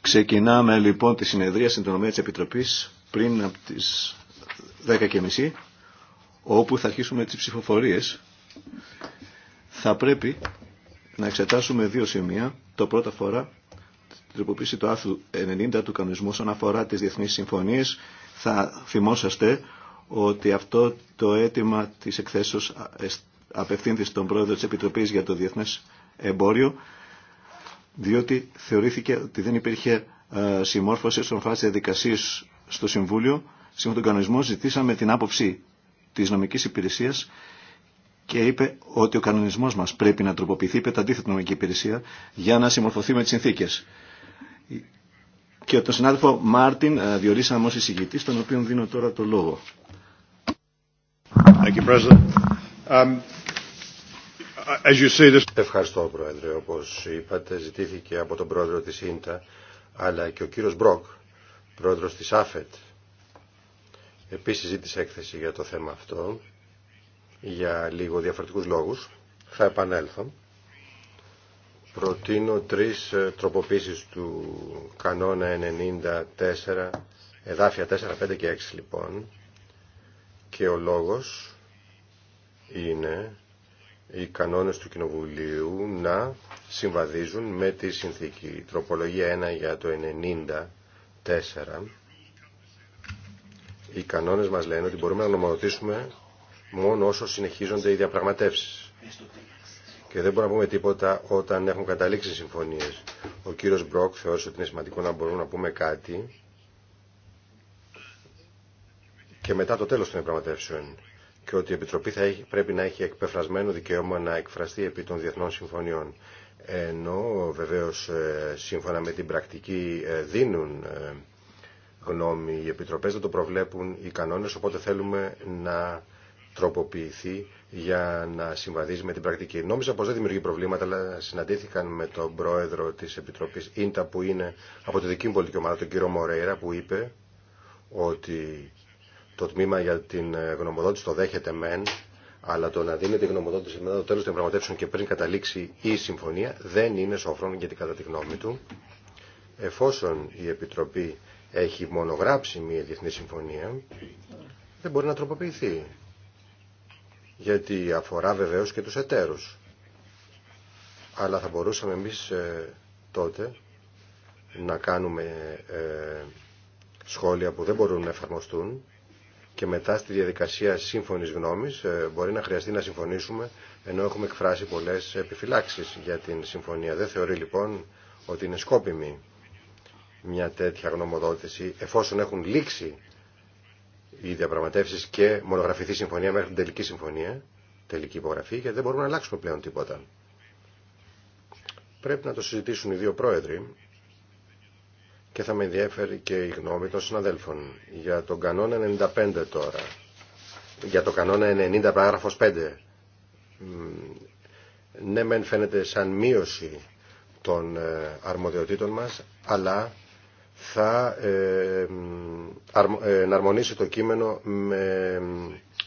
Ξεκινάμε λοιπόν τη συνεδρία στην τονομία της Επιτροπής πριν από τις 10.30 όπου θα αρχίσουμε τις ψηφοφορίες. Θα πρέπει να εξετάσουμε δύο σημεία. Το πρώτο φορά, την τροποποίηση του άρθρου 90 του κανονισμού όσον αφορά τις διεθνείς συμφωνίες. Θα θυμόσαστε ότι αυτό το αίτημα της εκθέσεως απευθύνθη στον πρόεδρο της Επιτροπής για το Διεθνές Εμπόριο διότι θεωρήθηκε ότι δεν υπήρχε ε, συμμόρφωση στον φάση διαδικασία στο Συμβούλιο. Σύμφωνα τον κανονισμό ζητήσαμε την άποψη της νομικής υπηρεσίας και είπε ότι ο κανονισμός μας πρέπει να τροποποιηθεί, είπε τα αντίθετη νομική υπηρεσία, για να συμμορφωθεί με τις συνθήκες. Και τον συνάδελφο Μάρτιν ε, διορίσαμε ω εισηγητή, τον οποίο δίνω τώρα το λόγο. Thank Ευχαριστώ Πρόεδρε. Όπως είπατε ζητήθηκε από τον Πρόεδρο της ΙΝΤΑ αλλά και ο κύριος Μπροκ, Πρόεδρος της ΑΦΕΤ. Επίσης ζήτησε έκθεση για το θέμα αυτό για λίγο διαφορετικούς λόγους. Θα επανέλθω. Προτείνω τρεις ε, τροποποίησεις του κανόνα 94, εδάφια 4, 5 και 6 λοιπόν. Και ο λόγος είναι οι κανόνες του Κοινοβουλίου να συμβαδίζουν με τη συνθήκη. Η τροπολογία 1 για το 1994. Οι κανόνες μας λένε ότι μπορούμε να γνωμοδοτήσουμε μόνο όσο συνεχίζονται οι διαπραγματεύσεις. Και δεν μπορούμε να πούμε τίποτα όταν έχουν καταλήξει συμφωνίες. Ο κύριος Μπροκ θεώρησε ότι είναι σημαντικό να μπορούμε να πούμε κάτι και μετά το τέλος των διαπραγματεύσεων και ότι η Επιτροπή θα πρέπει να έχει εκπεφρασμένο δικαίωμα να εκφραστεί επί των διεθνών συμφωνιών. Ενώ βεβαίως ε, σύμφωνα με την πρακτική ε, δίνουν ε, γνώμη οι Επιτροπές, δεν το προβλέπουν οι κανόνες, οπότε θέλουμε να τροποποιηθεί για να συμβαδίζει με την πρακτική. Νόμιζα πως δεν δημιουργεί προβλήματα, αλλά συναντήθηκαν με τον πρόεδρο της Επιτροπής Ίντα, που είναι από τη δική μου πολιτική ομάδα, τον κύριο Μορέιρα, που είπε ότι το τμήμα για την ε, γνωμοδότηση το δέχεται μεν, αλλά το να δίνει τη γνωμοδότηση μετά το τέλο των πραγματεύσεων και πριν καταλήξει η συμφωνία δεν είναι σοφρόν γιατί κατά τη γνώμη του, εφόσον η Επιτροπή έχει μονογράψει μια διεθνή συμφωνία, δεν μπορεί να τροποποιηθεί. Γιατί αφορά βεβαίω και του εταίρου. Αλλά θα μπορούσαμε εμεί ε, τότε να κάνουμε ε, σχόλια που δεν μπορούν να εφαρμοστούν και μετά στη διαδικασία σύμφωνης γνώμης ε, μπορεί να χρειαστεί να συμφωνήσουμε ενώ έχουμε εκφράσει πολλές επιφυλάξεις για την συμφωνία. Δεν θεωρεί λοιπόν ότι είναι σκόπιμη μια τέτοια γνωμοδότηση εφόσον έχουν λήξει οι διαπραγματεύσει και μονογραφηθεί συμφωνία μέχρι την τελική συμφωνία, τελική υπογραφή και δεν μπορούμε να αλλάξουμε πλέον τίποτα. Πρέπει να το συζητήσουν οι δύο πρόεδροι και θα με ενδιαφέρει και η γνώμη των συναδέλφων για τον κανόνα 95 τώρα για το κανόνα 90 παράγραφος 5 ναι μεν φαίνεται σαν μείωση των ε, αρμοδιοτήτων μας αλλά θα ε, ε, εναρμονίσει το κείμενο με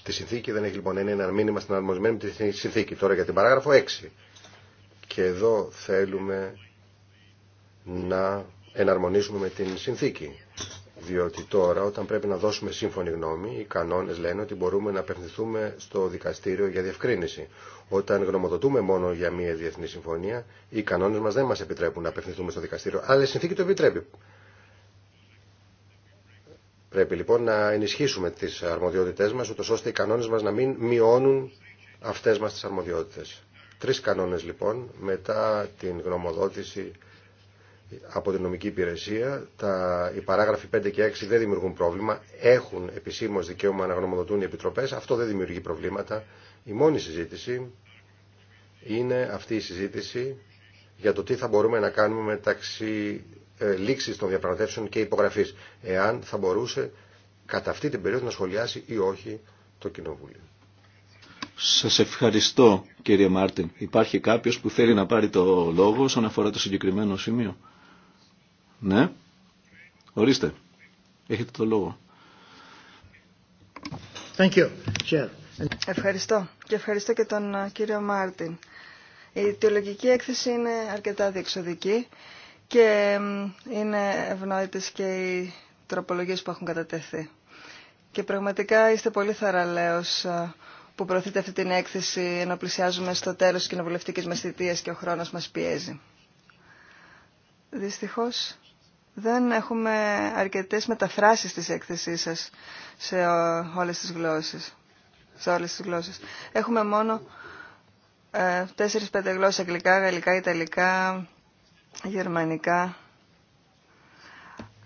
τη συνθήκη δεν έχει λοιπόν ένα μήνυμα στην αρμοσμένη με τη συνθήκη τώρα για την παράγραφο 6 και εδώ θέλουμε να εναρμονίσουμε με την συνθήκη. Διότι τώρα όταν πρέπει να δώσουμε σύμφωνη γνώμη, οι κανόνε λένε ότι μπορούμε να απευθυνθούμε στο δικαστήριο για διευκρίνηση. Όταν γνωμοδοτούμε μόνο για μια διεθνή συμφωνία, οι κανόνε μα δεν μα επιτρέπουν να απευθυνθούμε στο δικαστήριο, αλλά η συνθήκη το επιτρέπει. Πρέπει λοιπόν να ενισχύσουμε τι αρμοδιότητε μα ούτως ώστε οι κανόνε μα να μην μειώνουν αυτέ μα τι αρμοδιότητε. Τρει κανόνε, λοιπόν μετά την γνωμοδότηση από την νομική υπηρεσία. Τα, οι παράγραφοι 5 και 6 δεν δημιουργούν πρόβλημα. Έχουν επισήμω δικαίωμα να γνωμοδοτούν οι επιτροπέ. Αυτό δεν δημιουργεί προβλήματα. Η μόνη συζήτηση είναι αυτή η συζήτηση για το τι θα μπορούμε να κάνουμε μεταξύ ε, λήξης των διαπραγματεύσεων και υπογραφή, Εάν θα μπορούσε κατά αυτή την περίοδο να σχολιάσει ή όχι το Κοινοβούλιο. Σα ευχαριστώ κύριε Μάρτιν. Υπάρχει κάποιο που θέλει να πάρει το λόγο όσον αφορά το συγκεκριμένο σημείο. Ναι. Ορίστε. Έχετε το λόγο. Ευχαριστώ. Και ευχαριστώ και τον ε, κύριο Μάρτιν. Η αιτιολογική έκθεση είναι αρκετά διεξοδική και είναι ευνόητες και οι τροπολογίες που έχουν κατατεθεί. Και πραγματικά είστε πολύ θαραλέος ε, που προωθείτε αυτή την έκθεση ενώ πλησιάζουμε στο τέλος της κοινοβουλευτικής μας και ο χρόνος μας πιέζει. Δυστυχώς δεν έχουμε αρκετές μεταφράσεις της έκθεσής σας σε όλες τις γλώσσες. Σε γλώσσες. Έχουμε μόνο 4-5 ε, γλώσσες, αγγλικά, γαλλικά, ιταλικά, γερμανικά.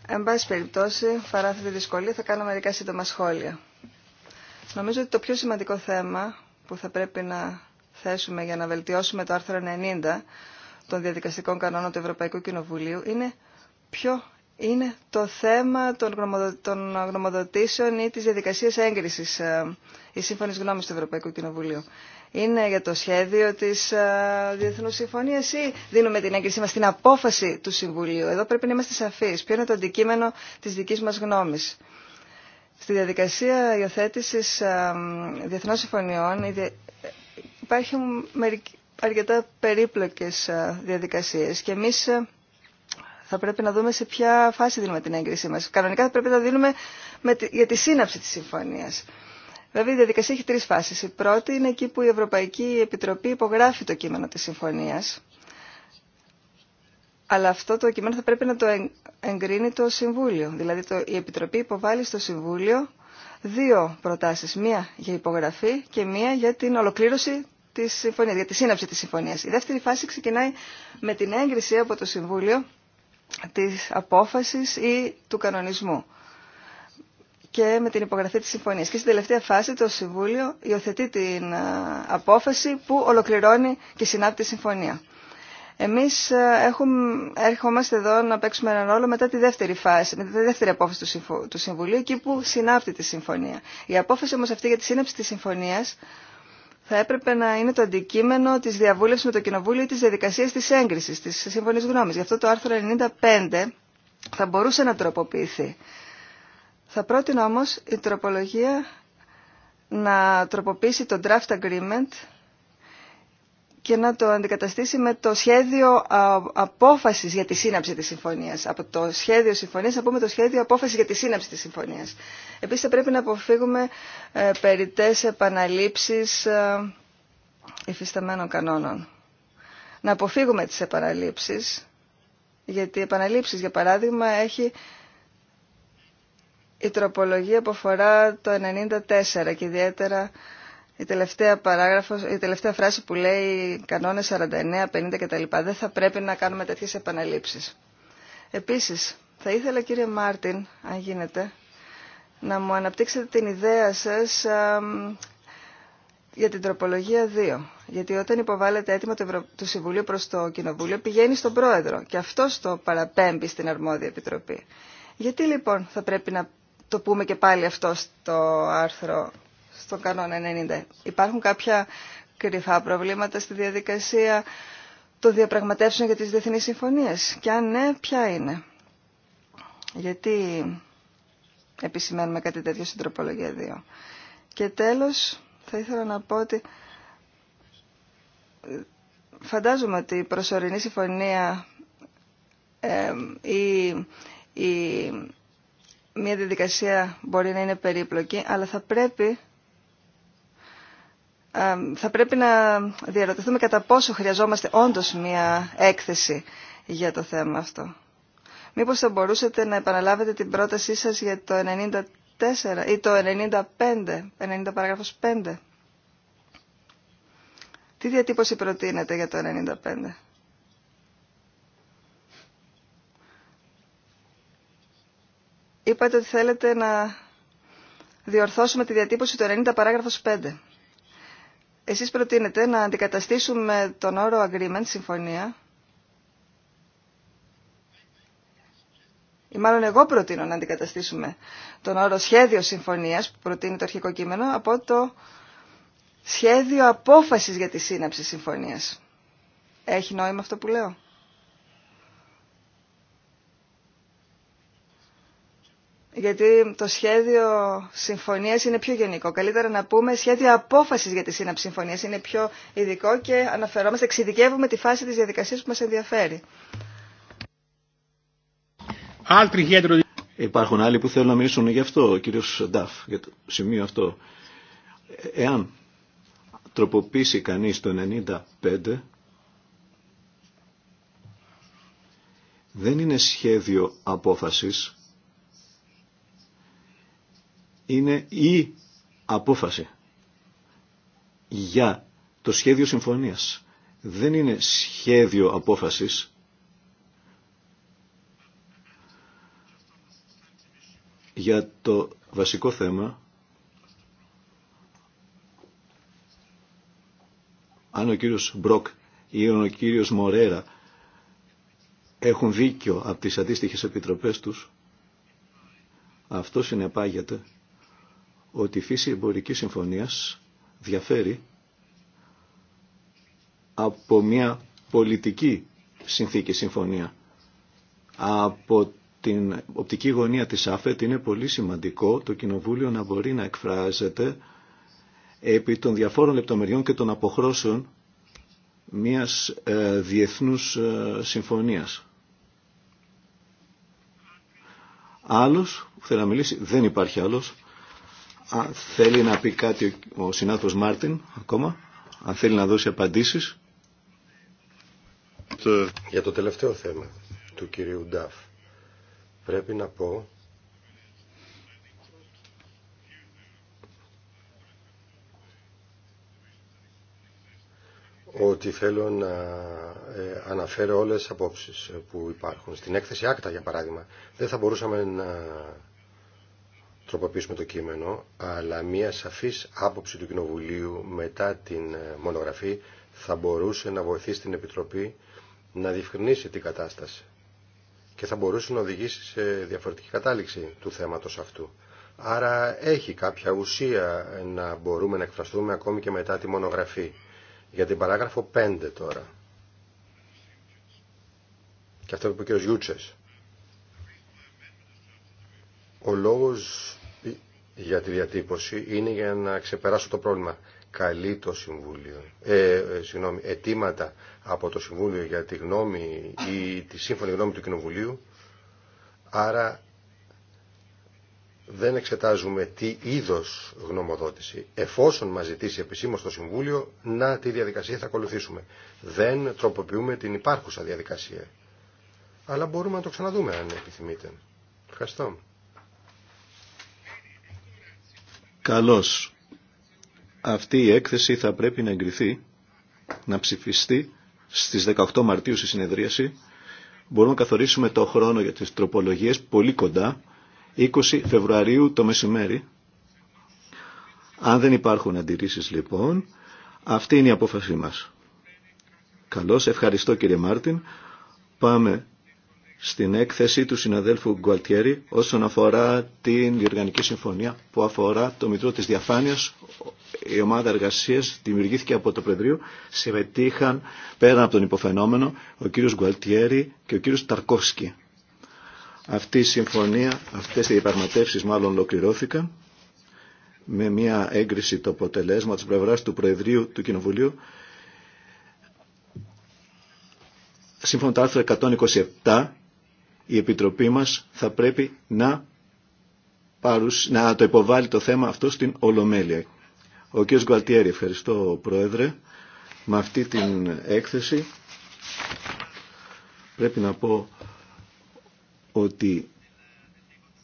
Εν πάση περιπτώσει, παρά τη δυσκολία, θα κάνω μερικά σύντομα σχόλια. Νομίζω ότι το πιο σημαντικό θέμα που θα πρέπει να θέσουμε για να βελτιώσουμε το άρθρο 90 των διαδικαστικών κανόνων του Ευρωπαϊκού Κοινοβουλίου είναι ποιο είναι το θέμα των γνωμοδοτήσεων ή της διαδικασίας έγκρισης η ε, σύμφωνης η σύμφωνη γνωμης του Ευρωπαϊκού Κοινοβουλίου. Είναι για το σχέδιο της ε, Διεθνούς Συμφωνίας ή δίνουμε την έγκρισή μας στην απόφαση του Συμβουλίου. Εδώ πρέπει να είμαστε σαφείς. Ποιο είναι το αντικείμενο της δικής μας γνώμης. Στη διαδικασία υιοθέτηση ε, διεθνών συμφωνιών υπάρχουν αρκετά περίπλοκες διαδικασίες και εμείς θα πρέπει να δούμε σε ποια φάση δίνουμε την έγκρισή μας. Κανονικά θα πρέπει να δίνουμε για τη σύναψη της συμφωνίας. Βέβαια η διαδικασία έχει τρεις φάσεις. Η πρώτη είναι εκεί που η Ευρωπαϊκή Επιτροπή υπογράφει το κείμενο της συμφωνίας. Αλλά αυτό το κείμενο θα πρέπει να το εγκρίνει το Συμβούλιο. Δηλαδή το, η Επιτροπή υποβάλλει στο Συμβούλιο δύο προτάσεις. Μία για υπογραφή και μία για την ολοκλήρωση της συμφωνίας, για τη σύναψη της συμφωνίας. Η δεύτερη φάση ξεκινάει με την έγκριση από το Συμβούλιο της απόφασης ή του κανονισμού και με την υπογραφή της συμφωνίας. Και στην τελευταία φάση το Συμβούλιο υιοθετεί την απόφαση που ολοκληρώνει και συνάπτει τη συμφωνία. Εμείς έχουμε, έρχομαστε εδώ να παίξουμε έναν ρόλο μετά τη δεύτερη φάση, μετά τη δεύτερη απόφαση του, Συμβουλίου, εκεί που συνάπτει τη συμφωνία. Η απόφαση όμως αυτή για τη σύναψη της συμφωνίας θα έπρεπε να είναι το αντικείμενο τη διαβούλευση με το Κοινοβούλιο ή τη διαδικασία τη έγκριση τη σύμφωνη γνώμη. Γι' αυτό το άρθρο 95 θα μπορούσε να τροποποιηθεί. Θα πρότεινα όμω η τροπολογία να τροποποιήσει το draft agreement και να το αντικαταστήσει με το σχέδιο απόφασης για τη σύναψη της συμφωνίας. Από το σχέδιο συμφωνίας να πούμε το σχέδιο απόφασης για τη σύναψη της συμφωνίας. Επίσης θα πρέπει να αποφύγουμε ε, περιττές επαναλήψεις ε, υφισταμένων κανόνων. Να αποφύγουμε τις επαναλήψεις, γιατί επαναλήψεις για παράδειγμα έχει η τροπολογία που αφορά το 94 και ιδιαίτερα η τελευταία, παράγραφος, η τελευταία φράση που λέει κανόνε 49, 50 κτλ. Δεν θα πρέπει να κάνουμε τέτοιε επαναλήψεις. Επίση, θα ήθελα κύριε Μάρτιν, αν γίνεται, να μου αναπτύξετε την ιδέα σα για την τροπολογία 2. Γιατί όταν υποβάλλεται αίτημα του, Ευρω... του Συμβουλίου προς το Κοινοβούλιο πηγαίνει στον Πρόεδρο και αυτό το παραπέμπει στην αρμόδια επιτροπή. Γιατί λοιπόν θα πρέπει να το πούμε και πάλι αυτό στο άρθρο στον κανόνα 90. Υπάρχουν κάποια κρυφά προβλήματα στη διαδικασία των διαπραγματεύσεων για τις διεθνείς συμφωνίες. Και αν ναι, ποια είναι. Γιατί επισημαίνουμε κάτι τέτοιο στην τροπολογία 2. Και τέλος, θα ήθελα να πω ότι ε, φαντάζομαι ότι η προσωρινή συμφωνία ε, ή, ή μια διαδικασία μπορεί να είναι περίπλοκη, αλλά θα πρέπει θα πρέπει να διαρωτηθούμε κατά πόσο χρειαζόμαστε όντως μία έκθεση για το θέμα αυτό. Μήπως θα μπορούσατε να επαναλάβετε την πρότασή σας για το 94 ή το 95, 90 παράγραφος 5. Τι διατύπωση προτείνετε για το 95. Είπατε ότι θέλετε να διορθώσουμε τη διατύπωση του 90 παράγραφος 5. Εσείς προτείνετε να αντικαταστήσουμε τον όρο agreement, συμφωνία. Ή μάλλον εγώ προτείνω να αντικαταστήσουμε τον όρο σχέδιο συμφωνίας που προτείνει το αρχικό κείμενο από το σχέδιο απόφασης για τη σύναψη συμφωνίας. Έχει νόημα αυτό που λέω. γιατί το σχέδιο συμφωνίας είναι πιο γενικό. Καλύτερα να πούμε σχέδιο απόφασης για τη σύναψη συμφωνίας. Είναι πιο ειδικό και αναφερόμαστε, εξειδικεύουμε τη φάση της διαδικασίας που μας ενδιαφέρει. Υπάρχουν άλλοι που θέλουν να μιλήσουν γι' αυτό, ο κύριος Νταφ, για το σημείο αυτό. Εάν τροποποιήσει κανείς το 95, δεν είναι σχέδιο απόφασης, είναι η απόφαση για το σχέδιο συμφωνίας. Δεν είναι σχέδιο απόφασης. Για το βασικό θέμα, αν ο κύριος Μπροκ ή ο κύριος Μορέρα έχουν δίκιο από τις αντίστοιχες επιτροπές τους, αυτό συνεπάγεται ότι η φύση εμπορικής συμφωνίας διαφέρει από μια πολιτική συνθήκη συμφωνία. Από την οπτική γωνία της ΑΦΕΤ είναι πολύ σημαντικό το Κοινοβούλιο να μπορεί να εκφράζεται επί των διαφόρων λεπτομεριών και των αποχρώσεων μιας ε, διεθνούς ε, συμφωνίας. Άλλος που να μιλήσει, δεν υπάρχει άλλος. Α, θέλει να πει κάτι ο συνάδελφος Μάρτιν ακόμα, αν θέλει να δώσει απαντήσεις. Για το τελευταίο θέμα του κυρίου Νταφ, πρέπει να πω ότι θέλω να ε, αναφέρω όλες τις απόψεις ε, που υπάρχουν. Στην έκθεση Άκτα, για παράδειγμα, δεν θα μπορούσαμε να τροποποιήσουμε το κείμενο, αλλά μια σαφής άποψη του Κοινοβουλίου μετά την ε, μονογραφή θα μπορούσε να βοηθήσει την Επιτροπή να διευκρινίσει την κατάσταση και θα μπορούσε να οδηγήσει σε διαφορετική κατάληξη του θέματος αυτού. Άρα έχει κάποια ουσία ε, να μπορούμε να εκφραστούμε ακόμη και μετά τη μονογραφή. Για την παράγραφο 5 τώρα. Και αυτό που είπε ο κ. Γιούτσες. Ο λόγος για τη διατύπωση είναι για να ξεπεράσω το πρόβλημα. Καλή το Συμβούλιο, ε, ε, συγγνώμη, αιτήματα από το Συμβούλιο για τη γνώμη ή τη σύμφωνη γνώμη του Κοινοβουλίου, άρα δεν εξετάζουμε τι είδος γνωμοδότηση. Εφόσον μας ζητήσει επισήμως το Συμβούλιο, να τη διαδικασία θα ακολουθήσουμε. Δεν τροποποιούμε την υπάρχουσα διαδικασία. Αλλά μπορούμε να το ξαναδούμε αν επιθυμείτε. Ευχαριστώ. Καλώς. Αυτή η έκθεση θα πρέπει να εγκριθεί, να ψηφιστεί στις 18 Μαρτίου στη συνεδρίαση. Μπορούμε να καθορίσουμε το χρόνο για τις τροπολογίες πολύ κοντά, 20 Φεβρουαρίου το μεσημέρι. Αν δεν υπάρχουν αντιρρήσεις λοιπόν, αυτή είναι η απόφασή μας. Καλώς, ευχαριστώ κύριε Μάρτιν. Πάμε στην έκθεση του συναδέλφου Γκουαλτιέρη όσον αφορά την διοργανική συμφωνία που αφορά το Μητρό της Διαφάνειας. Η ομάδα εργασία δημιουργήθηκε από το Προεδρείο. Συμμετείχαν πέρα από τον υποφαινόμενο ο κύριος Γκουαλτιέρη και ο κύριος Ταρκόσκι. Αυτή η συμφωνία, αυτές οι διαπραγματεύσει, μάλλον ολοκληρώθηκαν με μια έγκριση το αποτελέσμα της πλευράς του Προεδρείου του Κοινοβουλίου σύμφωνα με το άρθρο 127 η Επιτροπή μας θα πρέπει να, να το υποβάλει το θέμα αυτό στην Ολομέλεια. Ο κ. Γκουαλτιέρη, ευχαριστώ Πρόεδρε. Με αυτή την έκθεση πρέπει να πω ότι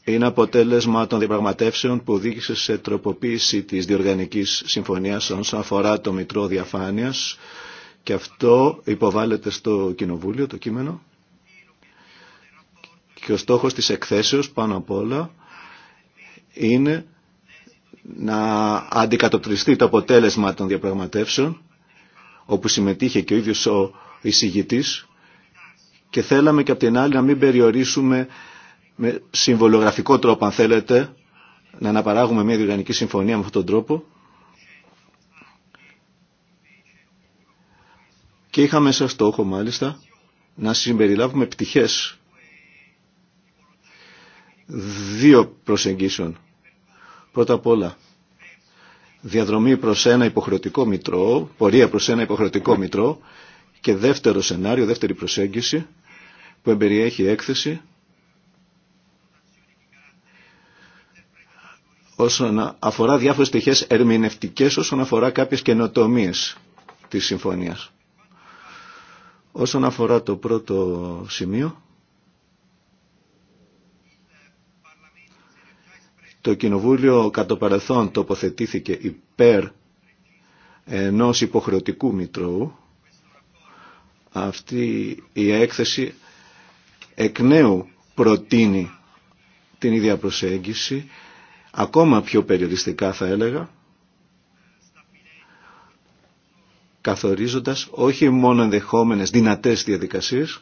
είναι αποτέλεσμα των διαπραγματεύσεων που οδήγησε σε τροποποίηση της διοργανικής συμφωνίας όσον αφορά το Μητρό Διαφάνειας και αυτό υποβάλλεται στο Κοινοβούλιο το κείμενο και ο στόχος της εκθέσεως πάνω απ' όλα είναι να αντικατοπτριστεί το αποτέλεσμα των διαπραγματεύσεων όπου συμμετείχε και ο ίδιος ο εισηγητής και θέλαμε και από την άλλη να μην περιορίσουμε με συμβολογραφικό τρόπο αν θέλετε να αναπαράγουμε μια διοργανική συμφωνία με αυτόν τον τρόπο και είχαμε σαν στόχο μάλιστα να συμπεριλάβουμε πτυχές δύο προσεγγίσεων. Πρώτα απ' όλα, διαδρομή προς ένα υποχρεωτικό μητρό, πορεία προς ένα υποχρεωτικό μητρό και δεύτερο σενάριο, δεύτερη προσέγγιση που εμπεριέχει έκθεση όσον αφορά διάφορες στοιχές ερμηνευτικές όσον αφορά κάποιες καινοτομίες της συμφωνίας. Όσον αφορά το πρώτο σημείο, Το Κοινοβούλιο κατ' παρελθόν τοποθετήθηκε υπέρ ενός υποχρεωτικού μητρώου. Αυτή η έκθεση εκ νέου προτείνει την ίδια προσέγγιση, ακόμα πιο περιοριστικά θα έλεγα, καθορίζοντας όχι μόνο ενδεχόμενες δυνατές διαδικασίες,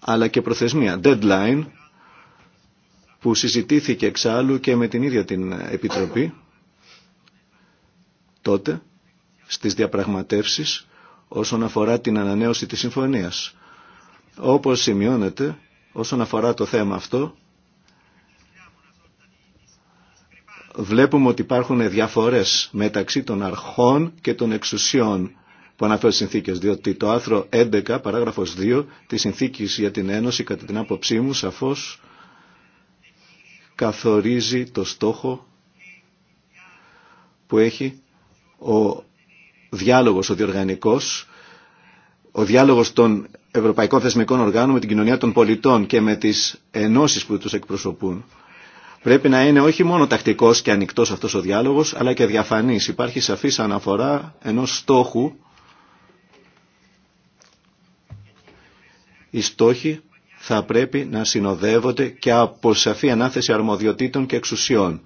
αλλά και προθεσμία, deadline, που συζητήθηκε εξάλλου και με την ίδια την Επιτροπή τότε στις διαπραγματεύσεις όσον αφορά την ανανέωση της συμφωνίας. Όπως σημειώνεται, όσον αφορά το θέμα αυτό, βλέπουμε ότι υπάρχουν διαφορές μεταξύ των αρχών και των εξουσιών που αναφέρει συνθήκες, διότι το άρθρο 11, παράγραφος 2 της συνθήκης για την Ένωση, κατά την άποψή μου, σαφώς καθορίζει το στόχο που έχει ο διάλογος, ο διοργανικός, ο διάλογος των ευρωπαϊκών θεσμικών οργάνων με την κοινωνία των πολιτών και με τις ενώσεις που τους εκπροσωπούν. Πρέπει να είναι όχι μόνο τακτικός και ανοιχτός αυτός ο διάλογος, αλλά και διαφανής. Υπάρχει σαφής αναφορά ενός στόχου. Οι στόχοι θα πρέπει να συνοδεύονται και από σαφή ανάθεση αρμοδιοτήτων και εξουσιών.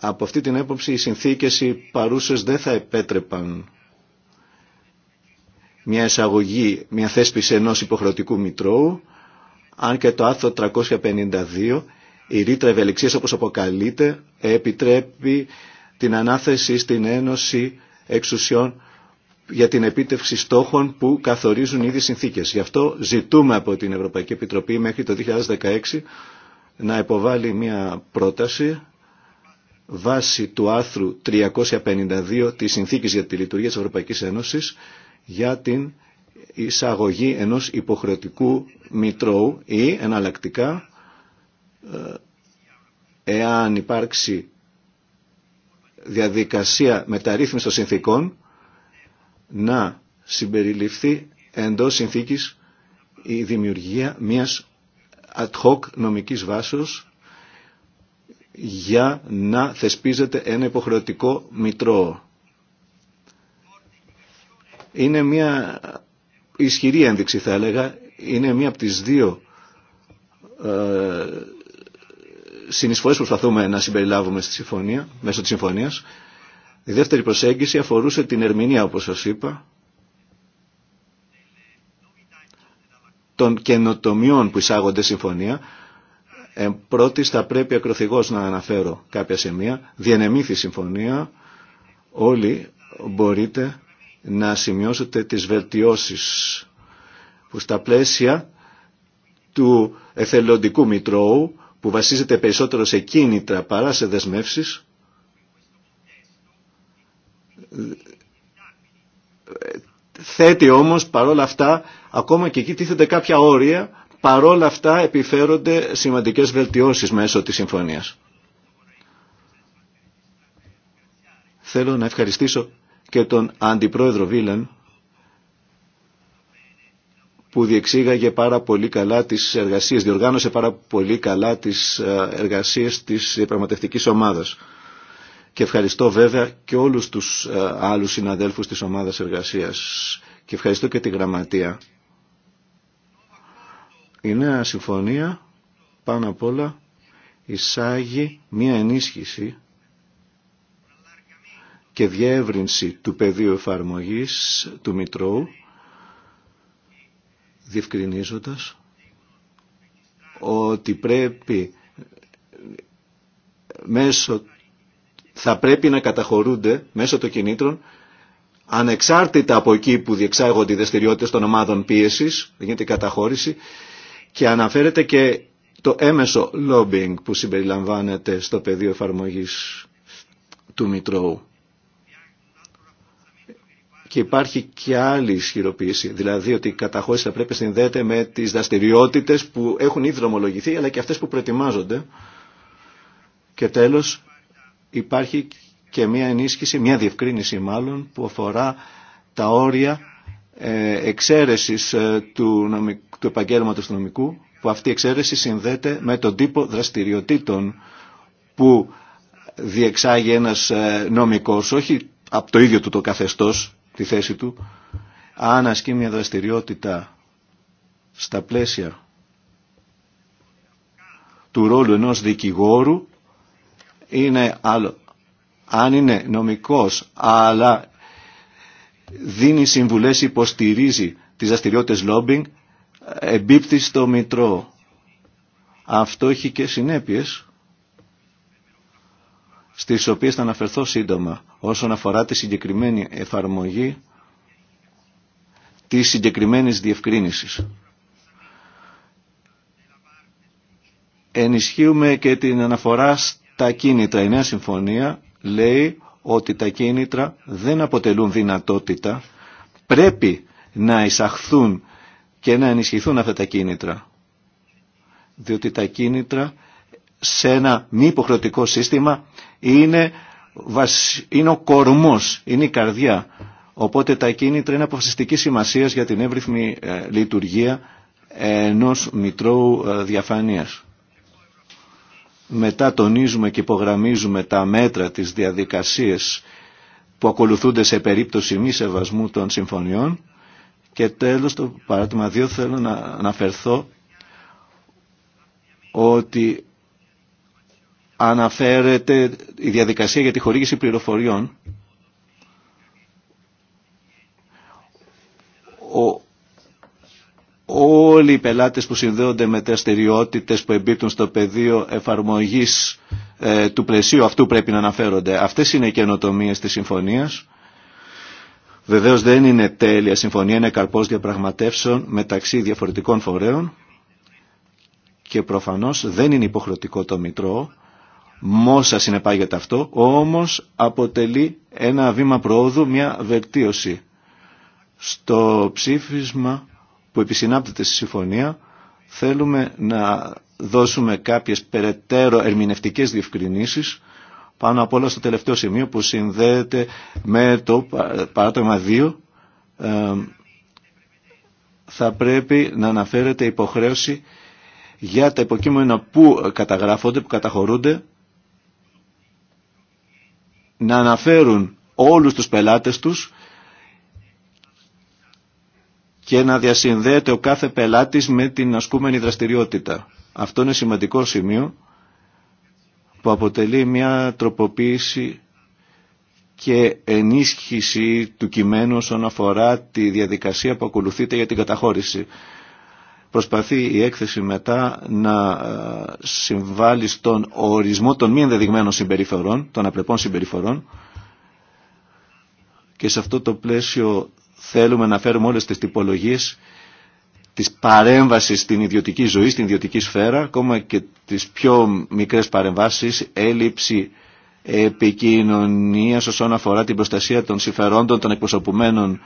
Από αυτή την έποψη οι συνθήκες οι παρούσες δεν θα επέτρεπαν μια εισαγωγή, μια θέσπιση ενός υποχρεωτικού μητρώου, αν και το άρθρο 352, η ρήτρα ευελιξίας όπως αποκαλείται, επιτρέπει την ανάθεση στην Ένωση Εξουσιών για την επίτευξη στόχων που καθορίζουν ήδη συνθήκες. Γι' αυτό ζητούμε από την Ευρωπαϊκή Επιτροπή μέχρι το 2016 να υποβάλει μια πρόταση βάσει του άρθρου 352 της Συνθήκης για τη Λειτουργία της Ευρωπαϊκής Ένωσης για την εισαγωγή ενός υποχρεωτικού μητρώου ή εναλλακτικά ε, εάν υπάρξει διαδικασία μεταρρύθμισης των συνθήκων να συμπεριληφθεί εντός συνθήκης η δημιουργία μιας ad hoc νομικής βάσεως για να θεσπίζεται ένα υποχρεωτικό μητρό. Είναι μια ισχυρή ένδειξη θα έλεγα, είναι μια από τις δύο ε, συνεισφορές που προσπαθούμε να συμπεριλάβουμε στη συμφωνία, μέσω της συμφωνίας η δεύτερη προσέγγιση αφορούσε την ερμηνεία, όπως σας είπα, των καινοτομιών που εισάγονται συμφωνία. Ε, θα πρέπει ακροθυγώς να αναφέρω κάποια σημεία. Διενεμήθη συμφωνία. Όλοι μπορείτε να σημειώσετε τις βελτιώσεις που στα πλαίσια του εθελοντικού μητρώου που βασίζεται περισσότερο σε κίνητρα παρά σε δεσμεύσεις Θέτει όμως παρόλα αυτά, ακόμα και εκεί τίθενται κάποια όρια, παρόλα αυτά επιφέρονται σημαντικές βελτιώσεις μέσω της συμφωνίας. Θέλω να ευχαριστήσω και τον Αντιπρόεδρο Βίλαν που διεξήγαγε πάρα πολύ καλά τις εργασίες, διοργάνωσε πάρα πολύ καλά τις ε, εργασίες της πραγματευτικής ομάδας. Και ευχαριστώ βέβαια και όλους τους ε, άλλους συναδέλφους της ομάδας εργασίας. Και ευχαριστώ και τη γραμματεία. Η νέα συμφωνία πάνω απ' όλα εισάγει μία ενίσχυση και διεύρυνση του πεδίου εφαρμογής του Μητρώου, διευκρινίζοντας ότι πρέπει μέσω θα πρέπει να καταχωρούνται μέσω των κινήτρων ανεξάρτητα από εκεί που διεξάγονται οι δραστηριότητε των ομάδων πίεση, γίνεται καταχώρηση και αναφέρεται και το έμεσο lobbying που συμπεριλαμβάνεται στο πεδίο εφαρμογής του Μητρώου. Και υπάρχει και άλλη ισχυροποίηση, δηλαδή ότι η καταχώρηση θα πρέπει να συνδέεται με τις δραστηριότητε που έχουν ήδη δρομολογηθεί αλλά και αυτές που προετοιμάζονται. Και τέλος, υπάρχει και μια ενίσχυση, μια διευκρίνηση μάλλον που αφορά τα όρια ε, εξαίρεσης ε, του, του επαγγέλματος του νομικού που αυτή η εξαίρεση συνδέεται με τον τύπο δραστηριοτήτων που διεξάγει ένας ε, νομικός, όχι από το ίδιο του το καθεστώς, τη θέση του, αν ασκεί μια δραστηριότητα στα πλαίσια του ρόλου ενός δικηγόρου είναι άλλο. Αν είναι νομικός, αλλά δίνει συμβουλές, υποστηρίζει τις δραστηριότητε λόμπινγκ, εμπίπτει στο μητρό. Αυτό έχει και συνέπειες στις οποίες θα αναφερθώ σύντομα όσον αφορά τη συγκεκριμένη εφαρμογή της συγκεκριμένης διευκρίνησης. Ενισχύουμε και την αναφορά τα κίνητρα. Η νέα συμφωνία λέει ότι τα κίνητρα δεν αποτελούν δυνατότητα. Πρέπει να εισαχθούν και να ενισχυθούν αυτά τα κίνητρα. Διότι τα κίνητρα σε ένα μη υποχρεωτικό σύστημα είναι, είναι ο κορμός, είναι η καρδιά. Οπότε τα κίνητρα είναι αποφασιστική σημασίας για την εύρυθμη ε, λειτουργία ενός μητρώου ε, διαφάνειας μετά τονίζουμε και υπογραμμίζουμε τα μέτρα της διαδικασίες που ακολουθούνται σε περίπτωση μη σεβασμού των συμφωνιών και τέλος το παράδειγμα 2 θέλω να αναφερθώ ότι αναφέρεται η διαδικασία για τη χορήγηση πληροφοριών όλοι οι πελάτες που συνδέονται με τεστεριότητες που εμπίπτουν στο πεδίο εφαρμογής ε, του πλαισίου αυτού πρέπει να αναφέρονται. Αυτές είναι οι καινοτομίες της συμφωνίας. Βεβαίως δεν είναι τέλεια συμφωνία, είναι καρπός διαπραγματεύσεων μεταξύ διαφορετικών φορέων και προφανώς δεν είναι υποχρεωτικό το Μητρό, μόσα συνεπάγεται αυτό, όμως αποτελεί ένα βήμα προόδου, μια βελτίωση. Στο ψήφισμα που επισυνάπτεται στη συμφωνία θέλουμε να δώσουμε κάποιες περαιτέρω ερμηνευτικές διευκρινήσεις πάνω απ' όλα στο τελευταίο σημείο που συνδέεται με το παράτομα 2 ε, θα πρέπει να αναφέρεται υποχρέωση για τα υποκείμενα που καταγράφονται, που καταχωρούνται να αναφέρουν όλους τους πελάτες τους και να διασυνδέεται ο κάθε πελάτης με την ασκούμενη δραστηριότητα. Αυτό είναι σημαντικό σημείο που αποτελεί μια τροποποίηση και ενίσχυση του κειμένου όσον αφορά τη διαδικασία που ακολουθείται για την καταχώρηση. Προσπαθεί η έκθεση μετά να ε, συμβάλλει στον ορισμό των μη ενδεδειγμένων συμπεριφορών, των απλεπών συμπεριφορών και σε αυτό το πλαίσιο θέλουμε να φέρουμε όλες τις τυπολογίες της παρέμβασης στην ιδιωτική ζωή, στην ιδιωτική σφαίρα, ακόμα και τις πιο μικρές παρεμβάσεις, έλλειψη επικοινωνίας όσον αφορά την προστασία των συμφερόντων των εκπροσωπουμένων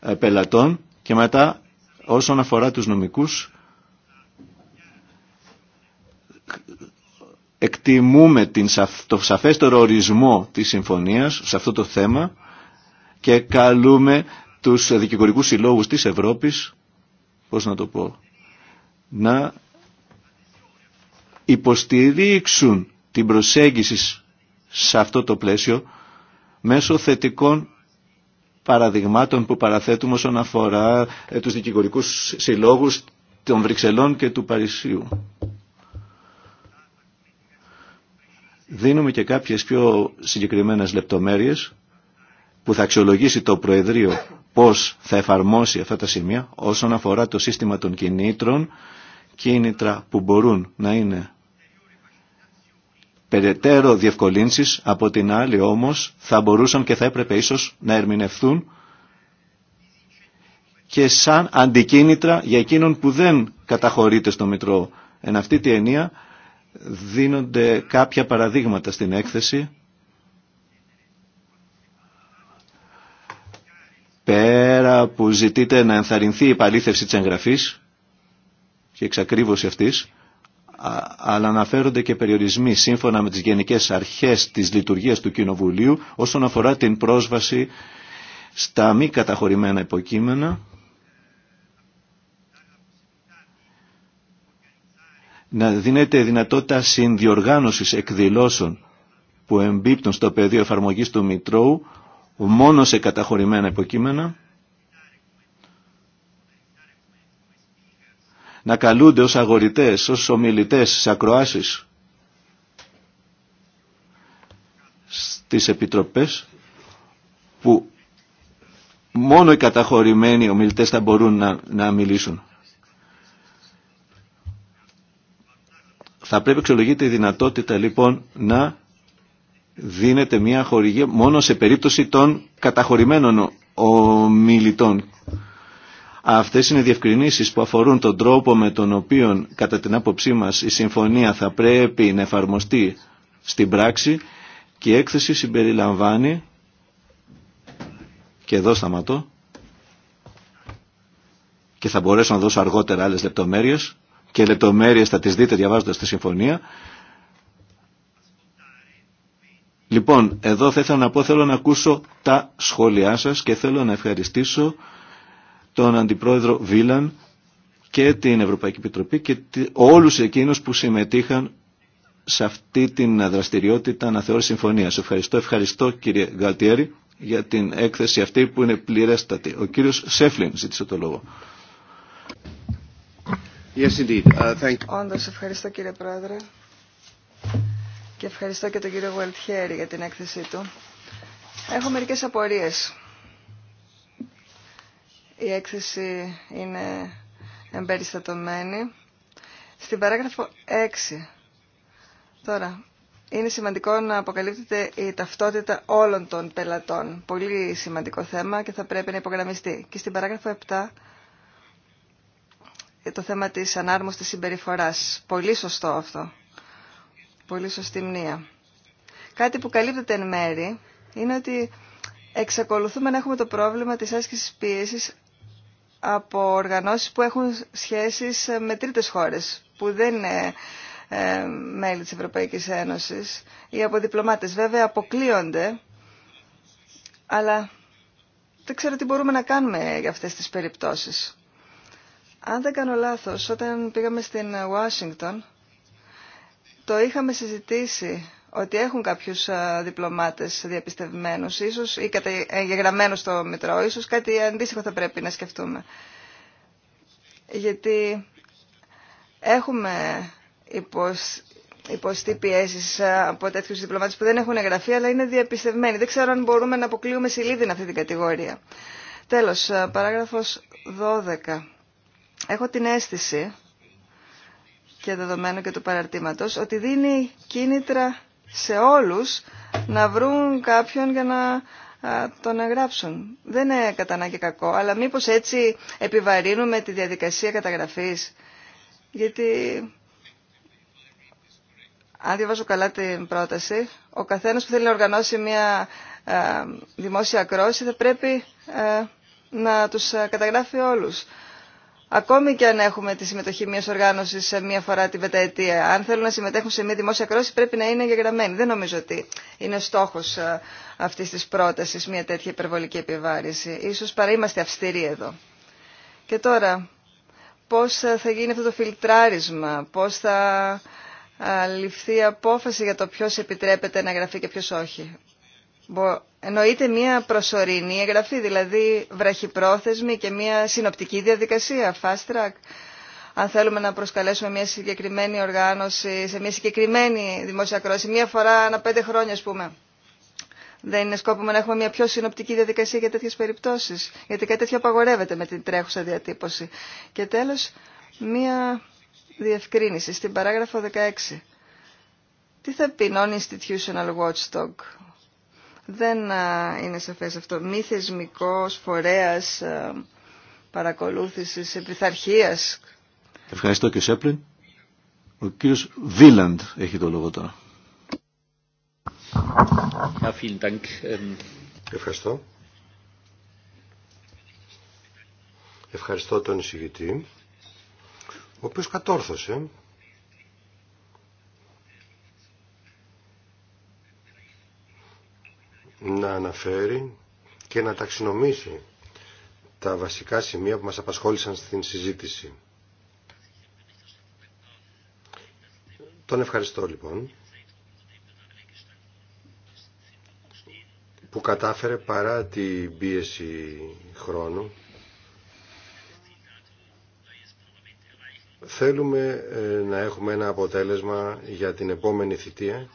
ε, πελατών και μετά όσον αφορά τους νομικούς εκτιμούμε την, το σαφέστερο ορισμό της συμφωνίας σε αυτό το θέμα και καλούμε τους δικηγορικούς συλλόγους της Ευρώπης, πώς να το πω, να υποστηρίξουν την προσέγγιση σε αυτό το πλαίσιο μέσω θετικών παραδειγμάτων που παραθέτουμε όσον αφορά ε, τους δικηγορικούς συλλόγους των Βρυξελών και του Παρισίου. Δίνουμε και κάποιες πιο συγκεκριμένες λεπτομέρειες που θα αξιολογήσει το Προεδρείο πώς θα εφαρμόσει αυτά τα σημεία όσον αφορά το σύστημα των κινήτρων, κίνητρα που μπορούν να είναι περαιτέρω διευκολύνσεις, από την άλλη όμως θα μπορούσαν και θα έπρεπε ίσως να ερμηνευθούν και σαν αντικίνητρα για εκείνον που δεν καταχωρείται στο Μητρό. Εν αυτή τη ενία δίνονται κάποια παραδείγματα στην έκθεση πέρα που ζητείτε να ενθαρρυνθεί η παλήθευση της εγγραφής και εξακρίβωση αυτής, αλλά αναφέρονται και περιορισμοί σύμφωνα με τις γενικές αρχές της λειτουργίας του Κοινοβουλίου όσον αφορά την πρόσβαση στα μη καταχωρημένα υποκείμενα να δίνεται δυνατότητα συνδιοργάνωσης εκδηλώσεων που εμπίπτουν στο πεδίο εφαρμογής του Μητρώου μόνο σε καταχωρημένα υποκείμενα, να καλούνται ως αγορητές, ως ομιλητές σε ακροάσεις στις επιτροπές που μόνο οι καταχωρημένοι ομιλητές θα μπορούν να, να μιλήσουν. Θα πρέπει εξολογείται η δυνατότητα λοιπόν να δίνεται μια χορηγία μόνο σε περίπτωση των καταχωρημένων ομιλητών. Αυτές είναι διευκρινήσεις που αφορούν τον τρόπο με τον οποίο κατά την άποψή μας η συμφωνία θα πρέπει να εφαρμοστεί στην πράξη και η έκθεση συμπεριλαμβάνει και εδώ σταματώ και θα μπορέσω να δώσω αργότερα άλλες λεπτομέρειες και λεπτομέρειες θα τις δείτε διαβάζοντας τη συμφωνία Λοιπόν, εδώ θα ήθελα να πω, θέλω να ακούσω τα σχόλιά σας και θέλω να ευχαριστήσω τον Αντιπρόεδρο Βίλαν και την Ευρωπαϊκή Επιτροπή και όλους εκείνους που συμμετείχαν σε αυτή την δραστηριότητα αναθεώρηση συμφωνία. Ευχαριστώ, ευχαριστώ κύριε Γκαλτιέρη για την έκθεση αυτή που είναι πληρέστατη. Ο κύριος Σέφλιν ζήτησε το λόγο. Yes, uh, ευχαριστώ κύριε Πρόεδρε και ευχαριστώ και τον κύριο Γουαλτιέρη για την έκθεσή του. Έχω μερικές απορίες. Η έκθεση είναι εμπεριστατωμένη. Στην παράγραφο 6. Τώρα, είναι σημαντικό να αποκαλύπτεται η ταυτότητα όλων των πελατών. Πολύ σημαντικό θέμα και θα πρέπει να υπογραμμιστεί. Και στην παράγραφο 7 το θέμα της ανάρμοστης συμπεριφοράς. Πολύ σωστό αυτό πολύ σωστή μνήμα. Κάτι που καλύπτεται εν μέρη είναι ότι εξακολουθούμε να έχουμε το πρόβλημα της άσκησης πίεσης από οργανώσεις που έχουν σχέσεις ε, με τρίτες χώρες, που δεν είναι ε, μέλη της Ευρωπαϊκής Ένωσης ή από διπλωμάτες. Βέβαια αποκλείονται, αλλά δεν ξέρω τι μπορούμε να κάνουμε για αυτές τις περιπτώσεις. Αν δεν κάνω λάθος, όταν πήγαμε στην Ουάσιγκτον, το είχαμε συζητήσει ότι έχουν κάποιου διπλωμάτε διαπιστευμένου, ίσω ή εγγεγραμμένους στο Μητρό. Ίσως κάτι αντίστοιχο θα πρέπει να σκεφτούμε. Γιατί έχουμε υποστεί πιέσει από τέτοιου διπλωμάτε που δεν έχουν εγγραφεί αλλά είναι διαπιστευμένοι. Δεν ξέρω αν μπορούμε να αποκλείουμε σελίδιν αυτή την κατηγορία. Τέλο, παράγραφο 12. Έχω την αίσθηση και δεδομένου και του παραρτήματος ότι δίνει κίνητρα σε όλους να βρουν κάποιον για να τον εγγράψουν. Δεν είναι κατά ανάγκη κακό, αλλά μήπως έτσι επιβαρύνουμε τη διαδικασία καταγραφής. Γιατί, αν διαβάζω καλά την πρόταση, ο καθένας που θέλει να οργανώσει μια δημόσια ακρόση θα πρέπει να τους καταγράφει όλους. Ακόμη και αν έχουμε τη συμμετοχή μια οργάνωση μία φορά τη πενταετία, αν θέλουν να συμμετέχουν σε μία δημόσια κρόση πρέπει να είναι εγγεγραμμένοι. Δεν νομίζω ότι είναι στόχο ε, αυτή τη πρόταση μία τέτοια υπερβολική επιβάρηση. Ίσως παρά είμαστε αυστηροί εδώ. Και τώρα, πώ ε, θα γίνει αυτό το φιλτράρισμα, πώ θα ε, ληφθεί απόφαση για το ποιο επιτρέπεται να γραφεί και ποιο όχι εννοείται μια προσωρινή εγγραφή, δηλαδή βραχυπρόθεσμη και μια συνοπτική διαδικασία, fast track. Αν θέλουμε να προσκαλέσουμε μια συγκεκριμένη οργάνωση, σε μια συγκεκριμένη δημόσια κρόση, μια φορά ανά πέντε χρόνια, ας πούμε. Δεν είναι σκόπιμο να έχουμε μια πιο συνοπτική διαδικασία για τέτοιε περιπτώσει. γιατί κάτι τέτοιο απαγορεύεται με την τρέχουσα διατύπωση. Και τέλο, μια διευκρίνηση στην παράγραφο 16. Τι θα πει non-institutional watchdog, δεν είναι σαφές αυτό. Μη θεσμικός φορέας παρακολούθησης επιθαρχίας. Ευχαριστώ και Σέπλιν. Ο κύριος Βίλαντ έχει το λόγο τώρα. Ähm, Ευχαριστώ. Ευχαριστώ τον εισηγητή, ο οποίος κατόρθωσε να αναφέρει και να ταξινομήσει τα βασικά σημεία που μας απασχόλησαν στην συζήτηση. Τον ευχαριστώ λοιπόν που κατάφερε παρά την πίεση χρόνου θέλουμε ε, να έχουμε ένα αποτέλεσμα για την επόμενη θητεία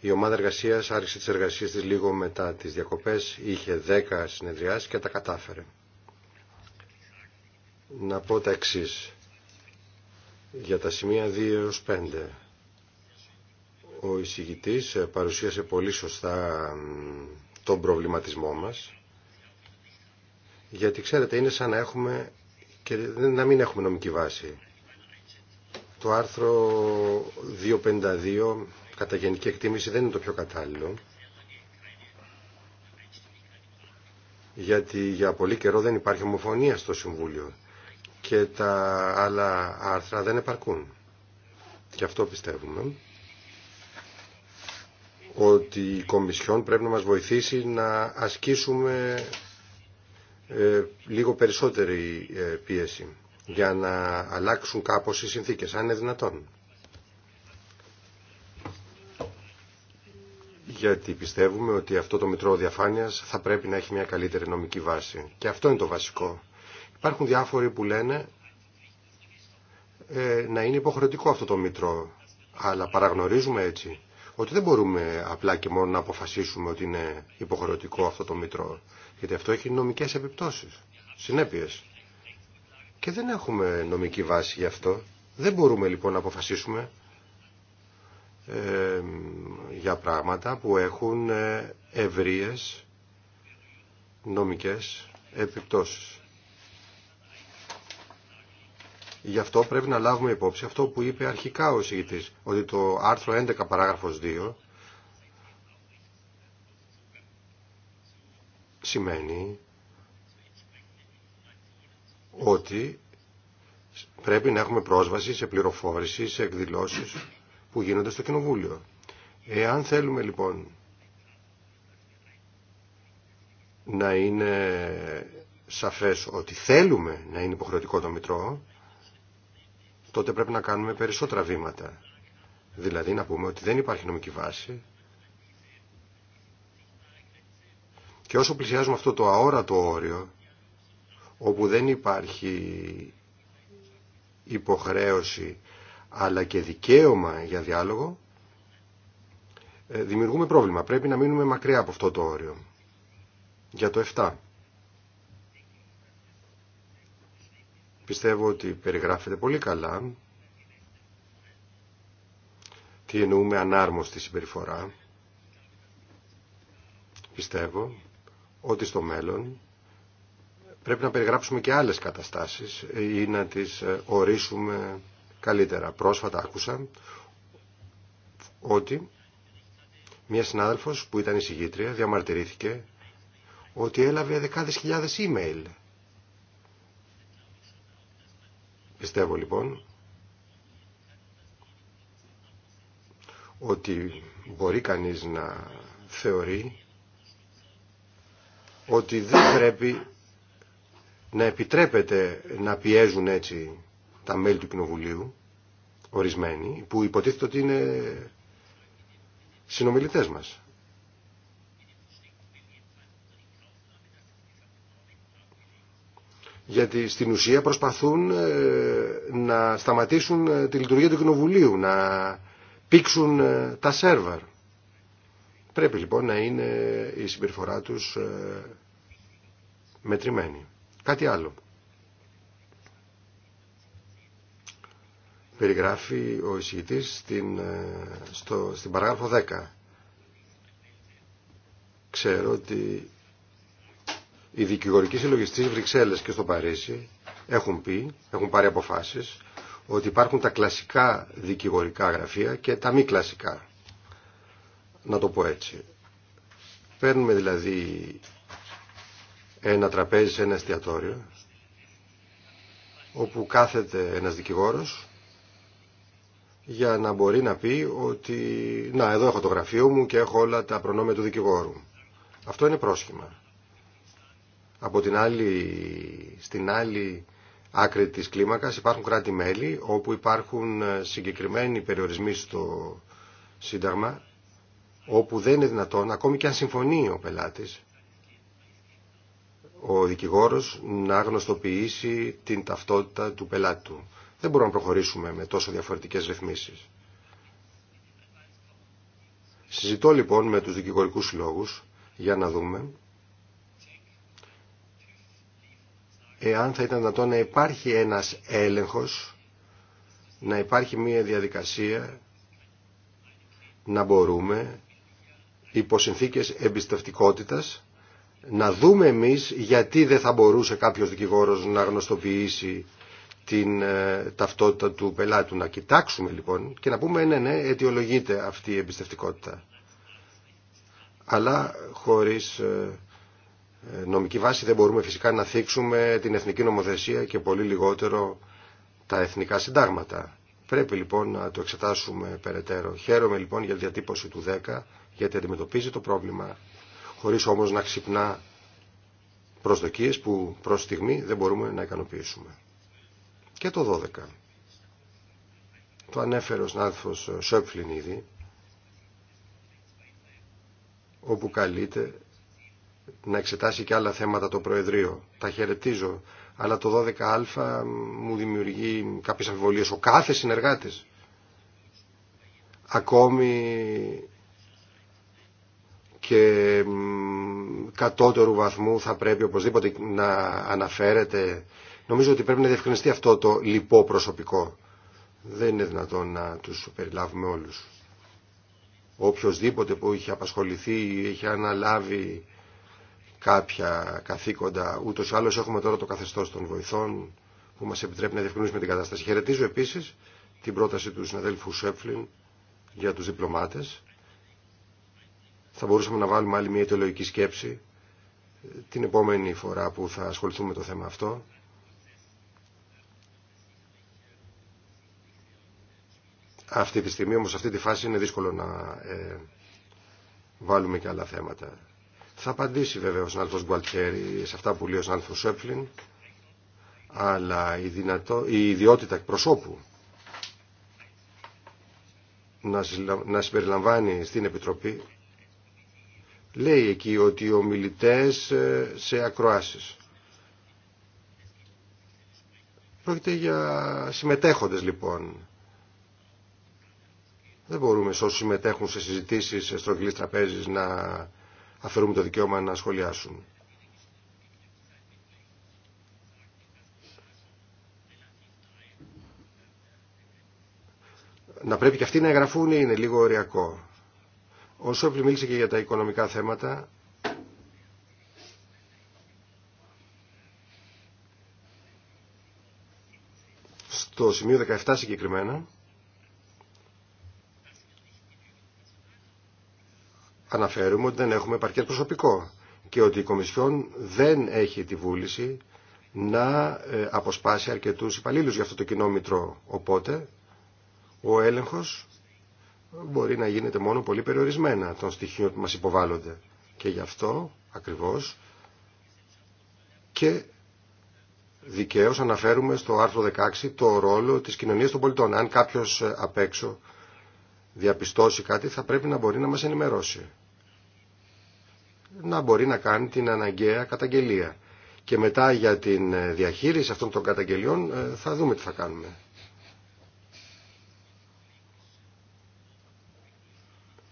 η ομάδα εργασία άρχισε τις εργασίες τη λίγο μετά τις διακοπέ είχε 10 συνεδριάσει και τα κατάφερε. Να πω τα εξή. Για τα σημεία 2 έως 5. Ο εισηγητής παρουσίασε πολύ σωστά τον προβληματισμό μας. Γιατί ξέρετε είναι σαν να έχουμε και να μην έχουμε νομική βάση. Το άρθρο 252 κατά γενική εκτίμηση δεν είναι το πιο κατάλληλο. Γιατί για πολύ καιρό δεν υπάρχει ομοφωνία στο Συμβούλιο και τα άλλα άρθρα δεν επαρκούν. Και αυτό πιστεύουμε ότι η Κομισιόν πρέπει να μας βοηθήσει να ασκήσουμε ε, λίγο περισσότερη ε, πίεση για να αλλάξουν κάπως οι συνθήκες, αν είναι δυνατόν. γιατί πιστεύουμε ότι αυτό το Μητρό Διαφάνειας θα πρέπει να έχει μια καλύτερη νομική βάση. Και αυτό είναι το βασικό. Υπάρχουν διάφοροι που λένε ε, να είναι υποχρεωτικό αυτό το Μητρό, αλλά παραγνωρίζουμε έτσι ότι δεν μπορούμε απλά και μόνο να αποφασίσουμε ότι είναι υποχρεωτικό αυτό το Μητρό, γιατί αυτό έχει νομικές επιπτώσεις, συνέπειες. Και δεν έχουμε νομική βάση γι' αυτό. Δεν μπορούμε λοιπόν να αποφασίσουμε ε, για πράγματα που έχουν ε, ευρείες νομικές επιπτώσεις. Γι' αυτό πρέπει να λάβουμε υπόψη αυτό που είπε αρχικά ο εισηγητής, ότι το άρθρο 11 παράγραφος 2 σημαίνει ότι πρέπει να έχουμε πρόσβαση σε πληροφόρηση, σε εκδηλώσεις που γίνονται στο Κοινοβούλιο. Εάν θέλουμε λοιπόν να είναι σαφές ότι θέλουμε να είναι υποχρεωτικό το Μητρό, τότε πρέπει να κάνουμε περισσότερα βήματα. Δηλαδή να πούμε ότι δεν υπάρχει νομική βάση και όσο πλησιάζουμε αυτό το αόρατο όριο, όπου δεν υπάρχει υποχρέωση αλλά και δικαίωμα για διάλογο, ε, δημιουργούμε πρόβλημα. Πρέπει να μείνουμε μακριά από αυτό το όριο. Για το 7. Πιστεύω ότι περιγράφεται πολύ καλά τι εννοούμε ανάρμοστη συμπεριφορά. Πιστεύω ότι στο μέλλον πρέπει να περιγράψουμε και άλλες καταστάσεις ή να τις ε, ορίσουμε καλύτερα. Πρόσφατα άκουσα ότι Μία συνάδελφος που ήταν εισηγήτρια διαμαρτυρήθηκε ότι έλαβε δεκάδες χιλιάδες email. Πιστεύω λοιπόν ότι μπορεί κανείς να θεωρεί ότι δεν πρέπει να επιτρέπεται να πιέζουν έτσι τα μέλη του Κοινοβουλίου, ορισμένοι, που υποτίθεται ότι είναι συνομιλητές μας. Γιατί στην ουσία προσπαθούν ε, να σταματήσουν ε, τη λειτουργία του Κοινοβουλίου, να πήξουν ε, τα σερβερ. Πρέπει λοιπόν να είναι η συμπεριφορά τους μετρημένη. Κάτι άλλο. περιγράφει ο εισηγητής στην, ε, στο, στην παράγραφο 10. Ξέρω ότι οι δικηγορικοί συλλογιστές και στο Παρίσι έχουν πει, έχουν πάρει αποφάσεις, ότι υπάρχουν τα κλασικά δικηγορικά γραφεία και τα μη κλασικά. Να το πω έτσι. Παίρνουμε δηλαδή ένα τραπέζι σε ένα εστιατόριο όπου κάθεται ένας δικηγόρος για να μπορεί να πει ότι να εδώ έχω το γραφείο μου και έχω όλα τα προνόμια του δικηγόρου. Αυτό είναι πρόσχημα. Από την άλλη, στην άλλη άκρη της κλίμακας υπάρχουν κράτη-μέλη όπου υπάρχουν ε, συγκεκριμένοι περιορισμοί στο Σύνταγμα όπου δεν είναι δυνατόν, ακόμη και αν συμφωνεί ο πελάτης, ο δικηγόρος να γνωστοποιήσει την ταυτότητα του πελάτου. Δεν μπορούμε να προχωρήσουμε με τόσο διαφορετικές ρυθμίσεις. Συζητώ λοιπόν με τους δικηγορικούς λόγους για να δούμε εάν θα ήταν δυνατόν να υπάρχει ένας έλεγχος, να υπάρχει μια διαδικασία να μπορούμε υπό συνθήκες εμπιστευτικότητας να δούμε εμείς γιατί δεν θα μπορούσε κάποιος δικηγόρος να γνωστοποιήσει την ε, ταυτότητα του πελάτου. Να κοιτάξουμε λοιπόν και να πούμε ναι, ναι, αιτιολογείται αυτή η εμπιστευτικότητα. Αλλά χωρίς ε, ε, νομική βάση δεν μπορούμε φυσικά να θίξουμε την εθνική νομοθεσία και πολύ λιγότερο τα εθνικά συντάγματα. Πρέπει λοιπόν να το εξετάσουμε περαιτέρω. Χαίρομαι λοιπόν για τη διατύπωση του 10, γιατί αντιμετωπίζει το πρόβλημα, χωρίς όμως να ξυπνά προσδοκίες που προς στιγμή δεν μπορούμε να ικανοποιήσουμε και το 12. Το ανέφερε ο συνάδελφος Σόπφλιν ήδη, όπου καλείται να εξετάσει και άλλα θέματα το Προεδρείο. Τα χαιρετίζω, αλλά το 12α μου δημιουργεί κάποιες αμφιβολίες. Ο κάθε συνεργάτης, ακόμη και κατώτερου βαθμού θα πρέπει οπωσδήποτε να αναφέρεται Νομίζω ότι πρέπει να διευκρινιστεί αυτό το λοιπό προσωπικό. Δεν είναι δυνατόν να του περιλάβουμε όλου. Οποιοδήποτε που είχε απασχοληθεί ή είχε αναλάβει κάποια καθήκοντα, ούτως ή άλλως έχουμε τώρα το καθεστώ των βοηθών που μα επιτρέπει να διευκρινίσουμε την κατάσταση. Χαιρετίζω επίση την πρόταση του συναδέλφου Σέφλιν για του διπλωμάτε. Θα μπορούσαμε να βάλουμε άλλη μια ιδεολογική σκέψη την επόμενη φορά που θα ασχοληθούμε με το θέμα αυτό. Αυτή τη στιγμή όμως, αυτή τη φάση είναι δύσκολο να ε, βάλουμε και άλλα θέματα. Θα απαντήσει βέβαια ο Σνάλφος Γκουαλτιέρη σε αυτά που λέει ο Σνάλφος Σέπφλιν, αλλά η, δυνατό, η ιδιότητα προσώπου να, να συμπεριλαμβάνει στην Επιτροπή λέει εκεί ότι οι ομιλητές ε, σε ακροάσεις. Πρόκειται για συμμετέχοντες λοιπόν δεν μπορούμε σε όσοι συμμετέχουν σε συζητήσει στρογγυλή τραπέζη να αφαιρούμε το δικαίωμα να σχολιάσουν. Να πρέπει και αυτοί να εγγραφούν είναι λίγο ωριακό. Όσο μίλησε και για τα οικονομικά θέματα, στο σημείο 17 συγκεκριμένα, αναφέρουμε ότι δεν έχουμε επαρκές προσωπικό και ότι η Κομισιόν δεν έχει τη βούληση να ε, αποσπάσει αρκετούς υπαλλήλους για αυτό το κοινό μητρό. Οπότε ο έλεγχος μπορεί να γίνεται μόνο πολύ περιορισμένα των στοιχείων που μας υποβάλλονται. Και γι' αυτό ακριβώς και δικαίως αναφέρουμε στο άρθρο 16 το ρόλο της κοινωνίας των πολιτών. Αν κάποιος ε, απ' έξω διαπιστώσει κάτι θα πρέπει να μπορεί να μας ενημερώσει να μπορεί να κάνει την αναγκαία καταγγελία. Και μετά για την ε, διαχείριση αυτών των καταγγελιών ε, θα δούμε τι θα κάνουμε.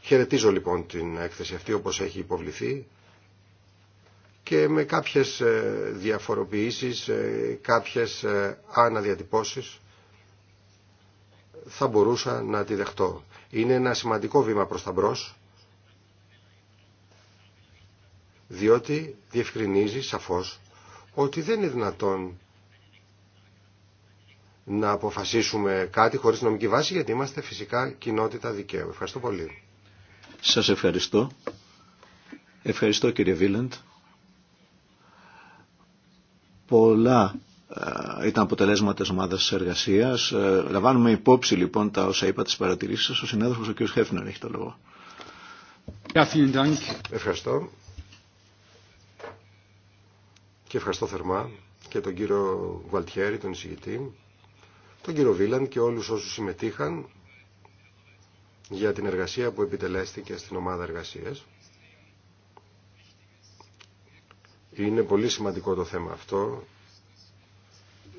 Χαιρετίζω λοιπόν την έκθεση αυτή όπως έχει υποβληθεί και με κάποιες ε, διαφοροποιήσεις, κάποιες αναδιατυπώσεις θα μπορούσα να τη δεχτώ. Είναι ένα σημαντικό βήμα προς τα μπρος διότι διευκρινίζει σαφώς ότι δεν είναι δυνατόν να αποφασίσουμε κάτι χωρίς νομική βάση γιατί είμαστε φυσικά κοινότητα δικαίου. Ευχαριστώ πολύ. Σας ευχαριστώ. Ευχαριστώ κύριε Βίλεντ. Πολλά ε, ήταν αποτελέσματα της ομάδας εργασίας. Ε, λαμβάνουμε υπόψη λοιπόν τα όσα είπα τις παρατηρήσεις σας. Ο συνάδελφος ο κ. Χέφνερ έχει το λόγο. Ευχαριστώ και ευχαριστώ θερμά και τον κύριο Γουαλτιέρη, τον εισηγητή, τον κύριο Βίλαν και όλους όσους συμμετείχαν για την εργασία που επιτελέστηκε στην ομάδα εργασίας. Είναι πολύ σημαντικό το θέμα αυτό.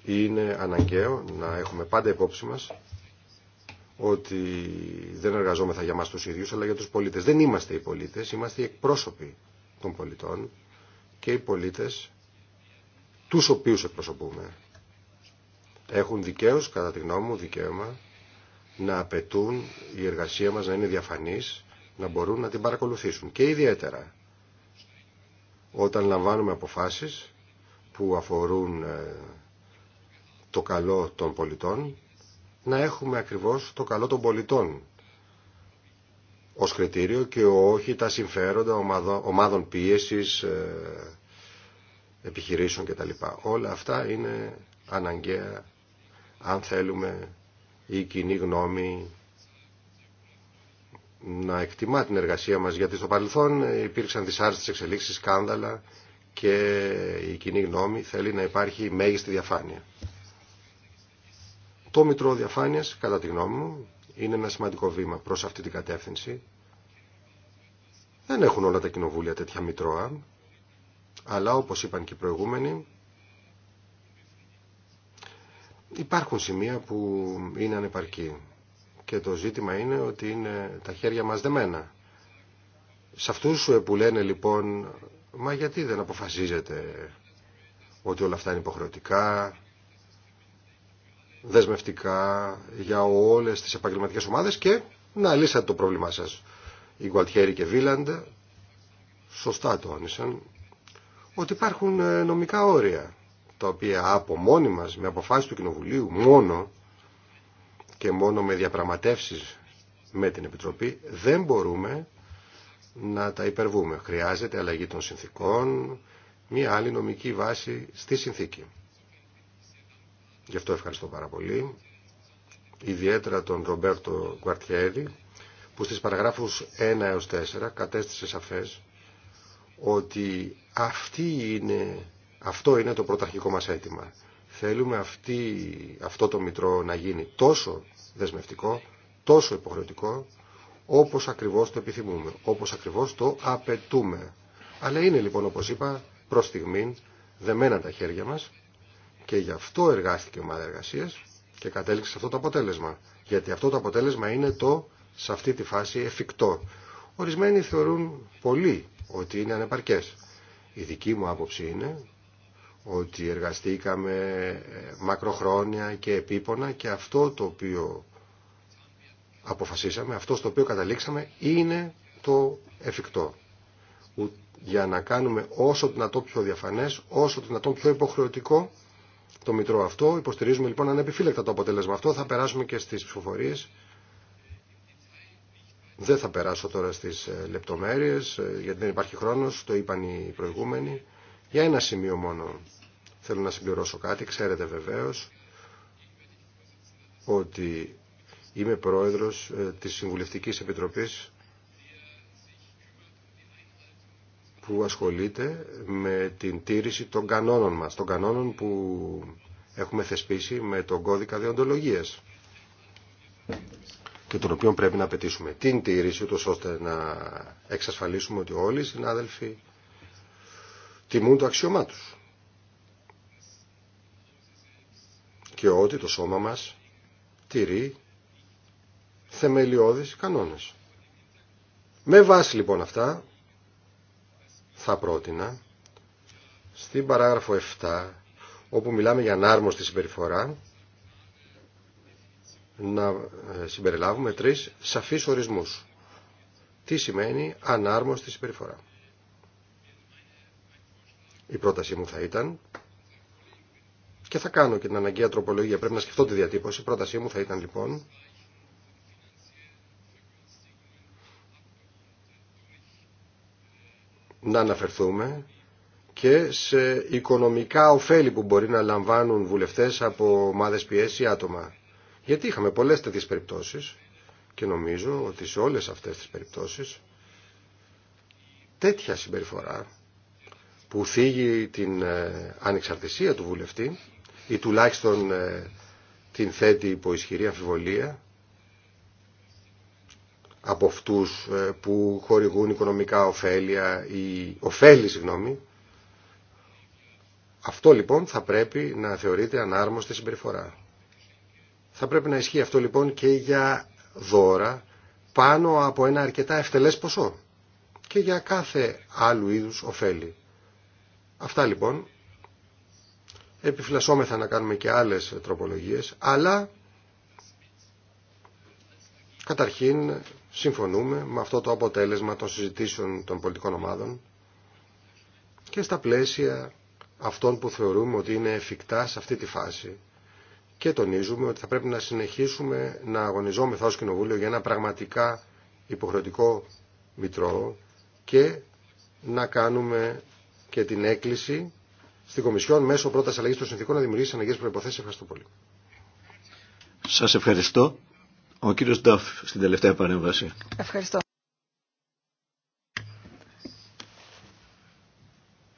Είναι αναγκαίο να έχουμε πάντα υπόψη μας ότι δεν εργαζόμεθα για μας τους ίδιους, αλλά για τους πολίτες. Δεν είμαστε οι πολίτες, είμαστε οι εκπρόσωποι των πολιτών και οι πολίτες τους οποίους εκπροσωπούμε. Έχουν δικαίως, κατά τη γνώμη μου, δικαίωμα να απαιτούν η εργασία μας να είναι διαφανής, να μπορούν να την παρακολουθήσουν. Και ιδιαίτερα όταν λαμβάνουμε αποφάσεις που αφορούν ε, το καλό των πολιτών, να έχουμε ακριβώς το καλό των πολιτών ως κριτήριο και όχι τα συμφέροντα ομάδων πίεσης, ε, επιχειρήσεων κτλ. Όλα αυτά είναι αναγκαία αν θέλουμε η κοινή γνώμη να εκτιμά την εργασία μας γιατί στο παρελθόν υπήρξαν δυσάρεστες εξελίξεις, σκάνδαλα και η κοινή γνώμη θέλει να υπάρχει μέγιστη διαφάνεια. Το Μητρό Διαφάνειας, κατά τη γνώμη μου, είναι ένα σημαντικό βήμα προς αυτή την κατεύθυνση. Δεν έχουν όλα τα κοινοβούλια τέτοια Μητρώα. Αλλά όπως είπαν και οι προηγούμενοι, υπάρχουν σημεία που είναι ανεπαρκή. Και το ζήτημα είναι ότι είναι τα χέρια μας δεμένα. Σε αυτούς που λένε λοιπόν, μα γιατί δεν αποφασίζετε ότι όλα αυτά είναι υποχρεωτικά, δεσμευτικά για όλες τις επαγγελματικές ομάδες και να λύσατε το πρόβλημά σας. Οι Γκουαλτιέρη και Βίλαντ σωστά τόνισαν ότι υπάρχουν ε, νομικά όρια τα οποία από μόνοι μας με αποφάσεις του Κοινοβουλίου μόνο και μόνο με διαπραγματεύσεις με την Επιτροπή δεν μπορούμε να τα υπερβούμε. Χρειάζεται αλλαγή των συνθήκων, μία άλλη νομική βάση στη συνθήκη. Γι' αυτό ευχαριστώ πάρα πολύ, ιδιαίτερα τον Ρομπέρτο Γκουαρτιέδη που στις παραγράφους 1 έως 4 κατέστησε σαφές ότι αυτή είναι, αυτό είναι το πρωταρχικό μας αίτημα. Θέλουμε αυτή, αυτό το μητρό να γίνει τόσο δεσμευτικό, τόσο υποχρεωτικό, όπως ακριβώς το επιθυμούμε, όπως ακριβώς το απαιτούμε. Αλλά είναι λοιπόν, όπως είπα, προς στιγμή δεμένα τα χέρια μας και γι' αυτό εργάστηκε η ομάδα εργασίας και κατέληξε αυτό το αποτέλεσμα. Γιατί αυτό το αποτέλεσμα είναι το, σε αυτή τη φάση, εφικτό. Ορισμένοι θεωρούν πολύ ότι είναι ανεπαρκές. Η δική μου άποψη είναι ότι εργαστήκαμε ε, μακροχρόνια και επίπονα και αυτό το οποίο αποφασίσαμε, αυτό στο οποίο καταλήξαμε είναι το εφικτό. Για να κάνουμε όσο δυνατόν πιο διαφανές, όσο δυνατόν πιο υποχρεωτικό το μητρό αυτό. Υποστηρίζουμε λοιπόν ανεπιφύλακτα το αποτέλεσμα αυτό. Θα περάσουμε και στις ψηφοφορίες δεν θα περάσω τώρα στις ε, λεπτομέρειες, ε, γιατί δεν υπάρχει χρόνος, το είπαν οι προηγούμενοι. Για ένα σημείο μόνο θέλω να συμπληρώσω κάτι. Ξέρετε βεβαίως ότι είμαι πρόεδρος ε, της Συμβουλευτικής Επιτροπής που ασχολείται με την τήρηση των κανόνων μας, των κανόνων που έχουμε θεσπίσει με τον κώδικα διοντολογίας και των οποίων πρέπει να απαιτήσουμε την τήρηση, ούτως ώστε να εξασφαλίσουμε ότι όλοι οι συνάδελφοι τιμούν το αξιωμά τους. Και ότι το σώμα μας τηρεί θεμελιώδεις κανόνες. Με βάση λοιπόν αυτά θα πρότεινα στην παράγραφο 7 όπου μιλάμε για ανάρμοστη συμπεριφορά να ε, συμπεριλάβουμε τρεις σαφείς ορισμούς. Τι σημαίνει ανάρμοστη συμπεριφορά. Η πρότασή μου θα ήταν και θα κάνω και την αναγκαία τροπολογία, πρέπει να σκεφτώ τη διατύπωση. Η πρότασή μου θα ήταν λοιπόν να αναφερθούμε και σε οικονομικά ωφέλη που μπορεί να λαμβάνουν βουλευτές από ομάδες πιέση άτομα. Γιατί είχαμε πολλές τέτοιες περιπτώσεις και νομίζω ότι σε όλες αυτές τις περιπτώσεις τέτοια συμπεριφορά που θίγει την ε, ανεξαρτησία του βουλευτή ή τουλάχιστον ε, την θέτει υπό ισχυρή αμφιβολία από αυτούς ε, που χορηγούν οικονομικά ωφέλεια ή ωφέλη, συγγνώμη. Αυτό λοιπόν θα πρέπει να θεωρείται ανάρμοστη συμπεριφορά. Θα πρέπει να ισχύει αυτό λοιπόν και για δώρα πάνω από ένα αρκετά ευτελές ποσό και για κάθε άλλου είδους ωφέλη. Αυτά λοιπόν. Επιφυλασσόμεθα να κάνουμε και άλλες τροπολογίες, αλλά καταρχήν συμφωνούμε με αυτό το αποτέλεσμα των συζητήσεων των πολιτικών ομάδων και στα πλαίσια αυτών που θεωρούμε ότι είναι εφικτά σε αυτή τη φάση και τονίζουμε ότι θα πρέπει να συνεχίσουμε να αγωνιζόμεθα ως Κοινοβούλιο για ένα πραγματικά υποχρεωτικό μητρό και να κάνουμε και την έκκληση στην Κομισιόν μέσω πρώτα αλλαγή των συνθήκων να δημιουργήσει αναγκαίε προποθέσει. Ευχαριστώ πολύ. Σα ευχαριστώ. Ο κύριο Νταφ στην τελευταία παρέμβαση. Ευχαριστώ.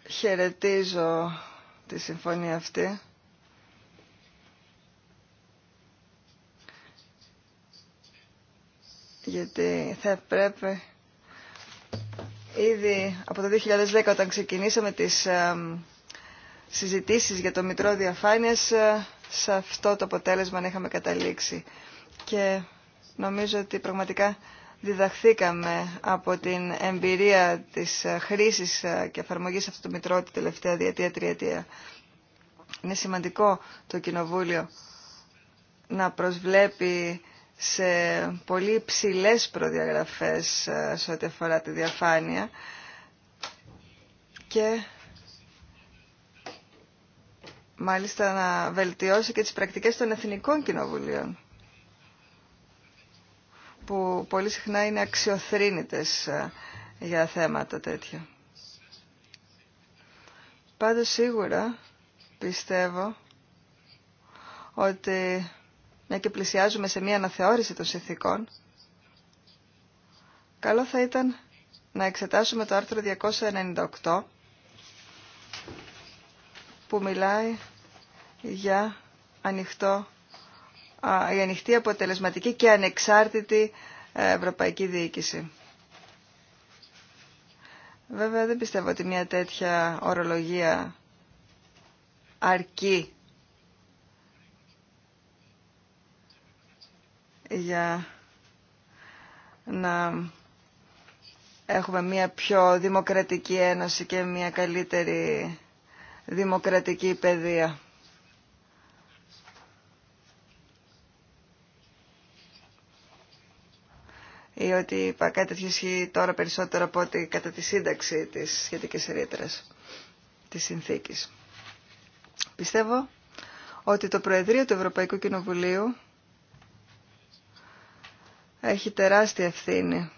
Χαιρετίζω τη συμφωνία αυτή γιατί θα πρέπει ήδη από το 2010 όταν ξεκινήσαμε τις συζητήσεις για το Μητρό Διαφάνειας ε, σε αυτό το αποτέλεσμα να είχαμε καταλήξει. Και νομίζω ότι πραγματικά διδαχθήκαμε από την εμπειρία της ε, χρήσης ε, και εφαρμογής αυτού του Μητρό τη τελευταία διετία, τριετία. Είναι σημαντικό το Κοινοβούλιο να προσβλέπει σε πολύ υψηλέ προδιαγραφές ε, σε ό,τι αφορά τη διαφάνεια και μάλιστα να βελτιώσει και τις πρακτικές των εθνικών κοινοβουλίων που πολύ συχνά είναι αξιοθρύνητες ε, για θέματα τέτοια. Πάντως σίγουρα πιστεύω ότι μια και πλησιάζουμε σε μια αναθεώρηση των συνθήκων, καλό θα ήταν να εξετάσουμε το άρθρο 298 που μιλάει για ανοιχτό, α, η ανοιχτή αποτελεσματική και ανεξάρτητη ε, ευρωπαϊκή διοίκηση. Βέβαια δεν πιστεύω ότι μια τέτοια ορολογία αρκεί για να έχουμε μια πιο δημοκρατική ένωση και μια καλύτερη δημοκρατική παιδεία. ή ότι κάτι τέτοιο ισχύει τώρα περισσότερο από ότι κατά τη σύνταξη της σχετικής ρήτρας της συνθήκης. Πιστεύω ότι το Προεδρείο του Ευρωπαϊκού Κοινοβουλίου έχει τεράστια ευθύνη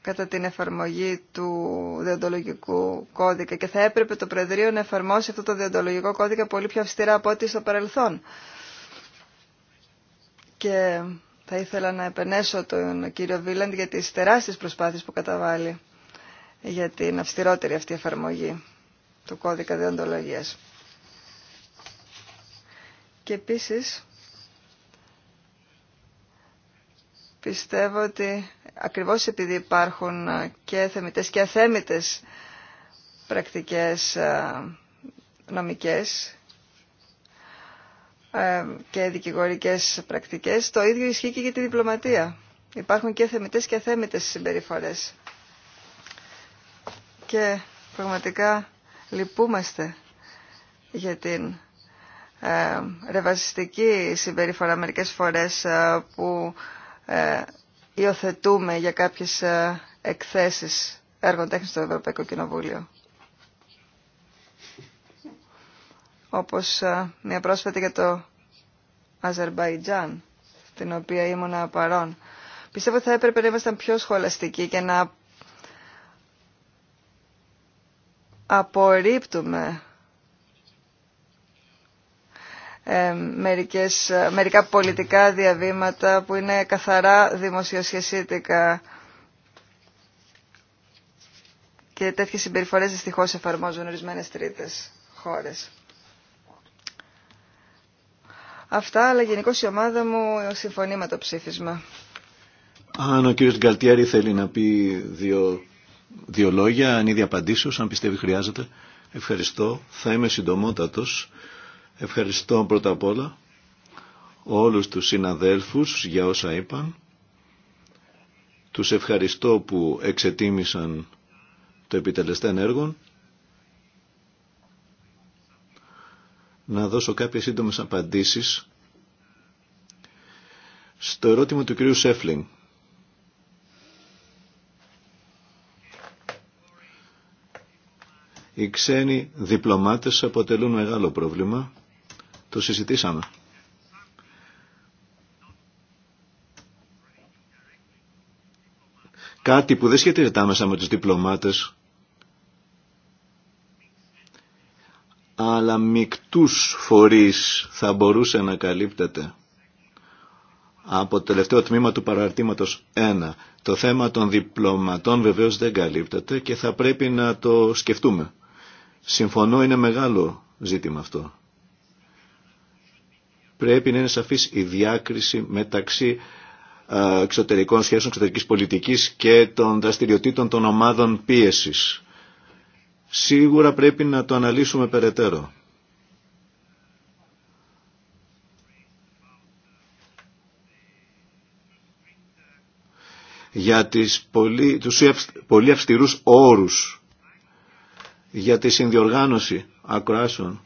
κατά την εφαρμογή του διοντολογικού κώδικα και θα έπρεπε το Προεδρείο να εφαρμόσει αυτό το διοντολογικό κώδικα πολύ πιο αυστηρά από ό,τι στο παρελθόν. Και θα ήθελα να επενέσω τον κύριο Βίλαντ για τις τεράστιες προσπάθειες που καταβάλει για την αυστηρότερη αυτή εφαρμογή του κώδικα διοντολογίας. Και επίσης Πιστεύω ότι ακριβώς επειδή υπάρχουν και θεμητές και αθέμητες πρακτικές ε, νομικές ε, και δικηγορικές πρακτικές, το ίδιο ισχύει και για τη διπλωματία. Υπάρχουν και θεμητές και αθέμητες συμπεριφορές. Και πραγματικά λυπούμαστε για την ε, ρεβασιστική συμπεριφορά μερικές φορές ε, που ε, υιοθετούμε για κάποιες ε, εκθέσεις έργων τέχνης στο Ευρωπαϊκό Κοινοβούλιο. Όπως ε, μια πρόσφατη για το Αζερμπαϊτζάν, την οποία ήμουνα παρόν. Πιστεύω ότι θα έπρεπε να ήμασταν πιο σχολαστικοί και να απορρίπτουμε ε, μερικές, ε, μερικά πολιτικά διαβήματα που είναι καθαρά δημοσιοσχεσίτικα και τέτοιες συμπεριφορές δυστυχώς εφαρμόζουν ορισμένες τρίτες χώρες. Αυτά, αλλά γενικώ η ομάδα μου συμφωνεί με το ψήφισμα. Αν ο κύριος Γκαλτιέρη θέλει να πει δύο, δύο λόγια, αν ήδη απαντήσω, αν πιστεύει χρειάζεται, ευχαριστώ. Θα είμαι συντομότατος. Ευχαριστώ πρώτα απ' όλα όλους τους συναδέλφους για όσα είπαν. Τους ευχαριστώ που εξετίμησαν το επιτελεστέν έργον. Να δώσω κάποιες σύντομες απαντήσεις στο ερώτημα του κυρίου Σέφλινγκ. Οι ξένοι διπλωμάτες αποτελούν μεγάλο πρόβλημα το συζητήσαμε. Κάτι που δεν σχετίζεται άμεσα με τους διπλωμάτες, αλλά μικτούς φορείς θα μπορούσε να καλύπτεται από το τελευταίο τμήμα του παραρτήματος 1. Το θέμα των διπλωματών βεβαίως δεν καλύπτεται και θα πρέπει να το σκεφτούμε. Συμφωνώ είναι μεγάλο ζήτημα αυτό πρέπει να είναι σαφής η διάκριση μεταξύ ε, εξωτερικών σχέσεων, εξωτερικής πολιτικής και των δραστηριοτήτων των ομάδων πίεσης. Σίγουρα πρέπει να το αναλύσουμε περαιτέρω. για τις πολύ, τους πολύ αυστηρούς όρους για τη συνδιοργάνωση ακροάσεων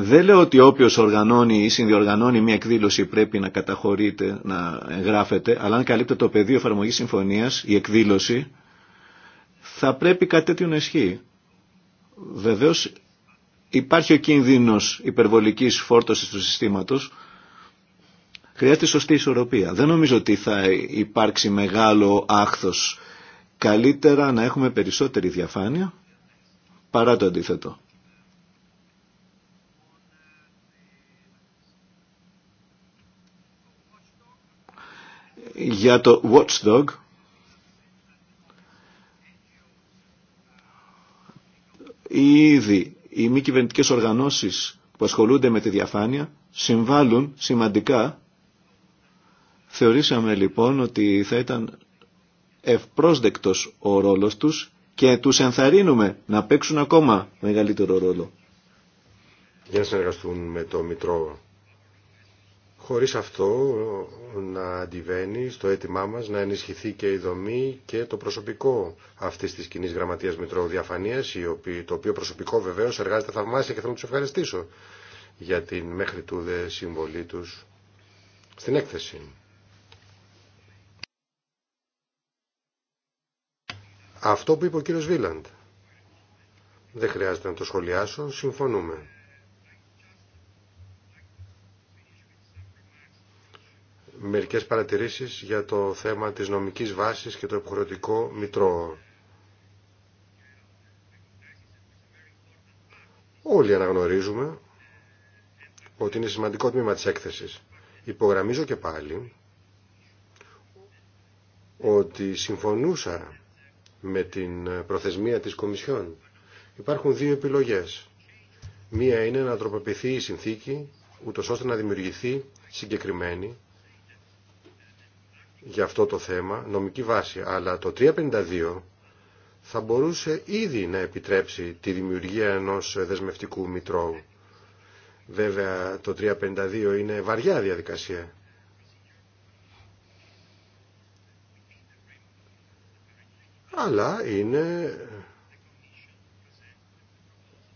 Δεν λέω ότι όποιος οργανώνει ή συνδιοργανώνει μια εκδήλωση πρέπει να καταχωρείται, να εγγράφεται, αλλά αν καλύπτεται το πεδίο εφαρμογής συμφωνίας, η εκδήλωση, θα πρέπει κάτι τέτοιο να ισχύει. Βεβαίως υπάρχει ο κίνδυνος υπερβολικής φόρτωσης του συστήματος, χρειάζεται σωστή ισορροπία. Δεν νομίζω ότι θα υπάρξει μεγάλο άχθος. Καλύτερα να έχουμε περισσότερη διαφάνεια παρά το αντίθετο. για το Watchdog ήδη οι μη κυβερνητικέ οργανώσεις που ασχολούνται με τη διαφάνεια συμβάλλουν σημαντικά. Θεωρήσαμε λοιπόν ότι θα ήταν ευπρόσδεκτος ο ρόλος τους και τους ενθαρρύνουμε να παίξουν ακόμα μεγαλύτερο ρόλο. Για να συνεργαστούν με το Μητρό χωρίς αυτό να αντιβαίνει στο αίτημά μας να ενισχυθεί και η δομή και το προσωπικό αυτής της κοινή γραμματείας Μητρώου Διαφανείας, το οποίο προσωπικό βεβαίως εργάζεται θαυμάσια και θέλω να τους ευχαριστήσω για την μέχρι τούδε συμβολή τους στην έκθεση. Αυτό που είπε ο κύριος Βίλαντ. Δεν χρειάζεται να το σχολιάσω, συμφωνούμε. μερικές παρατηρήσεις για το θέμα της νομικής βάσης και το υποχρεωτικό μητρό. Όλοι αναγνωρίζουμε ότι είναι σημαντικό τμήμα της έκθεσης. Υπογραμμίζω και πάλι ότι συμφωνούσα με την προθεσμία της Κομισιόν. Υπάρχουν δύο επιλογές. Μία είναι να τροποποιηθεί η συνθήκη, ούτω ώστε να δημιουργηθεί συγκεκριμένη για αυτό το θέμα, νομική βάση, αλλά το 352 θα μπορούσε ήδη να επιτρέψει τη δημιουργία ενός δεσμευτικού μητρώου. Βέβαια το 352 είναι βαριά διαδικασία. Αλλά είναι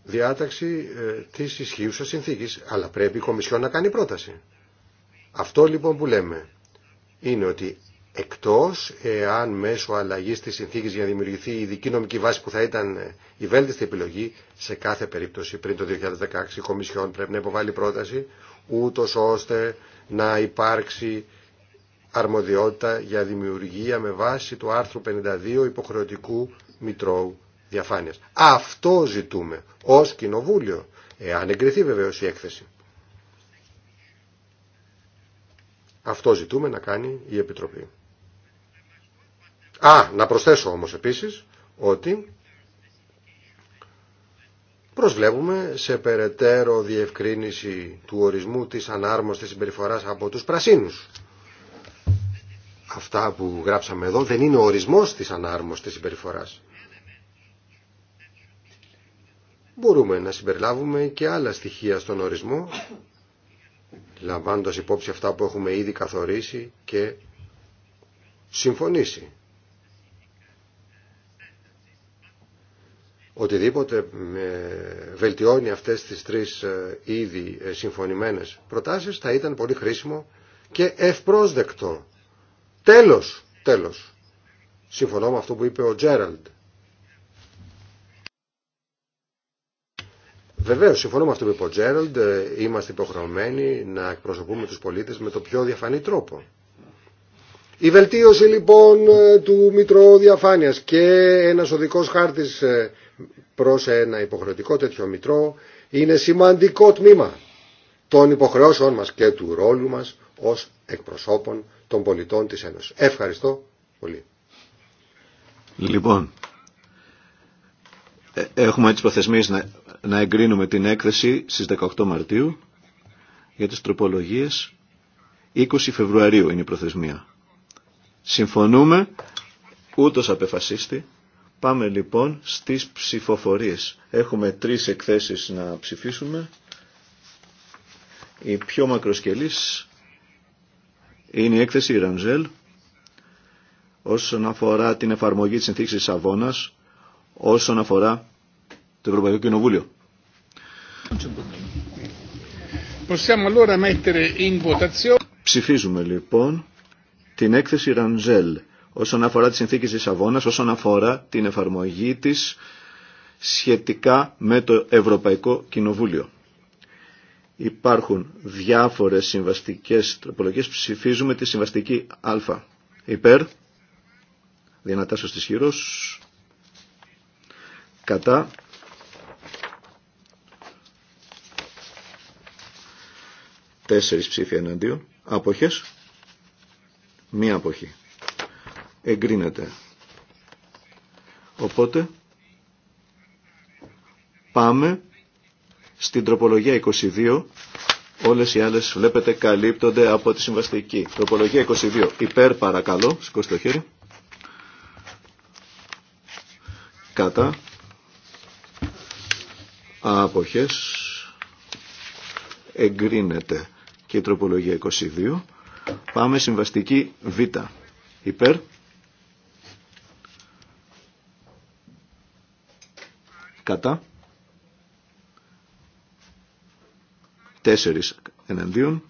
διάταξη ε, της ισχύουσας συνθήκης. Αλλά πρέπει η Κομισιόν να κάνει πρόταση. Αυτό λοιπόν που λέμε είναι ότι εκτός εάν μέσω αλλαγής της συνθήκης για να δημιουργηθεί η ειδική νομική βάση που θα ήταν η βέλτιστη επιλογή, σε κάθε περίπτωση πριν το 2016 η Κομισιόν πρέπει να υποβάλει πρόταση, ούτω ώστε να υπάρξει αρμοδιότητα για δημιουργία με βάση του άρθρου 52 υποχρεωτικού Μητρώου Διαφάνειας. Αυτό ζητούμε ως Κοινοβούλιο, εάν εγκριθεί βεβαίως η έκθεση. Αυτό ζητούμε να κάνει η Επιτροπή. Α, να προσθέσω όμως επίσης ότι προσβλέπουμε σε περαιτέρω διευκρίνηση του ορισμού της ανάρμοστης συμπεριφοράς από τους πρασίνους. Αυτά που γράψαμε εδώ δεν είναι ο ορισμός της ανάρμοστης συμπεριφοράς. Μπορούμε να συμπεριλάβουμε και άλλα στοιχεία στον ορισμό λαμβάνοντας υπόψη αυτά που έχουμε ήδη καθορίσει και συμφωνήσει. Οτιδήποτε βελτιώνει αυτές τις τρεις ε, ήδη ε, συμφωνημένες προτάσεις θα ήταν πολύ χρήσιμο και ευπρόσδεκτο. Τέλος, τέλος. Συμφωνώ με αυτό που είπε ο Τζέραλντ Βεβαίω, συμφωνώ με αυτό που είπε ο ε, είμαστε υποχρεωμένοι να εκπροσωπούμε του πολίτε με το πιο διαφανή τρόπο. Η βελτίωση λοιπόν ε, του Μητρώου Διαφάνεια και ένα οδικό χάρτη ε, προ ένα υποχρεωτικό τέτοιο Μητρό είναι σημαντικό τμήμα των υποχρεώσεών μα και του ρόλου μα ω εκπροσώπων των πολιτών τη Ένωση. Ευχαριστώ πολύ. Λοιπόν, έχουμε τι προθεσμίε να να εγκρίνουμε την έκθεση στις 18 Μαρτίου για τις τροπολογίες 20 Φεβρουαρίου είναι η προθεσμία. Συμφωνούμε, ούτως απεφασίστη. Πάμε λοιπόν στις ψηφοφορίες. Έχουμε τρεις εκθέσεις να ψηφίσουμε. Η πιο μακροσκελής είναι η έκθεση Ρανζέλ όσον αφορά την εφαρμογή της συνθήκης της όσον αφορά το Ευρωπαϊκό Κοινοβούλιο. Ψηφίζουμε λοιπόν την έκθεση Ρανζέλ, όσον αφορά τη συνθήκη της Αβώνα, όσον αφορά την εφαρμογή της σχετικά με το Ευρωπαϊκό Κοινοβούλιο. Υπάρχουν διάφορες συμβαστικέ τροπολογίες. Ψηφίζουμε τη συμβαστική Α. Υπέρ. Δυνατάσεως της Κατά. Τέσσερις ψήφια εναντίον. Αποχές. Μία αποχή. Εγκρίνεται. Οπότε πάμε στην τροπολογία 22. Όλες οι άλλες βλέπετε καλύπτονται από τη συμβαστική. Τροπολογία 22. Υπέρ παρακαλώ. Σηκώστε το χέρι. Κατά. Αποχές εγκρίνεται και η τροπολογία 22. Πάμε συμβαστική Β. Υπέρ. Κατά. Τέσσερις εναντίον.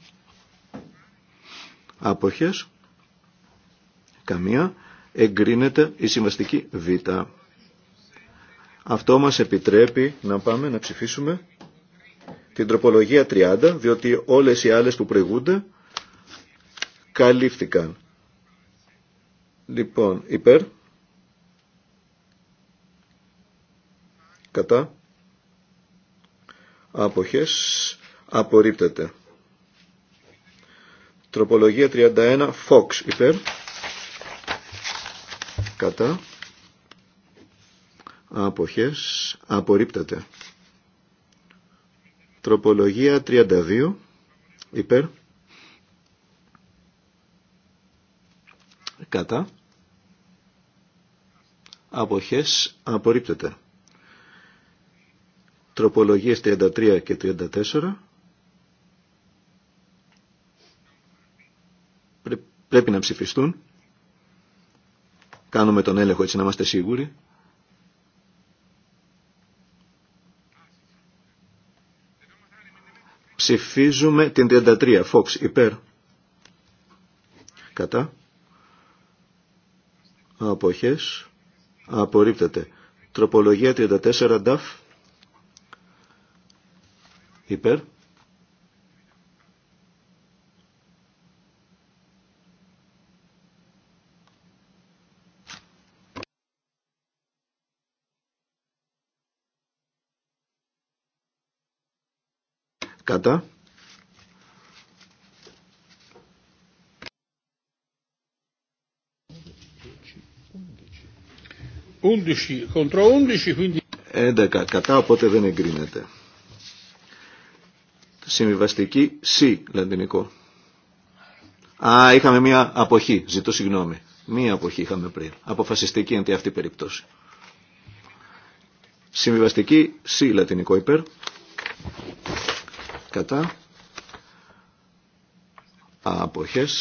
Άποχες. Καμία. Εγκρίνεται η συμβαστική Β. Αυτό μας επιτρέπει να πάμε να ψηφίσουμε την τροπολογία 30, διότι όλες οι άλλες που προηγούνται καλύφθηκαν. Λοιπόν, υπέρ. Κατά. Άποχες. Απορρίπτεται. Τροπολογία 31. Fox Υπέρ. Κατά. Άποχες. Απορρίπτεται. Τροπολογία 32 υπέρ κατά αποχές απορρίπτεται. Τροπολογίες 33 και 34 πρέπει να ψηφιστούν. Κάνουμε τον έλεγχο έτσι να είμαστε σίγουροι. Ψηφίζουμε την 33. Φόξ. υπέρ. Κατά. Αποχές. Απορρίπτεται. Τροπολογία 34. Νταφ. Υπέρ. Κατά. 11, κατά, οπότε δεν εγκρίνεται. Συμβιβαστική, σι λατινικό. Α, είχαμε μία αποχή, ζητώ συγγνώμη. Μία αποχή είχαμε πριν. Αποφασιστική τη αυτή η περίπτωση. Συμβιβαστική, σί λατινικό υπέρ κατά αποχές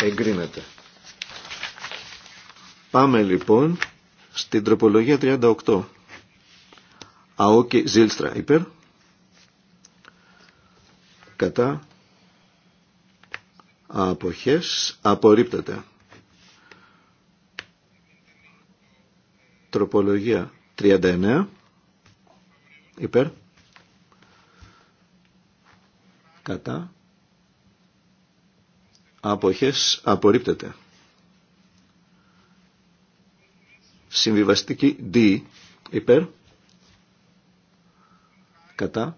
εγκρίνεται. Πάμε λοιπόν στην τροπολογία 38. Αόκι Ζήλστρα υπέρ κατά αποχές απορρίπτεται. Τροπολογία 39 υπέρ κατά αποχές απορρίπτεται. Συμβιβαστική D υπέρ κατά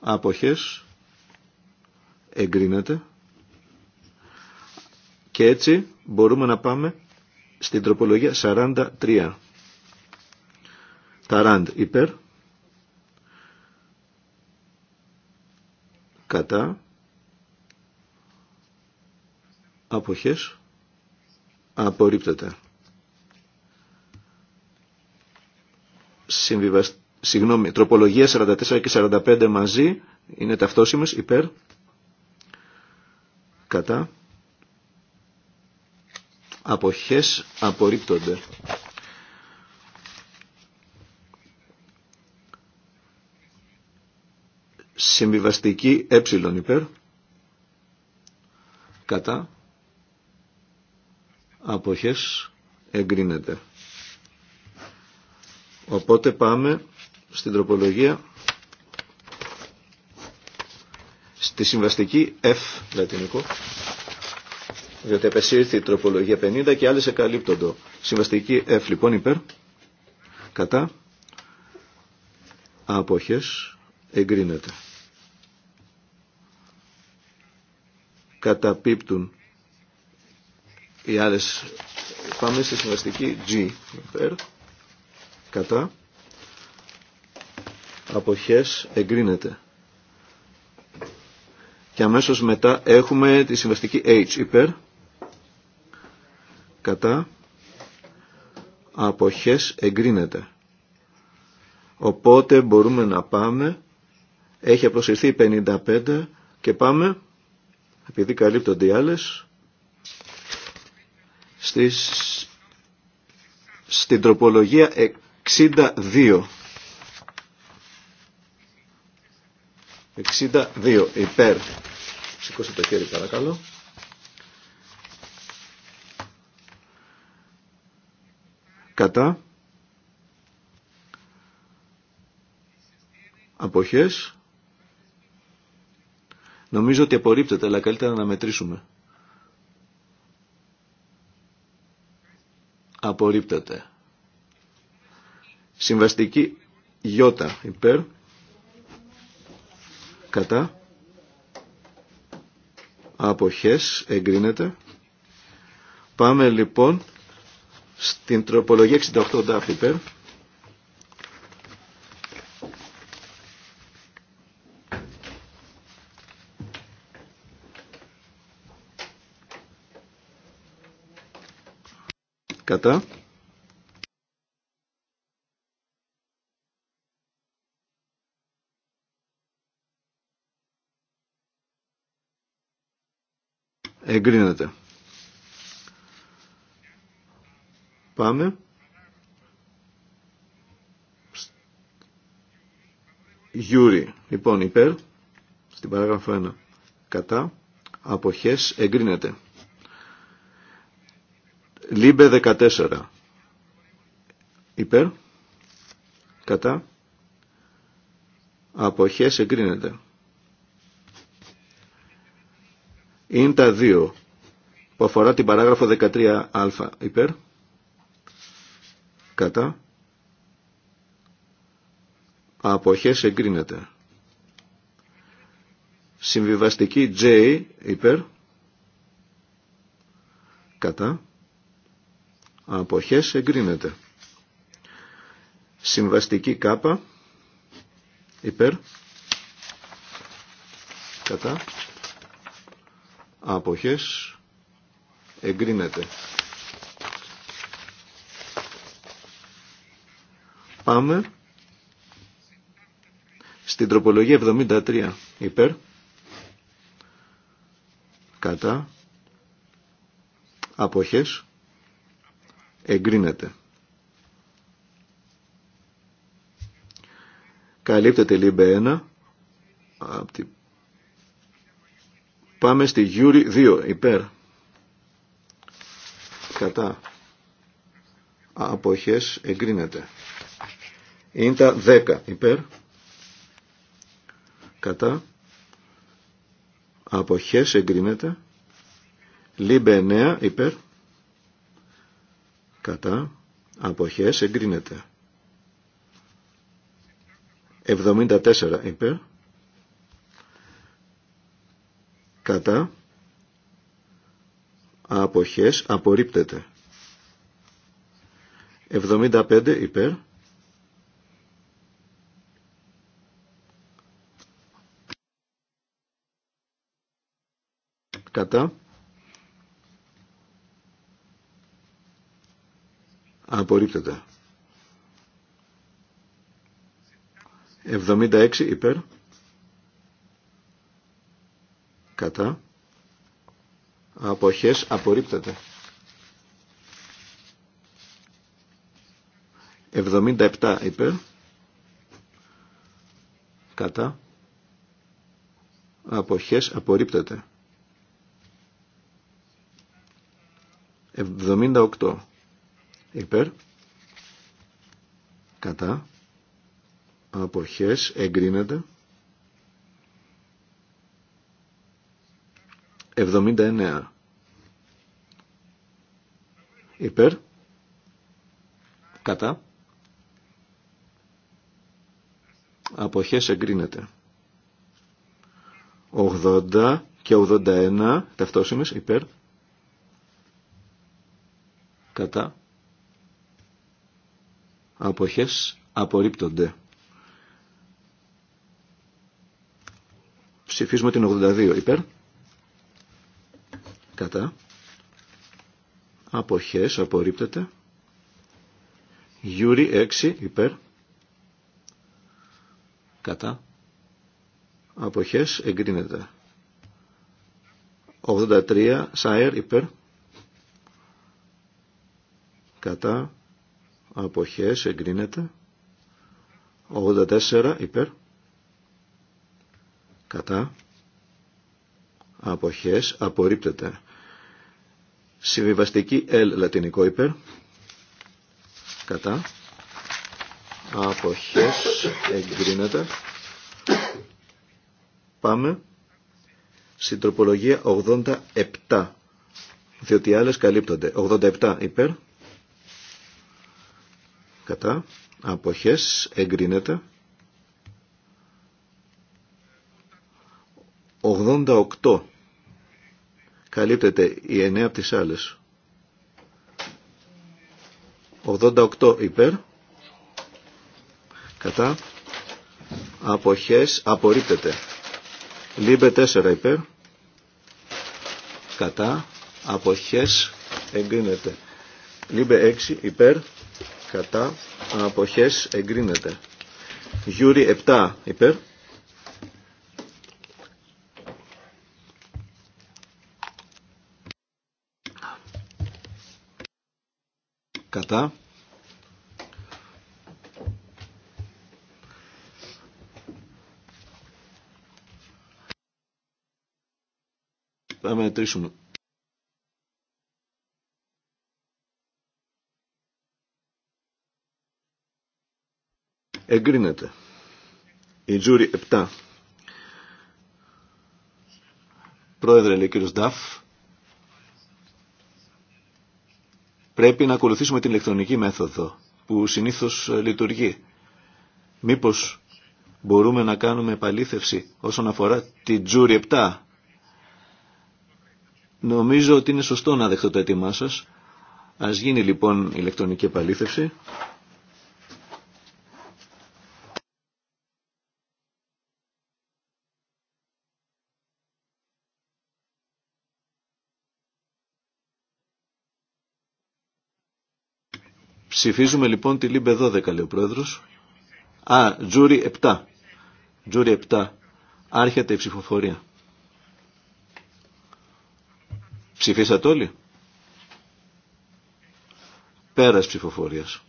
αποχές εγκρίνεται και έτσι μπορούμε να πάμε στην τροπολογία 43. ραντ υπέρ κατά αποχές απορρίπτεται. Συμβιβασ... Συγγνώμη, τροπολογία 44 και 45 μαζί είναι ταυτόσιμες υπέρ κατά αποχές απορρίπτονται. Συμβιβαστική έψιλον ε υπέρ. Κατά. Αποχές εγκρίνεται. Οπότε πάμε στην τροπολογία στη συμβαστική F λατινικό διότι επεσήρθη η τροπολογία 50 και άλλες εκαλύπτοντο. Συμβαστική F λοιπόν υπέρ κατά αποχές εγκρίνεται. καταπίπτουν οι άλλες. Πάμε στη συμβαστική G. Υπέρ. Κατά. Αποχές εγκρίνεται. Και αμέσως μετά έχουμε τη συμβαστική H. Υπέρ. Κατά. Αποχές εγκρίνεται. Οπότε μπορούμε να πάμε. Έχει αποσυρθεί 55 και πάμε επειδή καλύπτονται οι άλλες, στην τροπολογία 62. 62 υπέρ. Σηκώστε το χέρι παρακαλώ. Κατά. Αποχές. Νομίζω ότι απορρίπτεται, αλλά καλύτερα να μετρήσουμε. Απορρίπτεται. Συμβαστική γιώτα υπέρ. Κατά. Αποχές εγκρίνεται. Πάμε λοιπόν στην τροπολογία 68 ντάφ υπέρ. Εγκρίνεται. Πάμε. Γιούρι. Λοιπόν, υπέρ. Στην παράγραφο 1. Κατά. Αποχές εγκρίνεται. Λίμπε 14. Υπέρ. Κατά. Αποχές εγκρίνεται. Είναι τα 2 που αφορά την παράγραφο 13α. Υπέρ. Κατά. Αποχές εγκρίνεται. Συμβιβαστική J υπέρ. Κατά αποχές εγκρίνεται. Συμβαστική κάπα υπέρ κατά αποχές εγκρίνεται. Πάμε στην τροπολογία 73 υπέρ κατά αποχές εγκρίνεται. Καλύπτεται λίμπε 1. Πάμε στη Γιούρι 2, υπέρ. Κατά. Αποχές εγκρίνεται. Είναι 10, υπέρ. Κατά. Αποχές εγκρίνεται. Λίμπε 9, υπέρ κατά αποχές εγκρίνεται. 74 υπέρ κατά αποχές απορρίπτεται. 75 υπέρ κατά Απορρίπτεται. 76 υπέρ. Κατά. Αποχές απορρίπτεται. 77 υπέρ. Κατά. Αποχές απορρίπτεται. 78 υπέρ κατά αποχές εγκρίνεται 79 υπέρ κατά αποχές εγκρίνεται 80 και 81 ταυτόσημες υπέρ κατά αποχές απορρίπτονται. Ψηφίζουμε την 82 υπέρ. Κατά. Αποχές απορρίπτεται. Γιούρι 6 υπέρ. Κατά. Αποχές εγκρίνεται. 83 Σάερ υπέρ. Κατά αποχές εγκρίνεται 84 υπέρ κατά αποχές απορρίπτεται συμβιβαστική L λατινικό υπέρ κατά αποχές εγκρίνεται πάμε στην τροπολογία 87 διότι άλλες καλύπτονται 87 υπέρ κατά αποχές εγκρίνεται 88 καλύπτεται η εννέα από τις άλλες 88 υπέρ κατά αποχές απορρίπτεται λίμπε 4 υπέρ κατά αποχές εγκρίνεται λίμπε 6 υπέρ κατά αποχές εγκρίνεται. Γιούρι 7 υπέρ. Κατά. Θα μετρήσουμε. εγκρίνεται. Η Τζούρι 7. Πρόεδρε, λέει ο Νταφ, πρέπει να ακολουθήσουμε την ηλεκτρονική μέθοδο που συνήθως ε, λειτουργεί. Μήπως μπορούμε να κάνουμε επαλήθευση όσον αφορά τη Τζούρι 7. Νομίζω ότι είναι σωστό να δεχτώ το έτοιμά σας. Ας γίνει λοιπόν ηλεκτρονική επαλήθευση. Ψηφίζουμε λοιπόν τη Λίμπε 12, λέει ο Πρόεδρος. Α, Τζούρι 7. Τζούρι 7. Άρχεται η ψηφοφορία. Ψηφίσατε όλοι. Πέρας ψηφοφορίας.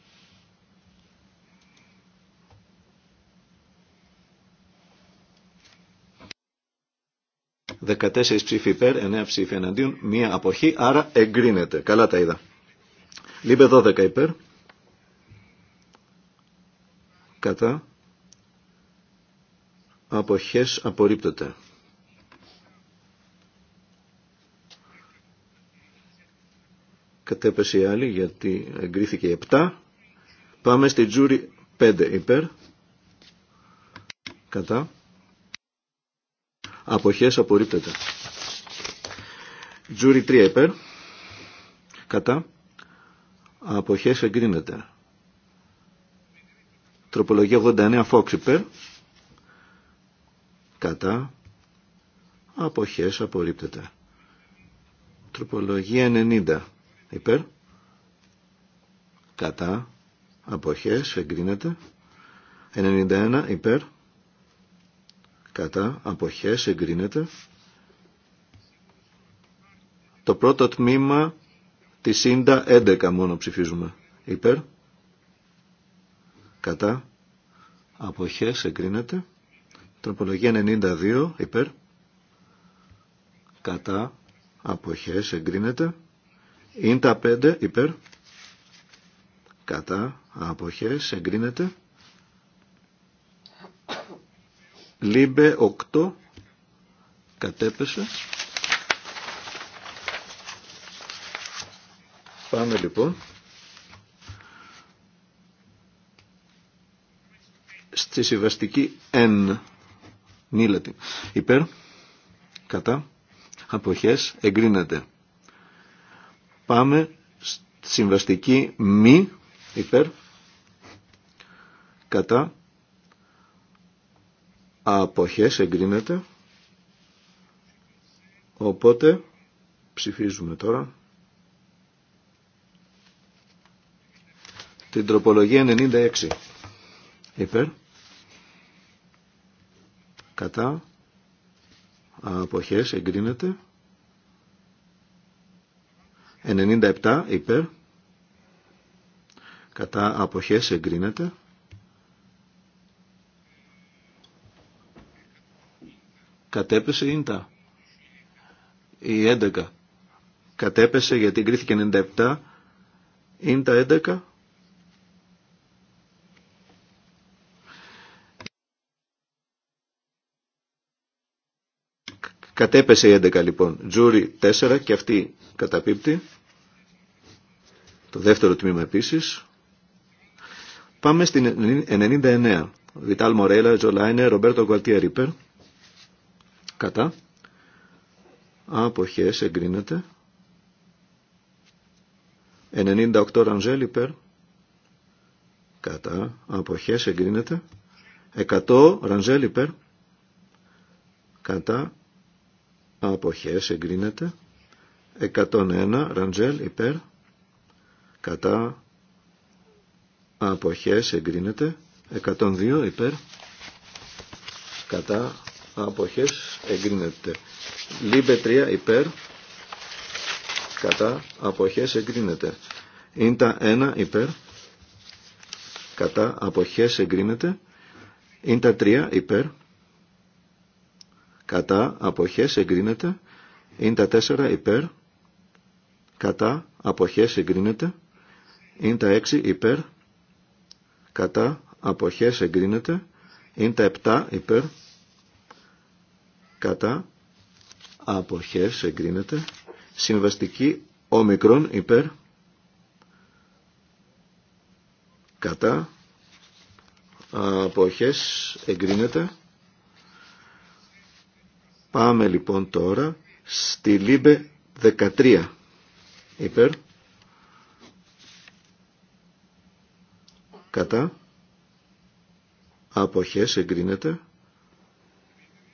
Δεκατέσσερις ψήφοι υπέρ, εννέα ψήφοι εναντίον, μία αποχή, άρα εγκρίνεται. Καλά τα είδα. Λίμπε 12 υπέρ κατά αποχές απορρίπτεται. Κατέπεσε η άλλη γιατί εγκρίθηκε 7. Πάμε στη τζούρι 5 υπέρ. Κατά. Αποχές απορρίπτεται. Τζούρι 3 υπέρ. Κατά. Αποχές εγκρίνεται. Τροπολογία 89 Φόξιπερ Κατά. Αποχές απορρίπτεται. Τροπολογία 90 υπέρ. Κατά. Αποχές εγκρίνεται. 91 υπέρ. Κατά. Αποχές εγκρίνεται. Το πρώτο τμήμα τη Ίντα, 11 μόνο ψηφίζουμε. Υπέρ κατά αποχές εγκρίνεται τροπολογία 92 υπέρ κατά αποχές εγκρίνεται ίντα 5 υπέρ κατά αποχές εγκρίνεται λίμπε 8 κατέπεσε Πάμε λοιπόν στη συμβαστική N. Νίλατη. Υπέρ. Κατά. Αποχές. Εγκρίνεται. Πάμε στη συμβαστική μη. Υπέρ. Κατά. Αποχές. Εγκρίνεται. Οπότε ψηφίζουμε τώρα. Την τροπολογία 96. Υπέρ κατά αποχές εγκρίνεται 97 υπέρ κατά αποχές εγκρίνεται 'Κατέπεσε ίντα η 11 κατέπεσε γιατί εγκρίθηκε 97 ίντα 11 Κατέπεσε η 11 λοιπόν. Τζούρι 4 και αυτή καταπίπτει. Το δεύτερο τμήμα επίσης. Πάμε στην 99. Βιτάλ Μορέλα, Τζολάινε, Ρομπέρτο Γκουαλτία Ρίπερ. Κατά. Αποχές εγκρίνεται. 98 Ραντζέλ υπέρ. Κατά. Αποχές εγκρίνεται. 100 Ραντζέλ υπέρ. Κατά αποχές εγκρίνεται 101 ραντζέλ υπέρ κατά αποχές εγκρίνεται 102 υπέρ κατά αποχές εγκρίνεται λίμπε 3 υπέρ κατά αποχές εγκρίνεται ίντα 1 υπέρ κατά αποχές εγκρίνεται ίντα 3 υπέρ κατά αποχές εγκρίνεται. τέσσερα υπέρ κατά αποχές εγκρίνεται. έξι υπέρ κατά αποχές εγκρίνεται. επτά υπέρ κατά αποχές εγκρίνεται. Συμβαστική όμικρον υπέρ κατά αποχές εγκρίνεται Πάμε λοιπόν τώρα στη Λίμπε 13. Υπέρ. Κατά. Αποχές εγκρίνεται.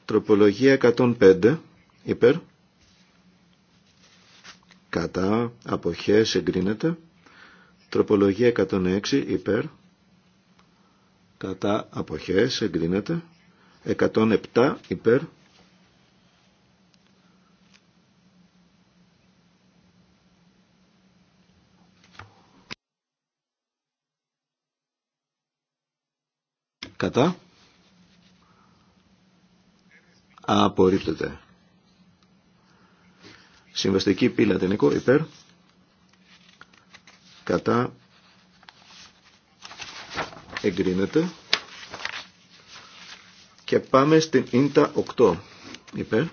Τροπολογία 105. Υπέρ. Κατά. Αποχές εγκρίνεται. Τροπολογία 106. Υπέρ. Κατά. Αποχές εγκρίνεται. 107. Υπέρ. Κατά. Απορρίπτεται. Συμβαστική πύλη λατινικό υπέρ. Κατά. Εγκρίνεται. Και πάμε στην ίντα 8 υπέρ.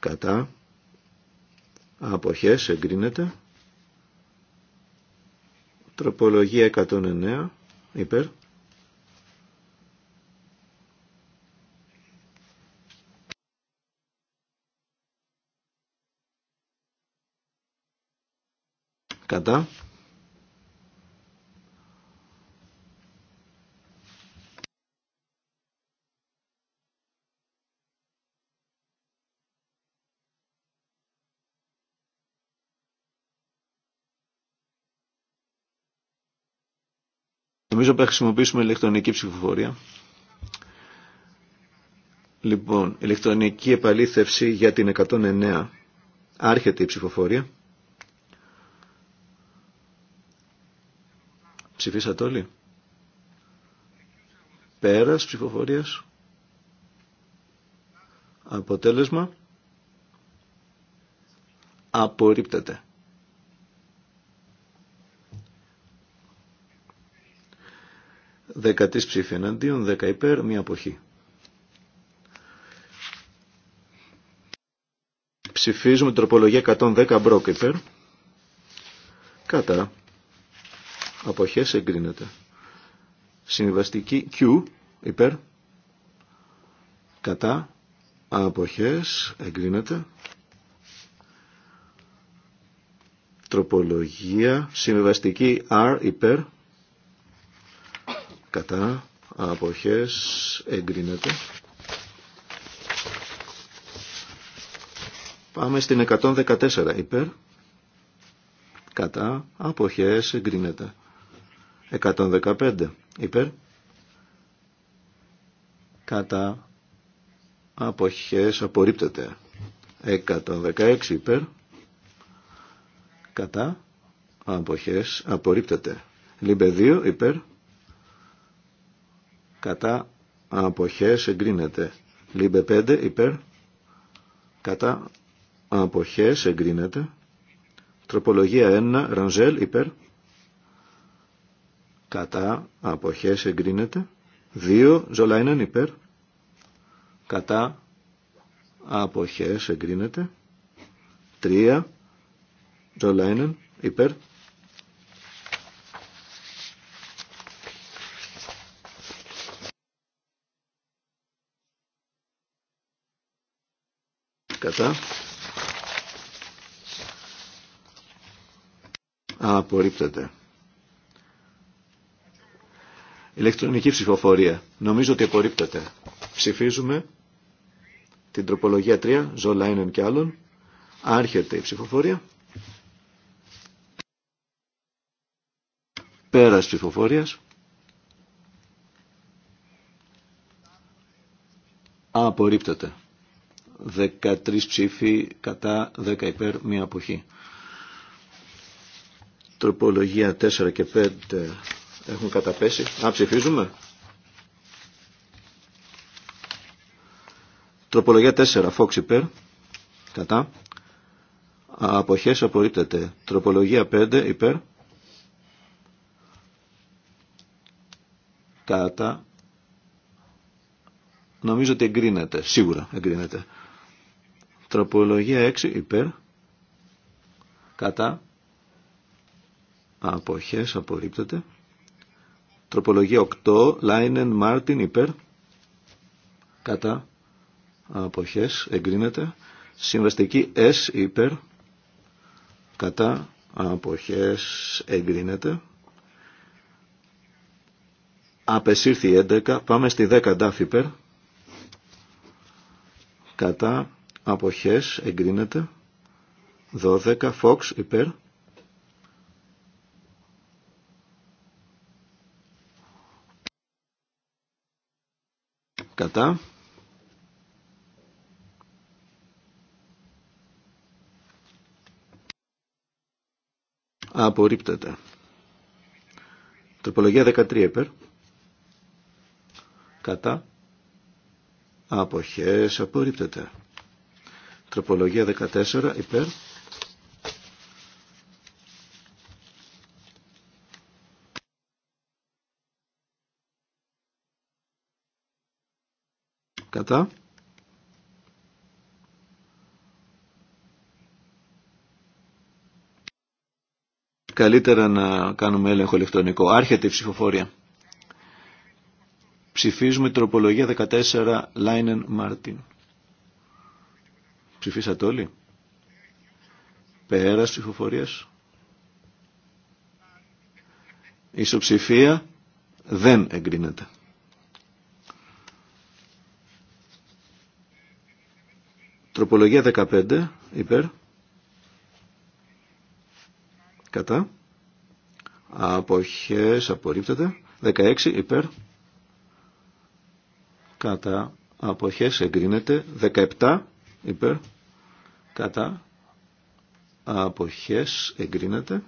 Κατά. Αποχές εγκρίνεται. Τροπολογία 109 υπέρ κατά Νομίζω πρέπει να χρησιμοποιήσουμε ηλεκτρονική ψηφοφορία. Λοιπόν, ηλεκτρονική επαλήθευση για την 109. Άρχεται η ψηφοφορία. Ψηφίσατε όλοι. Πέρας ψηφοφορίας. Αποτέλεσμα. Απορρίπτεται. Δεκατής ψηφία εναντίον, δέκα υπέρ, μία αποχή. Ψηφίζουμε τροπολογία 110 μπρόκ υπέρ. Κατά. Αποχές εγκρίνεται. Συμβαστική Q υπέρ. Κατά. Αποχές εγκρίνεται. Τροπολογία συμβαστική R υπέρ κατά αποχές εγκρίνεται. Πάμε στην 114 υπέρ. Κατά αποχές εγκρίνεται. 115 υπέρ. Κατά αποχές απορρίπτεται. 116 υπέρ. Κατά αποχές απορρίπτεται. Λίμπε 2 υπέρ κατά αποχές εγκρίνεται. Λίμπε 5 υπέρ κατά αποχές εγκρίνεται. Τροπολογία 1 ρανζέλ υπέρ κατά αποχές εγκρίνεται. 2 ζολάινεν υπέρ κατά αποχές εγκρίνεται. 3 ζολάινεν υπέρ κατά. Απορρίπτεται. Ηλεκτρονική ψηφοφορία. Νομίζω ότι απορρίπτεται. Ψηφίζουμε την τροπολογία 3, ζωλά έναν και άλλον Άρχεται η ψηφοφορία. Πέρας ψηφοφορίας. Απορρίπτεται. 13 ψήφοι κατά 10 υπέρ μία αποχή. Τροπολογία 4 και 5 έχουν καταπέσει. Α, ψηφίζουμε. Τροπολογία 4, Fox υπέρ, κατά. Αποχές απορρίπτεται. Τροπολογία 5 υπέρ. Κατά. Νομίζω ότι εγκρίνεται. Σίγουρα εγκρίνεται. Τροπολογία 6 υπέρ. Κατά. Αποχές απορρίπτεται. Τροπολογία 8. Λάινεν Μάρτιν υπέρ. Κατά. Αποχές εγκρίνεται. Συμβαστική S υπέρ. Κατά. Αποχές εγκρίνεται. Απεσύρθη 11. Πάμε στη 10 ντάφ υπέρ. Κατά αποχές εγκρίνεται 12 φόξ υπέρ κατά απορρίπτεται τροπολογία 13 υπέρ κατά αποχές απορρίπτεται Τροπολογία 14 υπέρ. Κατά. Καλύτερα να κάνουμε έλεγχο ηλεκτρονικό. Άρχεται η ψηφοφορία. Ψηφίζουμε τροπολογία 14 Λάινεν Μάρτιν. Ψηφίσατε όλοι. Πέρας σου. Η ισοψηφία δεν εγκρίνεται. Τροπολογία 15 υπέρ. Κατά. Αποχές απορρίπτεται. 16 υπέρ. Κατά. Αποχές εγκρίνεται. 17 υπέρ κατά αποχές εγκρίνεται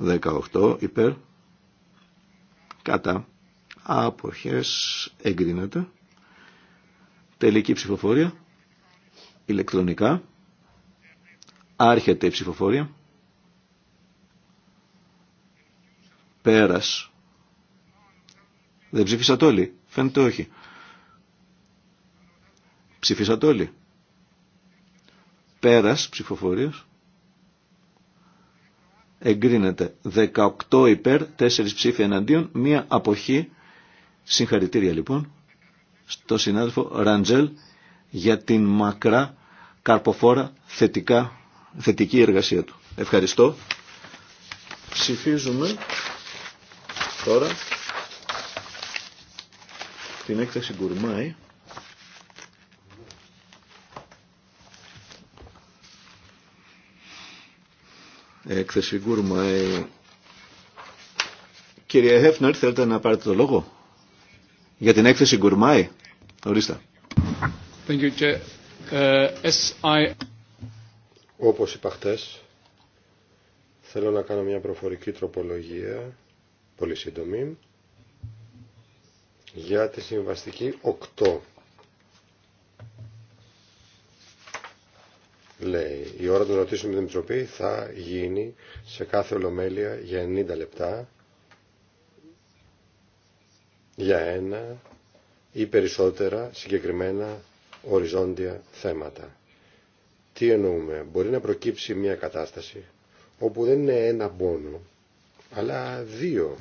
18 υπέρ κατά αποχές εγκρίνεται τελική ψηφοφορία ηλεκτρονικά άρχεται η ψηφοφορία πέρας δεν ψήφισατε όλοι φαίνεται όχι ψήφισατε Πέρας ψηφοφορίας. Εγκρίνεται 18 υπέρ, 4 ψήφια εναντίον, μία αποχή. Συγχαρητήρια λοιπόν στο συνάδελφο Ραντζέλ για την μακρά καρποφόρα θετικά, θετική εργασία του. Ευχαριστώ. Ψηφίζουμε τώρα την έκθεση Γκουρμάη. έκθεση Γκούρμαη. Ε, κύριε Χέφνερ, θέλετε να πάρετε το λόγο για την έκθεση Γκουρμάη. Ορίστε. Thank you, Chair. Ε, Όπως είπα χτες, θέλω να κάνω μια προφορική τροπολογία, πολύ σύντομη, για τη συμβαστική 8 λέει η ώρα των ερωτήσεων με την Επιτροπή θα γίνει σε κάθε ολομέλεια για 90 λεπτά για ένα ή περισσότερα συγκεκριμένα οριζόντια θέματα. Τι εννοούμε. Μπορεί να προκύψει μια κατάσταση όπου δεν είναι ένα πόνο αλλά δύο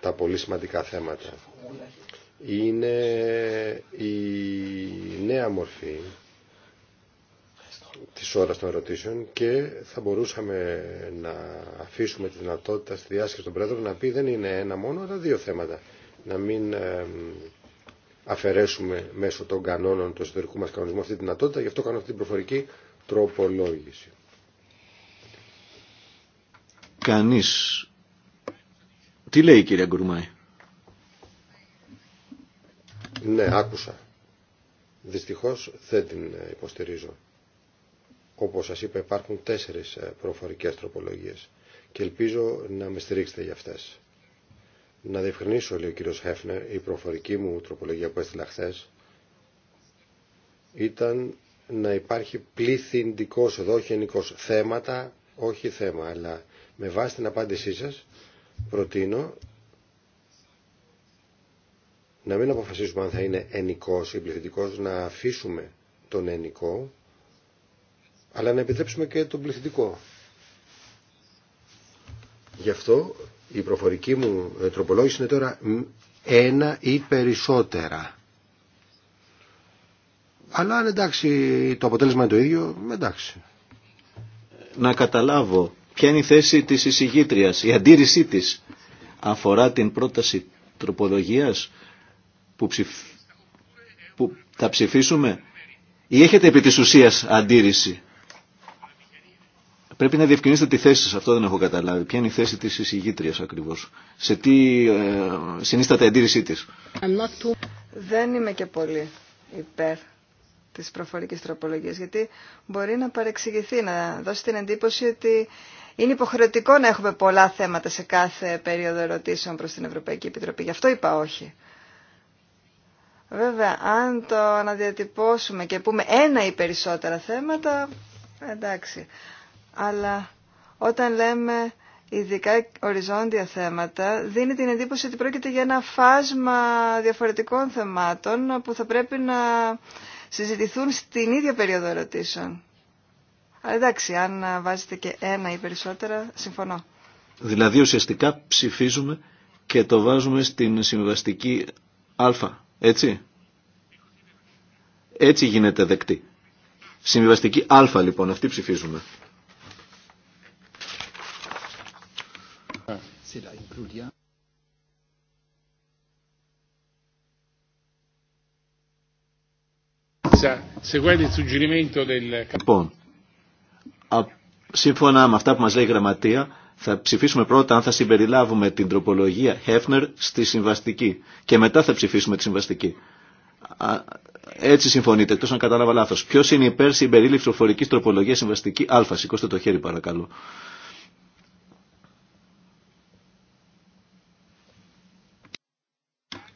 τα πολύ σημαντικά θέματα. Είναι η νέα μορφή της ώρας των ερωτήσεων και θα μπορούσαμε να αφήσουμε τη δυνατότητα στη διάσκεψη των πρόεδρων να πει δεν είναι ένα μόνο αλλά δύο θέματα. Να μην αφαιρέσουμε μέσω των κανόνων του εσωτερικού μας κανονισμού αυτή τη δυνατότητα, γι' αυτό κάνω αυτή την προφορική τροπολόγηση. Κανείς. Τι λέει η κυρία Γκουρμάη. Ναι, άκουσα. Δυστυχώς δεν την υποστηρίζω. Όπως σας είπα υπάρχουν τέσσερις ε, προφορικές τροπολογίες και ελπίζω να με στηρίξετε για αυτές. Να διευκρινίσω, λέει ο κύριος Χέφνερ, η προφορική μου τροπολογία που έστειλα χθε ήταν να υπάρχει πληθυντικό, εδώ, όχι ενικό θέματα, όχι θέμα, αλλά με βάση την απάντησή σας προτείνω να μην αποφασίσουμε αν θα είναι ενικός ή πληθυντικός, να αφήσουμε τον ενικό αλλά να επιτρέψουμε και τον πληθυντικό. Γι' αυτό η προφορική μου ε, τροπολόγηση είναι τώρα ένα ή περισσότερα. Αλλά αν εντάξει το αποτέλεσμα είναι το ίδιο, εντάξει. Να καταλάβω ποια είναι η θέση της εισηγήτριας, η αντίρρησή της αφορά την πρόταση τροπολογίας που, ψηφ... που θα ψηφίσουμε ή έχετε επί της ουσίας αντίρρηση. Πρέπει να διευκρινίσετε τη θέση σα αυτό δεν έχω καταλάβει. Ποια είναι η θέση τη εισηγήτρια ακριβώ. Σε τι ε, συνίσταται η αντίρρησή της. Δεν είμαι και πολύ υπέρ τη προφορική τροπολογία, γιατί μπορεί να παρεξηγηθεί, να δώσει την εντύπωση ότι είναι υποχρεωτικό να έχουμε πολλά θέματα σε κάθε περίοδο ερωτήσεων προ την Ευρωπαϊκή Επιτροπή. Γι' αυτό είπα όχι. Βέβαια, αν το αναδιατυπώσουμε και πούμε ένα ή περισσότερα θέματα, εντάξει αλλά όταν λέμε ειδικά οριζόντια θέματα, δίνει την εντύπωση ότι πρόκειται για ένα φάσμα διαφορετικών θεμάτων που θα πρέπει να συζητηθούν στην ίδια περίοδο ερωτήσεων. Αλλά εντάξει, αν βάζετε και ένα ή περισσότερα, συμφωνώ. Δηλαδή ουσιαστικά ψηφίζουμε και το βάζουμε στην συμβαστική α, έτσι. Έτσι γίνεται δεκτή. Συμβιβαστική α λοιπόν, αυτή ψηφίζουμε. Λοιπόν, σύμφωνα με αυτά που μα λέει η Γραμματεία, θα ψηφίσουμε πρώτα αν θα συμπεριλάβουμε την τροπολογία Hefner στη συμβαστική και μετά θα ψηφίσουμε τη συμβαστική. Έτσι συμφωνείτε, εκτό αν κατάλαβα λάθο. Ποιο είναι υπέρ συμπερίληψη προφορική τροπολογία συμβαστική Α. Σηκώστε το χέρι, παρακαλώ.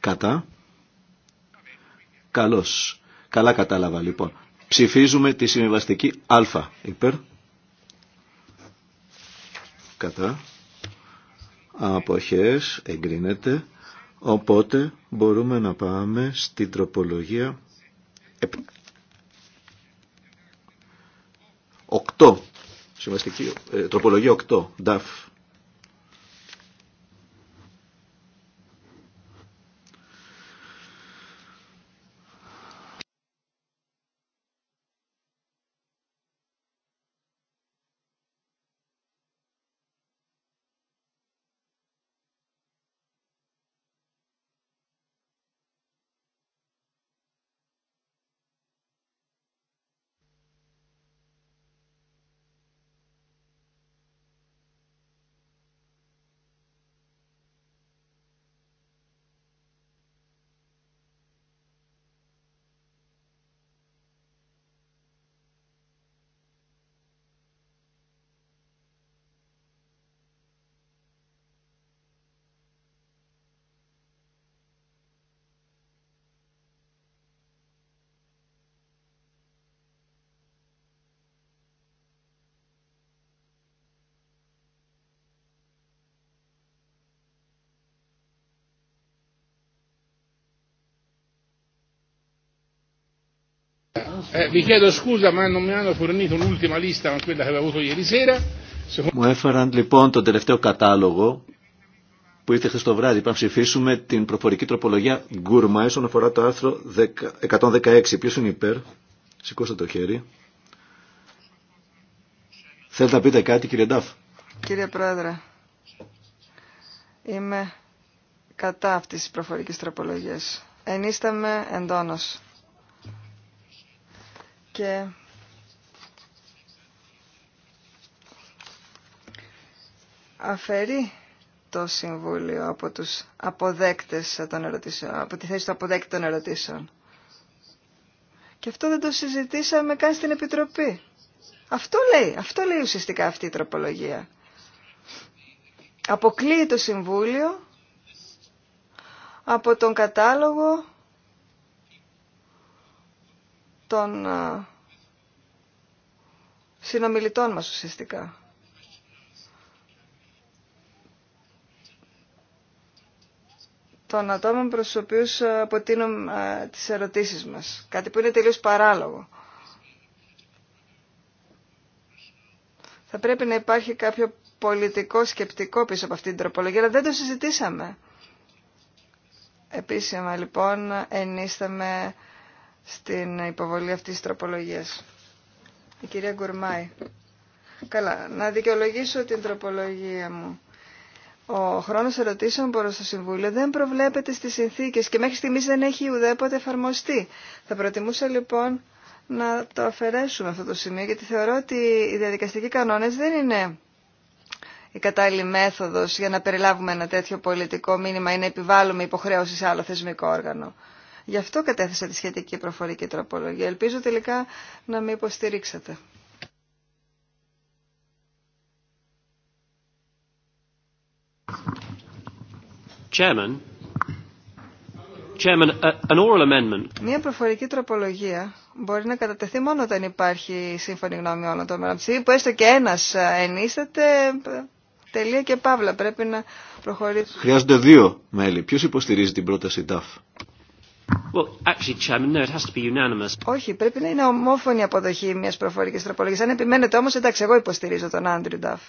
Κατά. Καλώς. Καλά κατάλαβα λοιπόν. Ψηφίζουμε τη συμβιβαστική α. Υπέρ. Κατά. Αποχές. Εγκρίνεται. Οπότε μπορούμε να πάμε στην τροπολογία 8. Συμβαστική, ε, τροπολογία 8. ΔΑΦ. Μου έφεραν λοιπόν τον τελευταίο κατάλογο που ήρθε χθε το βράδυ. Πάμε ψηφίσουμε την προφορική τροπολογία Γκούρμα όσον αφορά το άρθρο 116. Ποιο είναι υπέρ. Σηκώστε το χέρι. Θέλετε να πείτε κάτι κύριε Ντάφ. Κύριε Πρόεδρε, είμαι κατά αυτής της προφορικής τροπολογίας. Ενίσταμε εντόνως και αφαιρεί το Συμβούλιο από τους αποδέκτες των από τη θέση του αποδέκτη των ερωτήσεων. Και αυτό δεν το συζητήσαμε καν στην Επιτροπή. Αυτό λέει, αυτό λέει ουσιαστικά αυτή η τροπολογία. Αποκλείει το Συμβούλιο από τον κατάλογο των συνομιλητών μας ουσιαστικά. των ατόμων προς τους οποίους αποτείνουν τις ερωτήσεις μας. Κάτι που είναι τελείως παράλογο. Θα πρέπει να υπάρχει κάποιο πολιτικό σκεπτικό πίσω από αυτήν την τροπολογία, αλλά δεν το συζητήσαμε. Επίσημα λοιπόν ενίσταμε στην υποβολή αυτής της τροπολογίας. Η κυρία Γκουρμάη. Καλά, να δικαιολογήσω την τροπολογία μου. Ο χρόνο ερωτήσεων προς το Συμβούλιο δεν προβλέπεται στι συνθήκε και μέχρι στιγμής δεν έχει ουδέποτε εφαρμοστεί. Θα προτιμούσα λοιπόν να το αφαιρέσουμε αυτό το σημείο γιατί θεωρώ ότι οι διαδικαστικοί κανόνε δεν είναι η κατάλληλη μέθοδο για να περιλάβουμε ένα τέτοιο πολιτικό μήνυμα ή να επιβάλλουμε υποχρέωση σε άλλο θεσμικό όργανο. Γι' αυτό κατέθεσα τη σχετική προφορική τροπολογία. Ελπίζω τελικά να με υποστηρίξετε. Chairman. Chairman, an oral amendment. Μια προφορική τροπολογία μπορεί να κατατεθεί μόνο όταν υπάρχει σύμφωνη γνώμη όλων των μερών. που έστω και ένας ενίσταται, τελεία και παύλα. Πρέπει να προχωρήσουμε. Χρειάζονται δύο μέλη. Ποιος υποστηρίζει την πρόταση ΤΑΦ. Όχι, πρέπει να είναι ομόφωνη αποδοχή μια προφορική τροπολογία. Αν επιμένετε όμω, εντάξει, εγώ υποστηρίζω τον Άντριου Νταφ.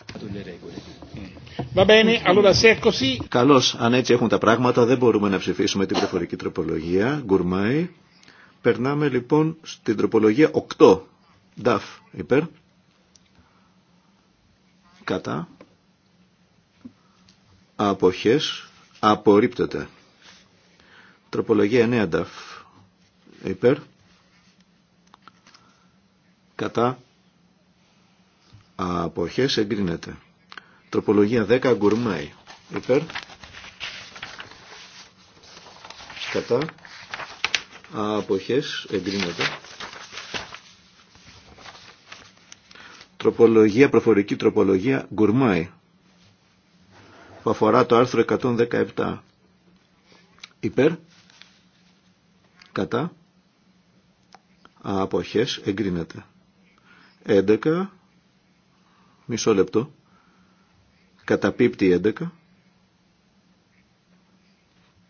Καλώ, αν έτσι έχουν τα πράγματα, δεν μπορούμε να ψηφίσουμε την προφορική τροπολογία. Γκουρμάι. Περνάμε λοιπόν στην τροπολογία 8. Νταφ, υπέρ. Κατά. Αποχές. Απορρίπτεται. Τροπολογία 9 ταφ Υπέρ. Κατά. Αποχές εγκρίνεται. Τροπολογία 10 γκουρμάι. Υπέρ. Κατά. Αποχές εγκρίνεται. Τροπολογία, προφορική τροπολογία γκουρμάι. Που αφορά το άρθρο 117. Υπέρ κατά αποχές εγκρίνεται. 11 μισό λεπτό καταπίπτει 11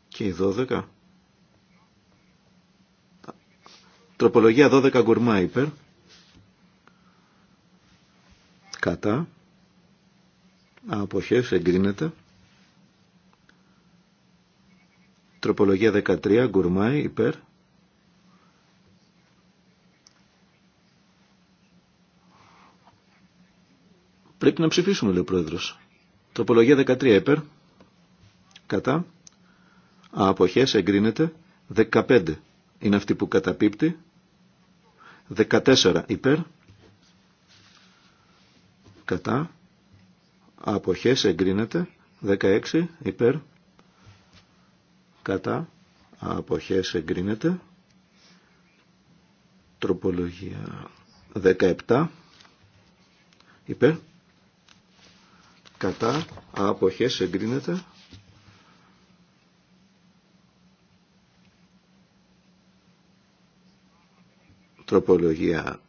και η 12 τροπολογία 12 γκουρμά υπέρ κατά αποχές εγκρίνεται τροπολογία 13 γκουρμάι υπέρ Πρέπει να ψηφίσουμε, λέει ο Πρόεδρος. Τροπολογία 13 υπέρ. Κατά. αποχέ εγκρίνεται. 15 είναι αυτή που καταπίπτει. 14 υπέρ. Κατά. αποχέ εγκρίνεται. 16 υπέρ. Κατά. αποχέ εγκρίνεται. Τροπολογία 17 υπέρ κατά αποχές εγκρίνεται. Τροπολογία.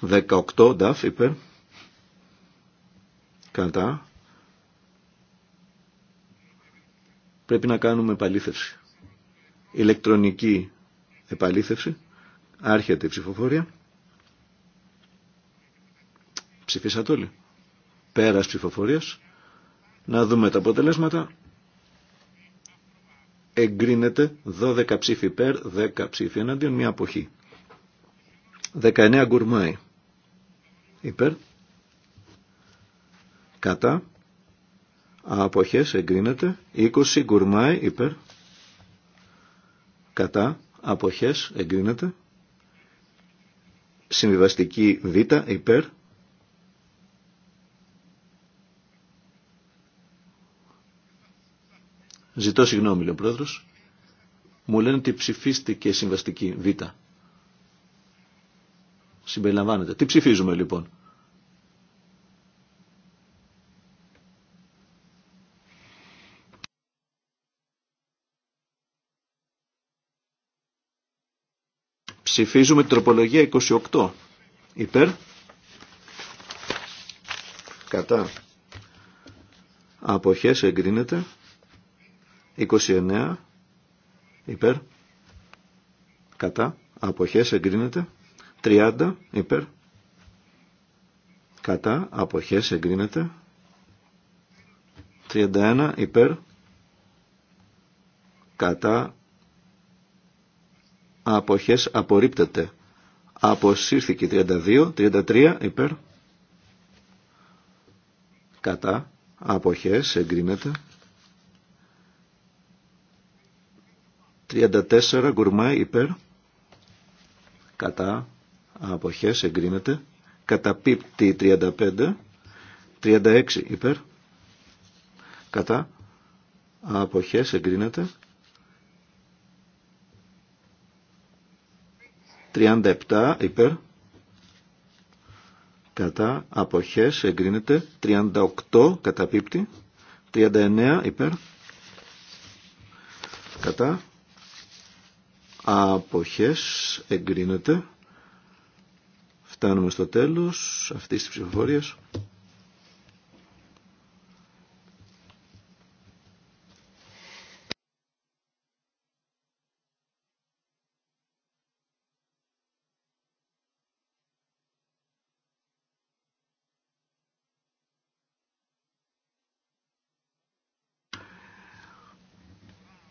18 δαφ υπέρ. Κατά. Πρέπει να κάνουμε επαλήθευση. Ηλεκτρονική επαλήθευση. Άρχεται η ψηφοφορία. Ψηφίσατε όλοι. Πέρας ψηφοφορίας. Να δούμε τα αποτελέσματα. Εγκρίνεται 12 ψήφοι υπέρ, 10 ψήφοι εναντίον, μία αποχή. 19 γκουρμάι. Υπέρ. Κατά. Αποχές εγκρίνεται. 20 γκουρμάι υπέρ. Κατά. Αποχές εγκρίνεται. Συμβιβαστική Β υπέρ. Ζητώ συγγνώμη, λέει πρόεδρος. Μου λένε ότι ψηφίστηκε συμβαστική Β. Συμπεριλαμβάνεται. Τι ψηφίζουμε λοιπόν. Ψηφίζουμε την τροπολογία 28. Υπέρ. Κατά. Αποχές εγκρίνεται. 29. Υπέρ. Κατά. Αποχές εγκρίνεται. 30. Υπέρ. Κατά. Αποχές εγκρίνεται. 31. Υπέρ. Κατά αποχές απορρίπτεται. Αποσύρθηκε 32, 33 υπέρ. Κατά αποχές εγκρίνεται. 34 γκουρμάι υπέρ. Κατά αποχές εγκρίνεται. Καταπίπτει 35. 36 υπέρ. Κατά αποχές εγκρίνεται. 37 υπέρ κατά αποχές εγκρίνεται 38 κατά πίπτη, 39 υπέρ κατά αποχές εγκρίνεται φτάνουμε στο τέλος αυτής της ψηφοφορίας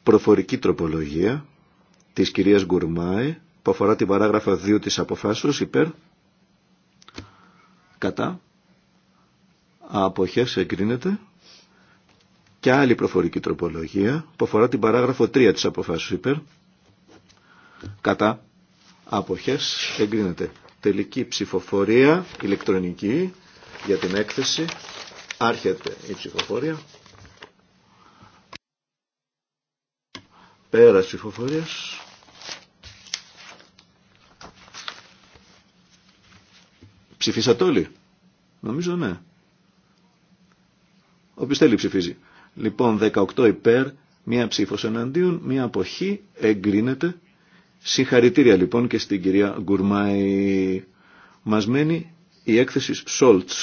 προφορική τροπολογία της κυρίας Γκουρμάη που αφορά την παράγραφα 2 της αποφάσεως υπέρ κατά αποχές εγκρίνεται και άλλη προφορική τροπολογία που αφορά την παράγραφο 3 της αποφάσεως υπέρ κατά αποχές εγκρίνεται τελική ψηφοφορία ηλεκτρονική για την έκθεση άρχεται η ψηφοφορία Πέρας ψηφοφορίας. Ψηφίσατε όλοι. Νομίζω ναι. Όποιος θέλει ψηφίζει. Λοιπόν, 18 υπέρ, μία ψήφος εναντίον, μία αποχή, εγκρίνεται. Συγχαρητήρια λοιπόν και στην κυρία Γκουρμάη. Μας μένει η έκθεση Σόλτς.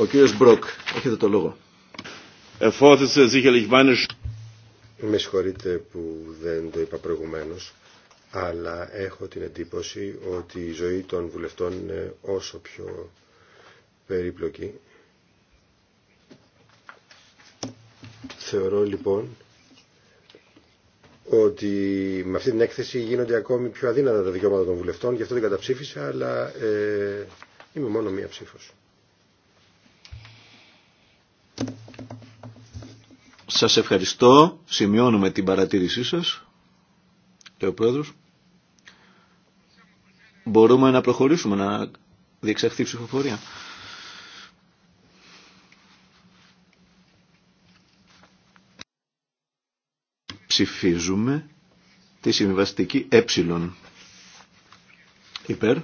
Ο κύριος Μπροκ, έχετε το λόγο. Με συγχωρείτε που δεν το είπα προηγουμένως, αλλά έχω την εντύπωση ότι η ζωή των βουλευτών είναι όσο πιο περίπλοκη. Θεωρώ λοιπόν ότι με αυτή την έκθεση γίνονται ακόμη πιο αδύνατα τα δικαιώματα των βουλευτών, γι' αυτό την καταψήφισα, αλλά ε, είμαι μόνο μία ψήφος. Σας ευχαριστώ. Σημειώνουμε την παρατήρησή σας. ο πρόεδρος. Μπορούμε να προχωρήσουμε να διεξαχθεί η ψηφοφορία. Ψηφίζουμε τη συμβαστική ε. Υπέρ.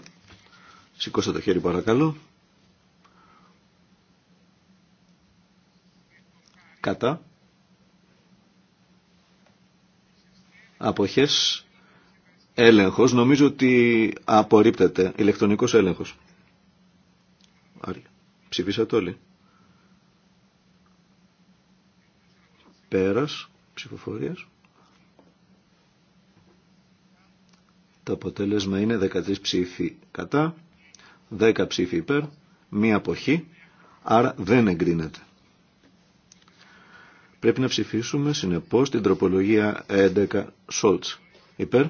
Σηκώστε το χέρι παρακαλώ. Κατά. αποχές έλεγχος. Νομίζω ότι απορρίπτεται ηλεκτρονικός έλεγχος. Άρα, Ψηφίσατε όλοι. Πέρας ψηφοφορίας. Το αποτέλεσμα είναι 13 ψήφοι κατά, 10 ψήφοι υπέρ, μία αποχή, άρα δεν εγκρίνεται. Πρέπει να ψηφίσουμε συνεπώς την τροπολογία 11 Σόλτς. Υπέρ.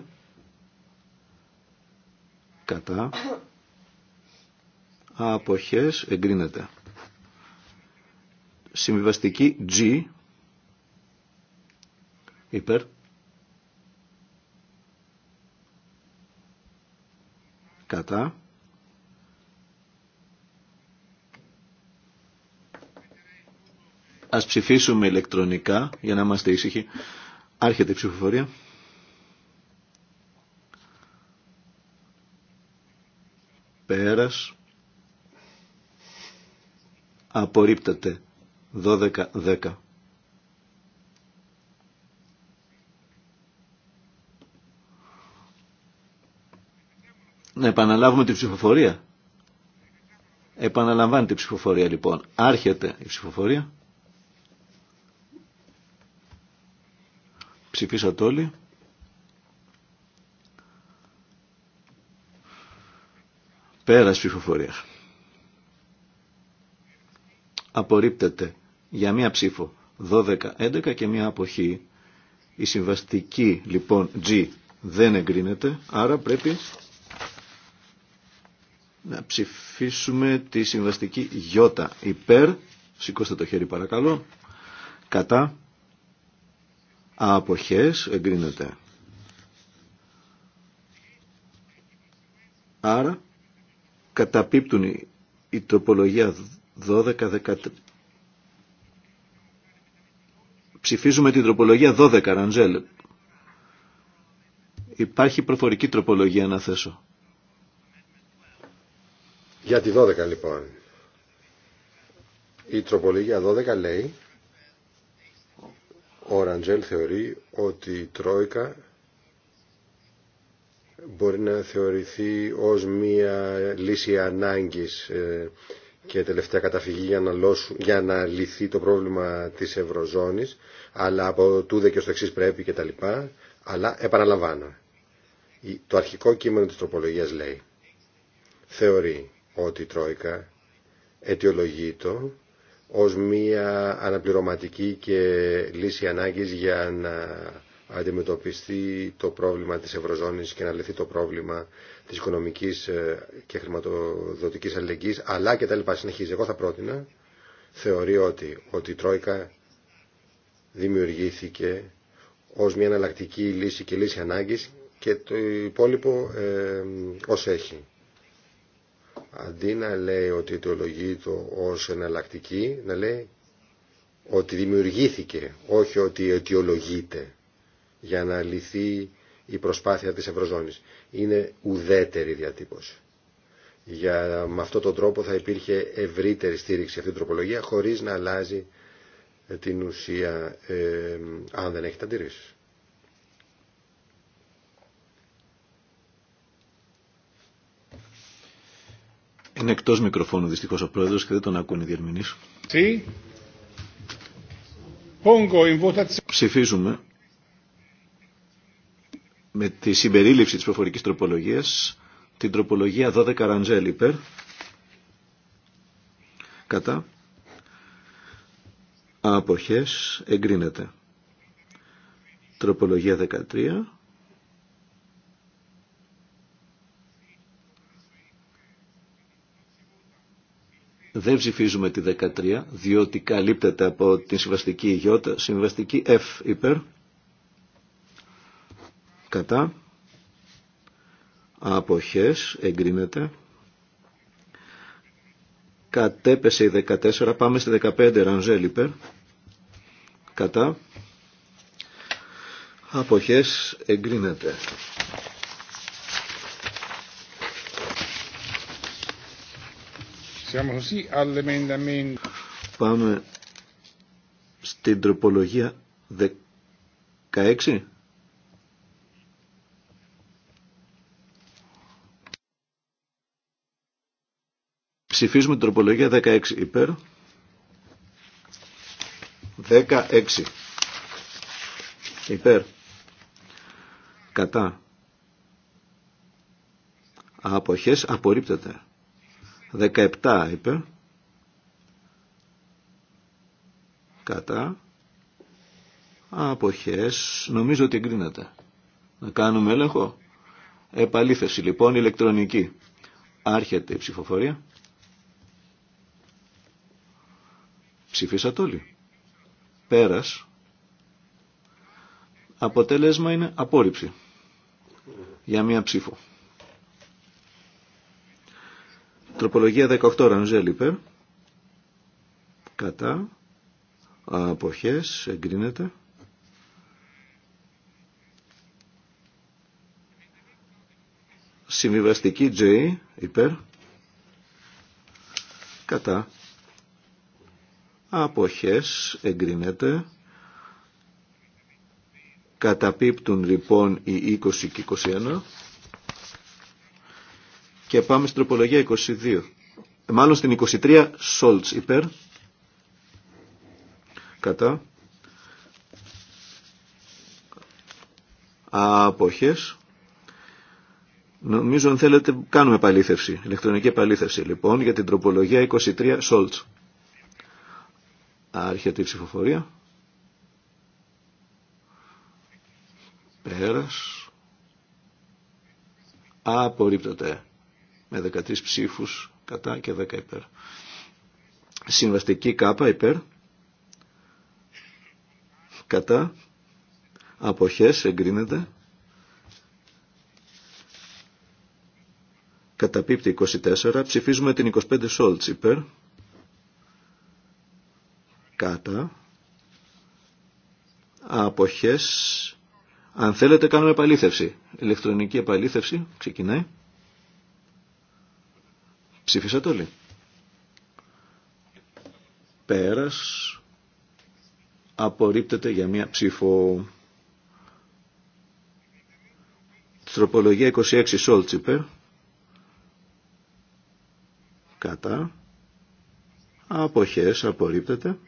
Κατά. Αποχές εγκρίνεται. Συμβιβαστική G. Υπέρ. Κατά. Ας ψηφίσουμε ηλεκτρονικά για να είμαστε ήσυχοι. Άρχεται η ψηφοφορία. Πέρας. Απορρίπτεται. 12-10. Να επαναλάβουμε την ψηφοφορία. Επαναλαμβάνει την ψηφοφορία λοιπόν. Άρχεται η ψηφοφορία. Ψηφίσατε όλοι. Πέρας ψηφοφορία. Απορρίπτεται για μία ψήφο 12-11 και μία αποχή. Η συμβαστική λοιπόν G δεν εγκρίνεται, άρα πρέπει να ψηφίσουμε τη συμβαστική Y Υπέρ, σηκώστε το χέρι παρακαλώ, κατά, αποχές εγκρίνεται. Άρα καταπίπτουν η, τροπολογία 12-13. Ψηφίζουμε την τροπολογία 12, Ραντζέλ. Υπάρχει προφορική τροπολογία να θέσω. Για τη 12 λοιπόν. Η τροπολογία 12 λέει ο Ραντζέλ θεωρεί ότι η Τρόικα μπορεί να θεωρηθεί ως μία λύση ανάγκης ε, και τελευταία καταφυγή για να, για να λυθεί το πρόβλημα της Ευρωζώνης, αλλά από τούδε και ως το πρέπει και τα λοιπά, αλλά επαναλαμβάνω. Το αρχικό κείμενο της τροπολογίας λέει, θεωρεί ότι η Τρόικα αιτιολογεί το ως μία αναπληρωματική και λύση ανάγκης για να αντιμετωπιστεί το πρόβλημα της Ευρωζώνης και να λυθεί το πρόβλημα της οικονομικής ε, και χρηματοδοτικής αλληλεγγύης, αλλά και τα λοιπά συνεχίζει. Εγώ θα πρότεινα, θεωρεί ότι, ότι η Τρόικα δημιουργήθηκε ως μια εναλλακτική λύση και λύση ανάγκης και το υπόλοιπο ε, ως έχει αντί να λέει ότι αιτιολογεί το ως εναλλακτική, να λέει ότι δημιουργήθηκε, όχι ότι αιτιολογείται για να λυθεί η προσπάθεια της Ευρωζώνης. Είναι ουδέτερη διατύπωση. Για, με αυτόν τον τρόπο θα υπήρχε ευρύτερη στήριξη αυτή την τροπολογία χωρίς να αλλάζει την ουσία ε, αν δεν έχετε αντιρρήσεις. Είναι εκτός μικροφώνου δυστυχώς ο πρόεδρος και δεν τον ακούνε οι διερμηνείς. Ψηφίζουμε με τη συμπερίληψη της προφορικής τροπολογίας την τροπολογία 12 Ραντζέλ υπέρ κατά αποχές εγκρίνεται. Τροπολογία 13 Δεν ψηφίζουμε τη 13, διότι καλύπτεται από την συμβαστική Ι, συμβαστική F υπέρ, κατά, αποχές, εγκρίνεται, κατέπεσε η 14, πάμε στη 15, ρανζέλ υπέρ, κατά, αποχές, εγκρίνεται. così all'emendamento. Πάμε στην τροπολογία 16. Ψηφίζουμε την τροπολογία 16 υπέρ. 16 υπέρ. Κατά. Αποχές απορρίπτεται. 17 είπε κατά αποχές νομίζω ότι εγκρίνεται να κάνουμε έλεγχο επαλήθευση λοιπόν ηλεκτρονική άρχεται η ψηφοφορία ψηφίσατε όλοι πέρας αποτέλεσμα είναι απόρριψη για μία ψήφο Ανθρωπολογία 18 Ρανζέλ υπέρ. Κατά. Αποχές. Εγκρίνεται. Συμβιβαστική J υπέρ. Κατά. Αποχές. Εγκρίνεται. Καταπίπτουν λοιπόν οι 20 και 21. Και πάμε στην τροπολογία 22. Ε, μάλλον στην 23 Σόλτς υπέρ. Κατά. Αποχές. Νομίζω αν θέλετε κάνουμε επαλήθευση. Ηλεκτρονική επαλήθευση λοιπόν για την τροπολογία 23 Σόλτς. Άρχεται η ψηφοφορία. Πέρας. Απορρίπτοτε με 13 ψήφους κατά και 10 υπέρ. Συμβαστική κάπα υπέρ, κατά, αποχές εγκρίνεται, καταπίπτει 24, ψηφίζουμε την 25 σόλτς υπέρ, κατά, αποχές, αν θέλετε κάνουμε επαλήθευση, ηλεκτρονική επαλήθευση, ξεκινάει. Ψήφισατε όλοι. Πέρας απορρίπτεται για μία ψήφο. Τροπολογία 26 Σόλτσιπερ. Κατά. Αποχές απορρίπτεται.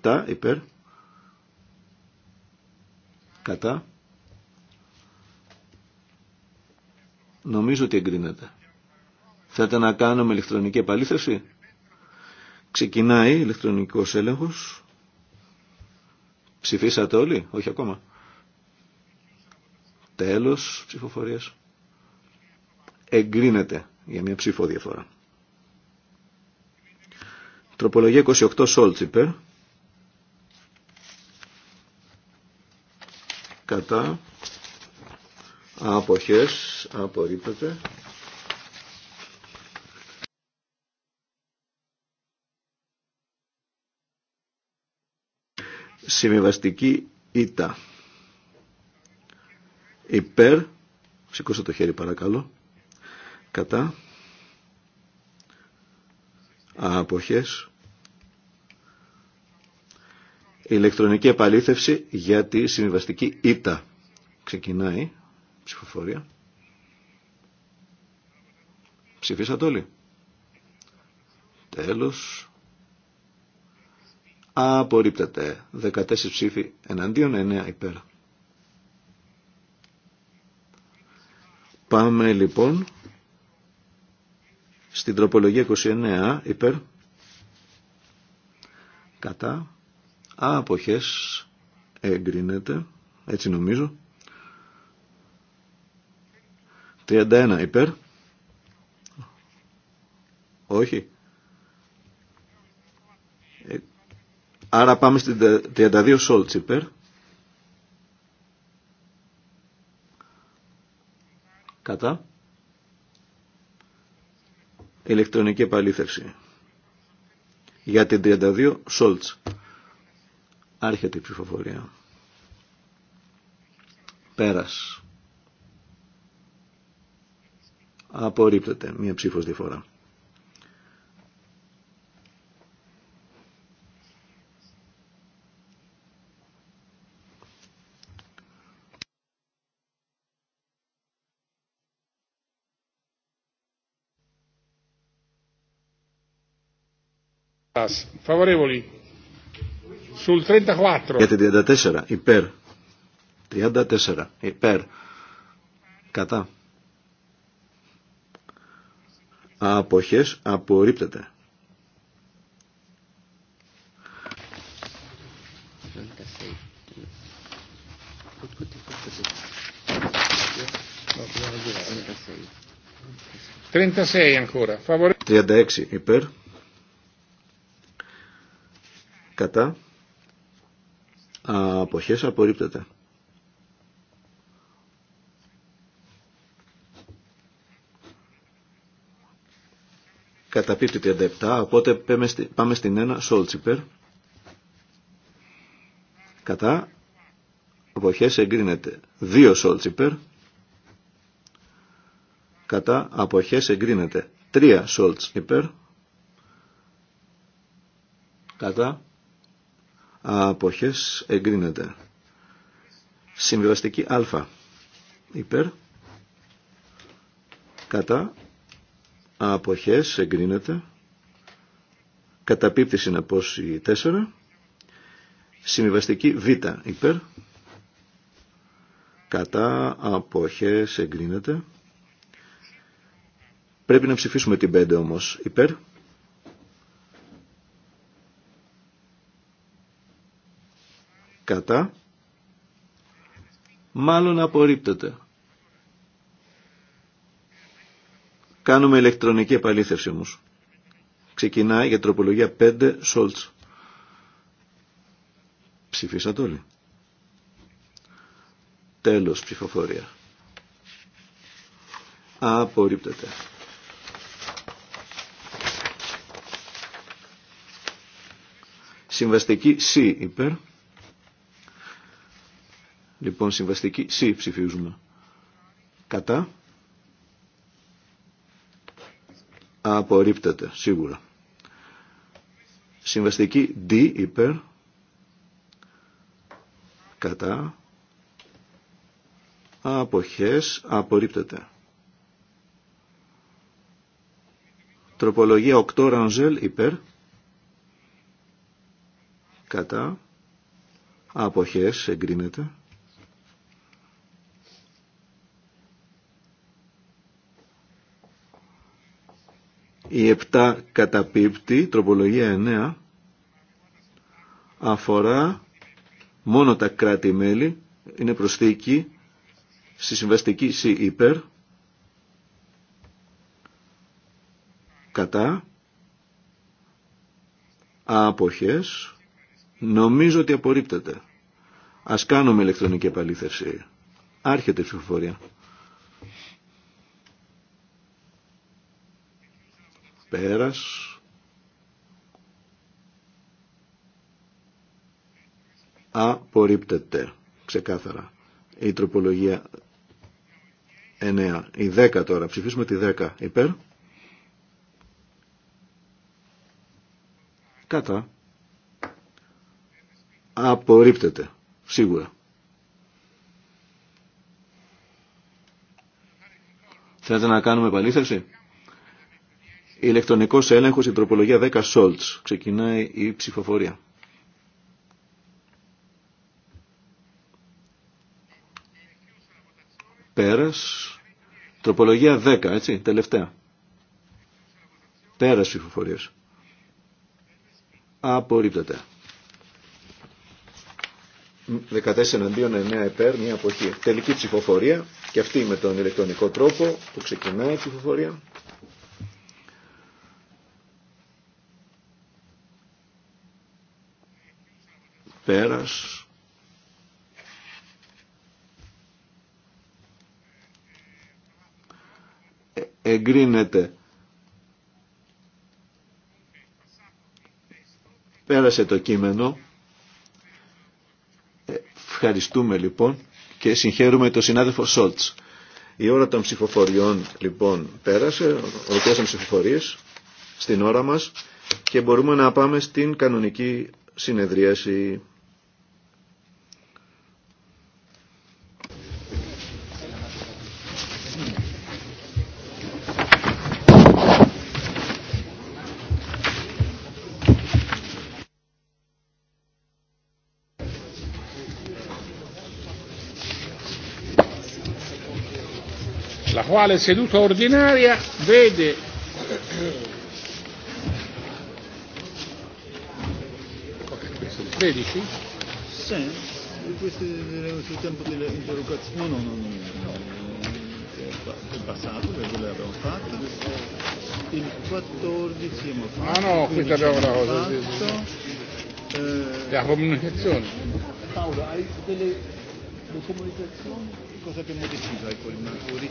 27 υπέρ. Κατά. Νομίζω ότι εγκρίνεται. Θέλετε να κάνουμε ηλεκτρονική επαλήθευση. Ξεκινάει ηλεκτρονικός έλεγχος. Ψηφίσατε όλοι, όχι ακόμα. Τέλος ψηφοφορίας. Εγκρίνεται για μια ψήφο διαφορά. Τροπολογία 28 Σόλτσιπερ. Κατά. Αποχές. Απορρίπτεται. Συμβιβαστική ΙΤΑ. Υπέρ. Σηκώστε το χέρι παρακαλώ. Κατά. Αποχές. Ηλεκτρονική επαλήθευση για τη συμβιβαστική ΙΤΑ. Ξεκινάει ψηφοφορία. Ψηφίσατε όλοι. Τέλος. Απορρίπτεται. 14 ψήφοι εναντίον, 9 υπέρ. Πάμε λοιπόν στην τροπολογία 29 υπέρ. Κατά. Άποχες εγκρίνεται, έτσι νομίζω. 31 υπέρ. Όχι. Ε, Άρα πάμε στην 32 Σόλτσιπερ. Κατά. Ηλεκτρονική επαλήθευση. Για την 32 Σόλτς. Άρχεται η ψηφοφορία. Πέρας. Απορρίπτεται μία ψήφος διαφορά. Favorevoli. 34. Για την 34. Υπέρ. 34. Υπέρ. Κατά. Αποχές απορρίπτεται. Trentasei ancora. Favore. 36 υπέρ κατά αποχές απορρίπτεται. Καταπίπτει 37, οπότε πάμε στην 1, Σόλτσιπερ. Κατά, αποχές εγκρίνεται 2 Σόλτσιπερ. Κατά, αποχές εγκρίνεται 3 Σόλτσιπερ. Κατά, αποχές εγκρίνεται. Συμβιβαστική α υπέρ κατά αποχές εγκρίνεται. Καταπίπτει συνεπώς η 4. Συμβιβαστική β υπέρ κατά αποχές εγκρίνεται. Πρέπει να ψηφίσουμε την 5 όμως υπέρ κατά, μάλλον απορρίπτεται. Κάνουμε ηλεκτρονική επαλήθευση όμω. Ξεκινάει για τροπολογία 5 Σόλτς. Ψηφίσατε όλοι. Τέλος ψηφοφορία. Απορρίπτεται. Συμβαστική C υπέρ. Λοιπόν, συμβαστική C ψηφίζουμε. Κατά. Απορρίπτεται, σίγουρα. Συμβαστική D υπέρ. Κατά. Αποχές, απορρίπτεται. Τροπολογία 8 ρανζέλ υπέρ. Κατά. Αποχές, εγκρίνεται. Η 7 καταπίπτει, τροπολογία 9, αφορά μόνο τα κράτη-μέλη, είναι προσθήκη στη συμβαστική C υπέρ, κατά, άποχες, νομίζω ότι απορρίπτεται. Ας κάνουμε ηλεκτρονική επαλήθευση. Άρχεται η ψηφοφορία. Πέρας. Απορρίπτεται. Ξεκάθαρα. Η τροπολογία 9. Η 10 τώρα. Ψηφίσουμε τη 10. Υπέρ. Κατά. Απορρίπτεται. Σίγουρα. Θέλετε να κάνουμε επαλήθευση. Ηλεκτρονικός έλεγχος, η τροπολογία 10 Σόλτς. Ξεκινάει η ψηφοφορία. Πέρας. Τροπολογία 10, έτσι, τελευταία. Πέρας ψηφοφορίας. Απορρίπτεται. 14 αντίον 9 επέρ μια αποχή. Τελική ψηφοφορία και αυτή με τον ηλεκτρονικό τρόπο που ξεκινάει η ψηφοφορία. Πέρας. Ε, εγκρίνεται. Πέρασε το κείμενο. Ε, ευχαριστούμε λοιπόν και συγχαίρουμε τον συνάδελφο Σόλτς. Η ώρα των ψηφοφοριών λοιπόν πέρασε, τις ψηφοφορίες στην ώρα μας και μπορούμε να πάμε στην κανονική συνεδρίαση l'attuale seduta ordinaria vede Vedici? Sì, questo è sul tempo delle interrogazioni. No, no, no, no. È passato, perché l'abbiamo fatta Il 14 siamo fatto. Ah no, qui abbiamo una cosa. La comunicazione. Paolo, hai delle comunicazioni? Cosa abbiamo deciso ai coordinatori?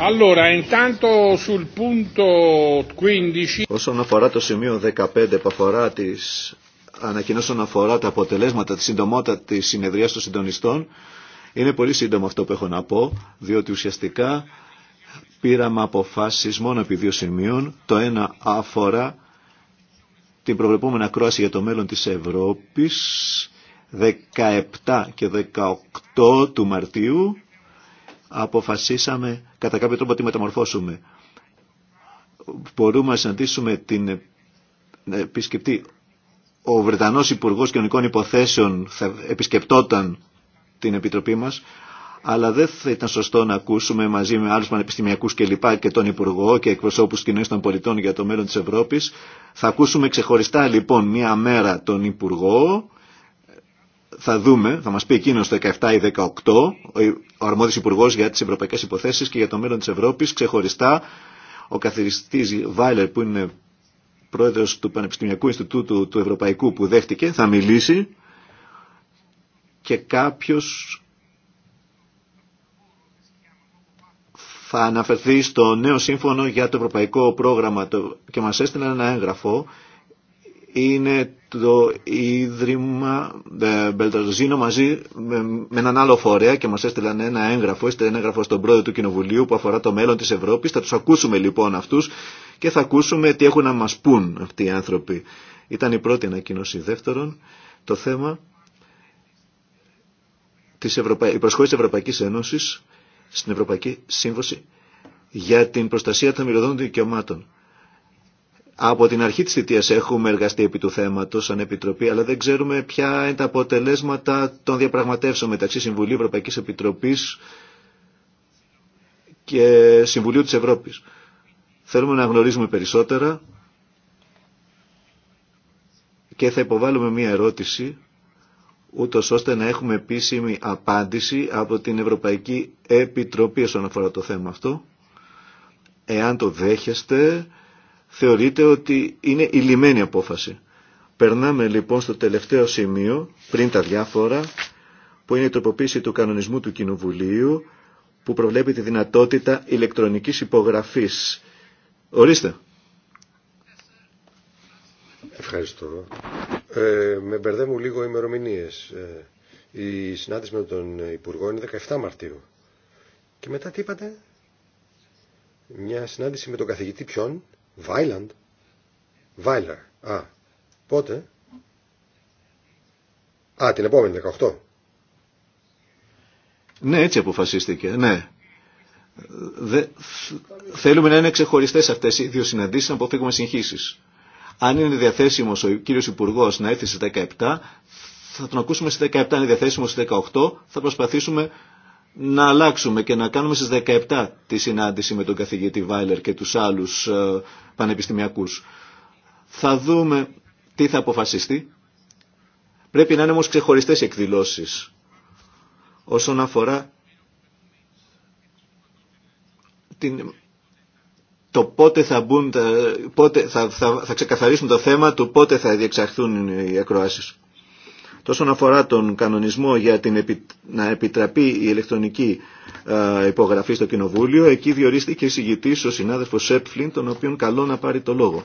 Allora, intanto sul Όσον αφορά το σημείο 15 που αφορά ανακοινώσει αφορά τα αποτελέσματα τη συντομότητα της συνεδρίας των συντονιστών, είναι πολύ σύντομο αυτό που έχω να πω, διότι ουσιαστικά πήραμε αποφάσει μόνο επί δύο σημείων. Το ένα αφορά την προβλεπόμενη ακρόαση για το μέλλον της Ευρώπης 17 και 18 του Μαρτίου αποφασίσαμε κατά κάποιο τρόπο ότι μεταμορφώσουμε. Μπορούμε να συναντήσουμε την επισκεπτή. Ο Βρετανός Υπουργός Κοινωνικών Υποθέσεων θα επισκεπτόταν την Επιτροπή μας, αλλά δεν θα ήταν σωστό να ακούσουμε μαζί με άλλους πανεπιστημιακούς και λοιπά και τον Υπουργό και εκπροσώπους κοινωνίας των πολιτών για το μέλλον της Ευρώπης. Θα ακούσουμε ξεχωριστά λοιπόν μία μέρα τον Υπουργό θα δούμε, θα μας πει εκείνο το 17 ή 18, ο αρμόδιος υπουργός για τις ευρωπαϊκές υποθέσεις και για το μέλλον της Ευρώπης, ξεχωριστά ο καθηγητής Βάιλερ που είναι πρόεδρος του Πανεπιστημιακού Ινστιτούτου του Ευρωπαϊκού που δέχτηκε, θα μιλήσει και κάποιος θα αναφερθεί στο νέο σύμφωνο για το Ευρωπαϊκό Πρόγραμμα και μας έστειλε ένα έγγραφο είναι το Ίδρυμα ε, Μπελταζίνο μαζί με έναν άλλο φορέα και μας έστειλαν ένα έγγραφο, Είστε ένα έγγραφο στον πρόεδρο του Κοινοβουλίου που αφορά το μέλλον της Ευρώπης. Θα τους ακούσουμε λοιπόν αυτούς και θα ακούσουμε τι έχουν να μας πούν αυτοί οι άνθρωποι. Ήταν η πρώτη ανακοίνωση. Δεύτερον, το θέμα της Ευρωπα... η της Ευρωπαϊκής Ένωσης στην Ευρωπαϊκή Σύμβαση για την προστασία των μυρωδών δικαιωμάτων. Από την αρχή της θητείας έχουμε εργαστεί επί του θέματος σαν Επιτροπή, αλλά δεν ξέρουμε ποια είναι τα αποτελέσματα των διαπραγματεύσεων μεταξύ Συμβουλίου Ευρωπαϊκής Επιτροπής και Συμβουλίου της Ευρώπης. Θέλουμε να γνωρίζουμε περισσότερα και θα υποβάλουμε μία ερώτηση ούτω ώστε να έχουμε επίσημη απάντηση από την Ευρωπαϊκή Επιτροπή όσον αφορά το θέμα αυτό. Εάν το δέχεστε, θεωρείται ότι είναι η λιμένη απόφαση. Περνάμε λοιπόν στο τελευταίο σημείο, πριν τα διάφορα, που είναι η τροποποίηση του κανονισμού του Κοινοβουλίου, που προβλέπει τη δυνατότητα ηλεκτρονικής υπογραφής. Ορίστε. Ευχαριστώ. Ε, με μπερδεύουν λίγο οι ημερομηνίε. Ε, η συνάντηση με τον Υπουργό είναι 17 Μαρτίου. Και μετά τι είπατε? Μια συνάντηση με τον καθηγητή ποιον? Βάιλαντ. Βάιλερ. Α, πότε. Α, την επόμενη 18. Ναι, έτσι αποφασίστηκε, ναι. Δε, θέλουμε να είναι ξεχωριστές αυτές οι δύο συναντήσεις, να αποφύγουμε συγχύσεις. Αν είναι διαθέσιμος ο κύριος Υπουργός να έρθει στις 17, θα τον ακούσουμε στις 17, αν είναι διαθέσιμος στις 18, θα προσπαθήσουμε να αλλάξουμε και να κάνουμε στις 17 τη συνάντηση με τον καθηγητή Βάιλερ και τους άλλους ε, πανεπιστημιακούς. Θα δούμε τι θα αποφασιστεί. Πρέπει να είναι όμως ξεχωριστές εκδηλώσεις όσον αφορά την, το πότε θα μπουν, πότε θα, θα, θα ξεκαθαρίσουν το θέμα του πότε θα διεξαχθούν οι ακροάσεις. Τόσον αφορά τον κανονισμό για την να επιτραπεί η ηλεκτρονική υπογραφή στο Κοινοβούλιο, εκεί διορίστηκε η συγητή ο συνάδελφος Σέπφλιν, τον οποίον καλό να πάρει το λόγο.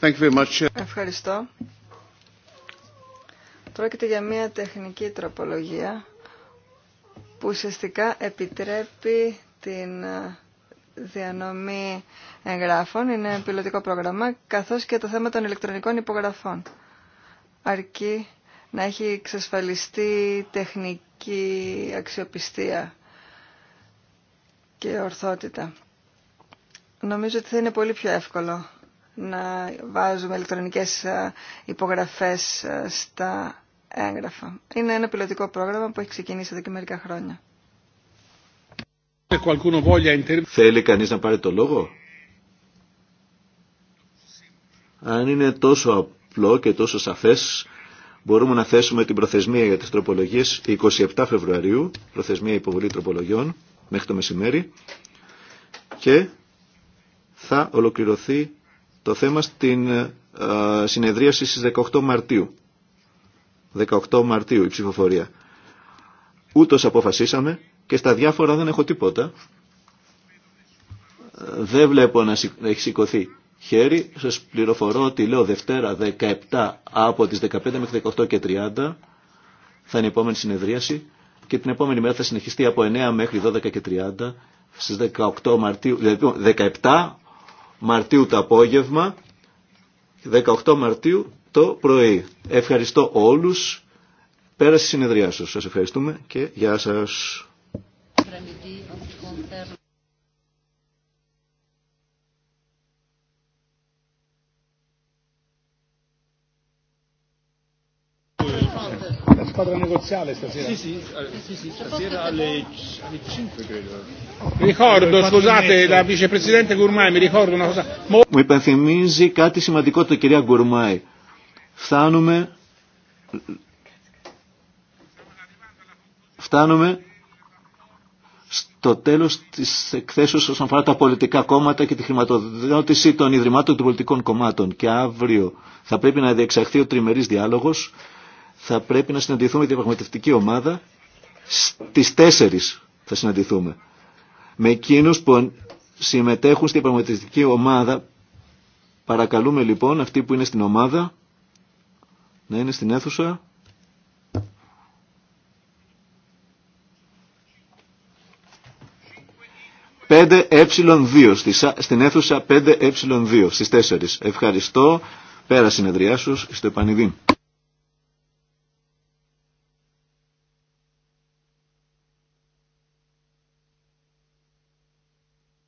Thank you very much. Ευχαριστώ. Πρόκειται για μια τεχνική τροπολογία που ουσιαστικά επιτρέπει την διανομή εγγράφων, είναι πιλωτικό πρόγραμμα, καθώς και το θέμα των ηλεκτρονικών υπογραφών αρκεί να έχει εξασφαλιστεί τεχνική αξιοπιστία και ορθότητα. Νομίζω ότι θα είναι πολύ πιο εύκολο να βάζουμε ηλεκτρονικές ε, υπογραφές ε, στα έγγραφα. Είναι ένα πιλωτικό πρόγραμμα που έχει ξεκινήσει εδώ και μερικά χρόνια. Θέλει κανείς να πάρει το λόγο? Αν είναι τόσο απλό και τόσο σαφές μπορούμε να θέσουμε την προθεσμία για τις τροπολογίες 27 Φεβρουαρίου, προθεσμία υποβολή τροπολογιών μέχρι το μεσημέρι και θα ολοκληρωθεί το θέμα στην ε, συνεδρίαση στις 18 Μαρτίου. 18 Μαρτίου η ψηφοφορία. Ούτως αποφασίσαμε και στα διάφορα δεν έχω τίποτα. Ε, δεν βλέπω να έχει σηκωθεί χέρι. Σας πληροφορώ ότι λέω Δευτέρα 17 από τις 15 μέχρι 18 και 30 θα είναι η επόμενη συνεδρίαση και την επόμενη μέρα θα συνεχιστεί από 9 μέχρι 12 και 30 στις 18 Μαρτίου, 17 Μαρτίου το απόγευμα 18 Μαρτίου το πρωί. Ευχαριστώ όλους. Πέρασε η συνεδριά σας. Σας ευχαριστούμε και γεια σας. squadra negoziale stasera? Sì, sì, eh, sì, sì stasera alle, alle 5 credo. Ricordo, scusate, e la vicepresidente Gourmai mi ricordo una cosa. Μου υπενθυμίζει κάτι σημαντικό το κυρία Γκουρμάη. Φτάνουμε... Φτάνουμε στο τέλος της εκθέσεως όσον αφορά τα πολιτικά κόμματα και τη χρηματοδότηση των Ιδρυμάτων των Πολιτικών Κομμάτων. Και αύριο θα πρέπει να διεξαχθεί ο τριμερής διάλογος θα πρέπει να συναντηθούμε την πραγματευτική ομάδα στις 4 θα συναντηθούμε. Με εκείνους που συμμετέχουν στην πραγματευτική ομάδα παρακαλούμε λοιπόν αυτοί που είναι στην ομάδα να είναι στην αίθουσα «5Ε2» ε στην αίθουσα 5Ε2 ε στις 4. Ευχαριστώ. Πέρα συνεδριά σου στο επανειδή.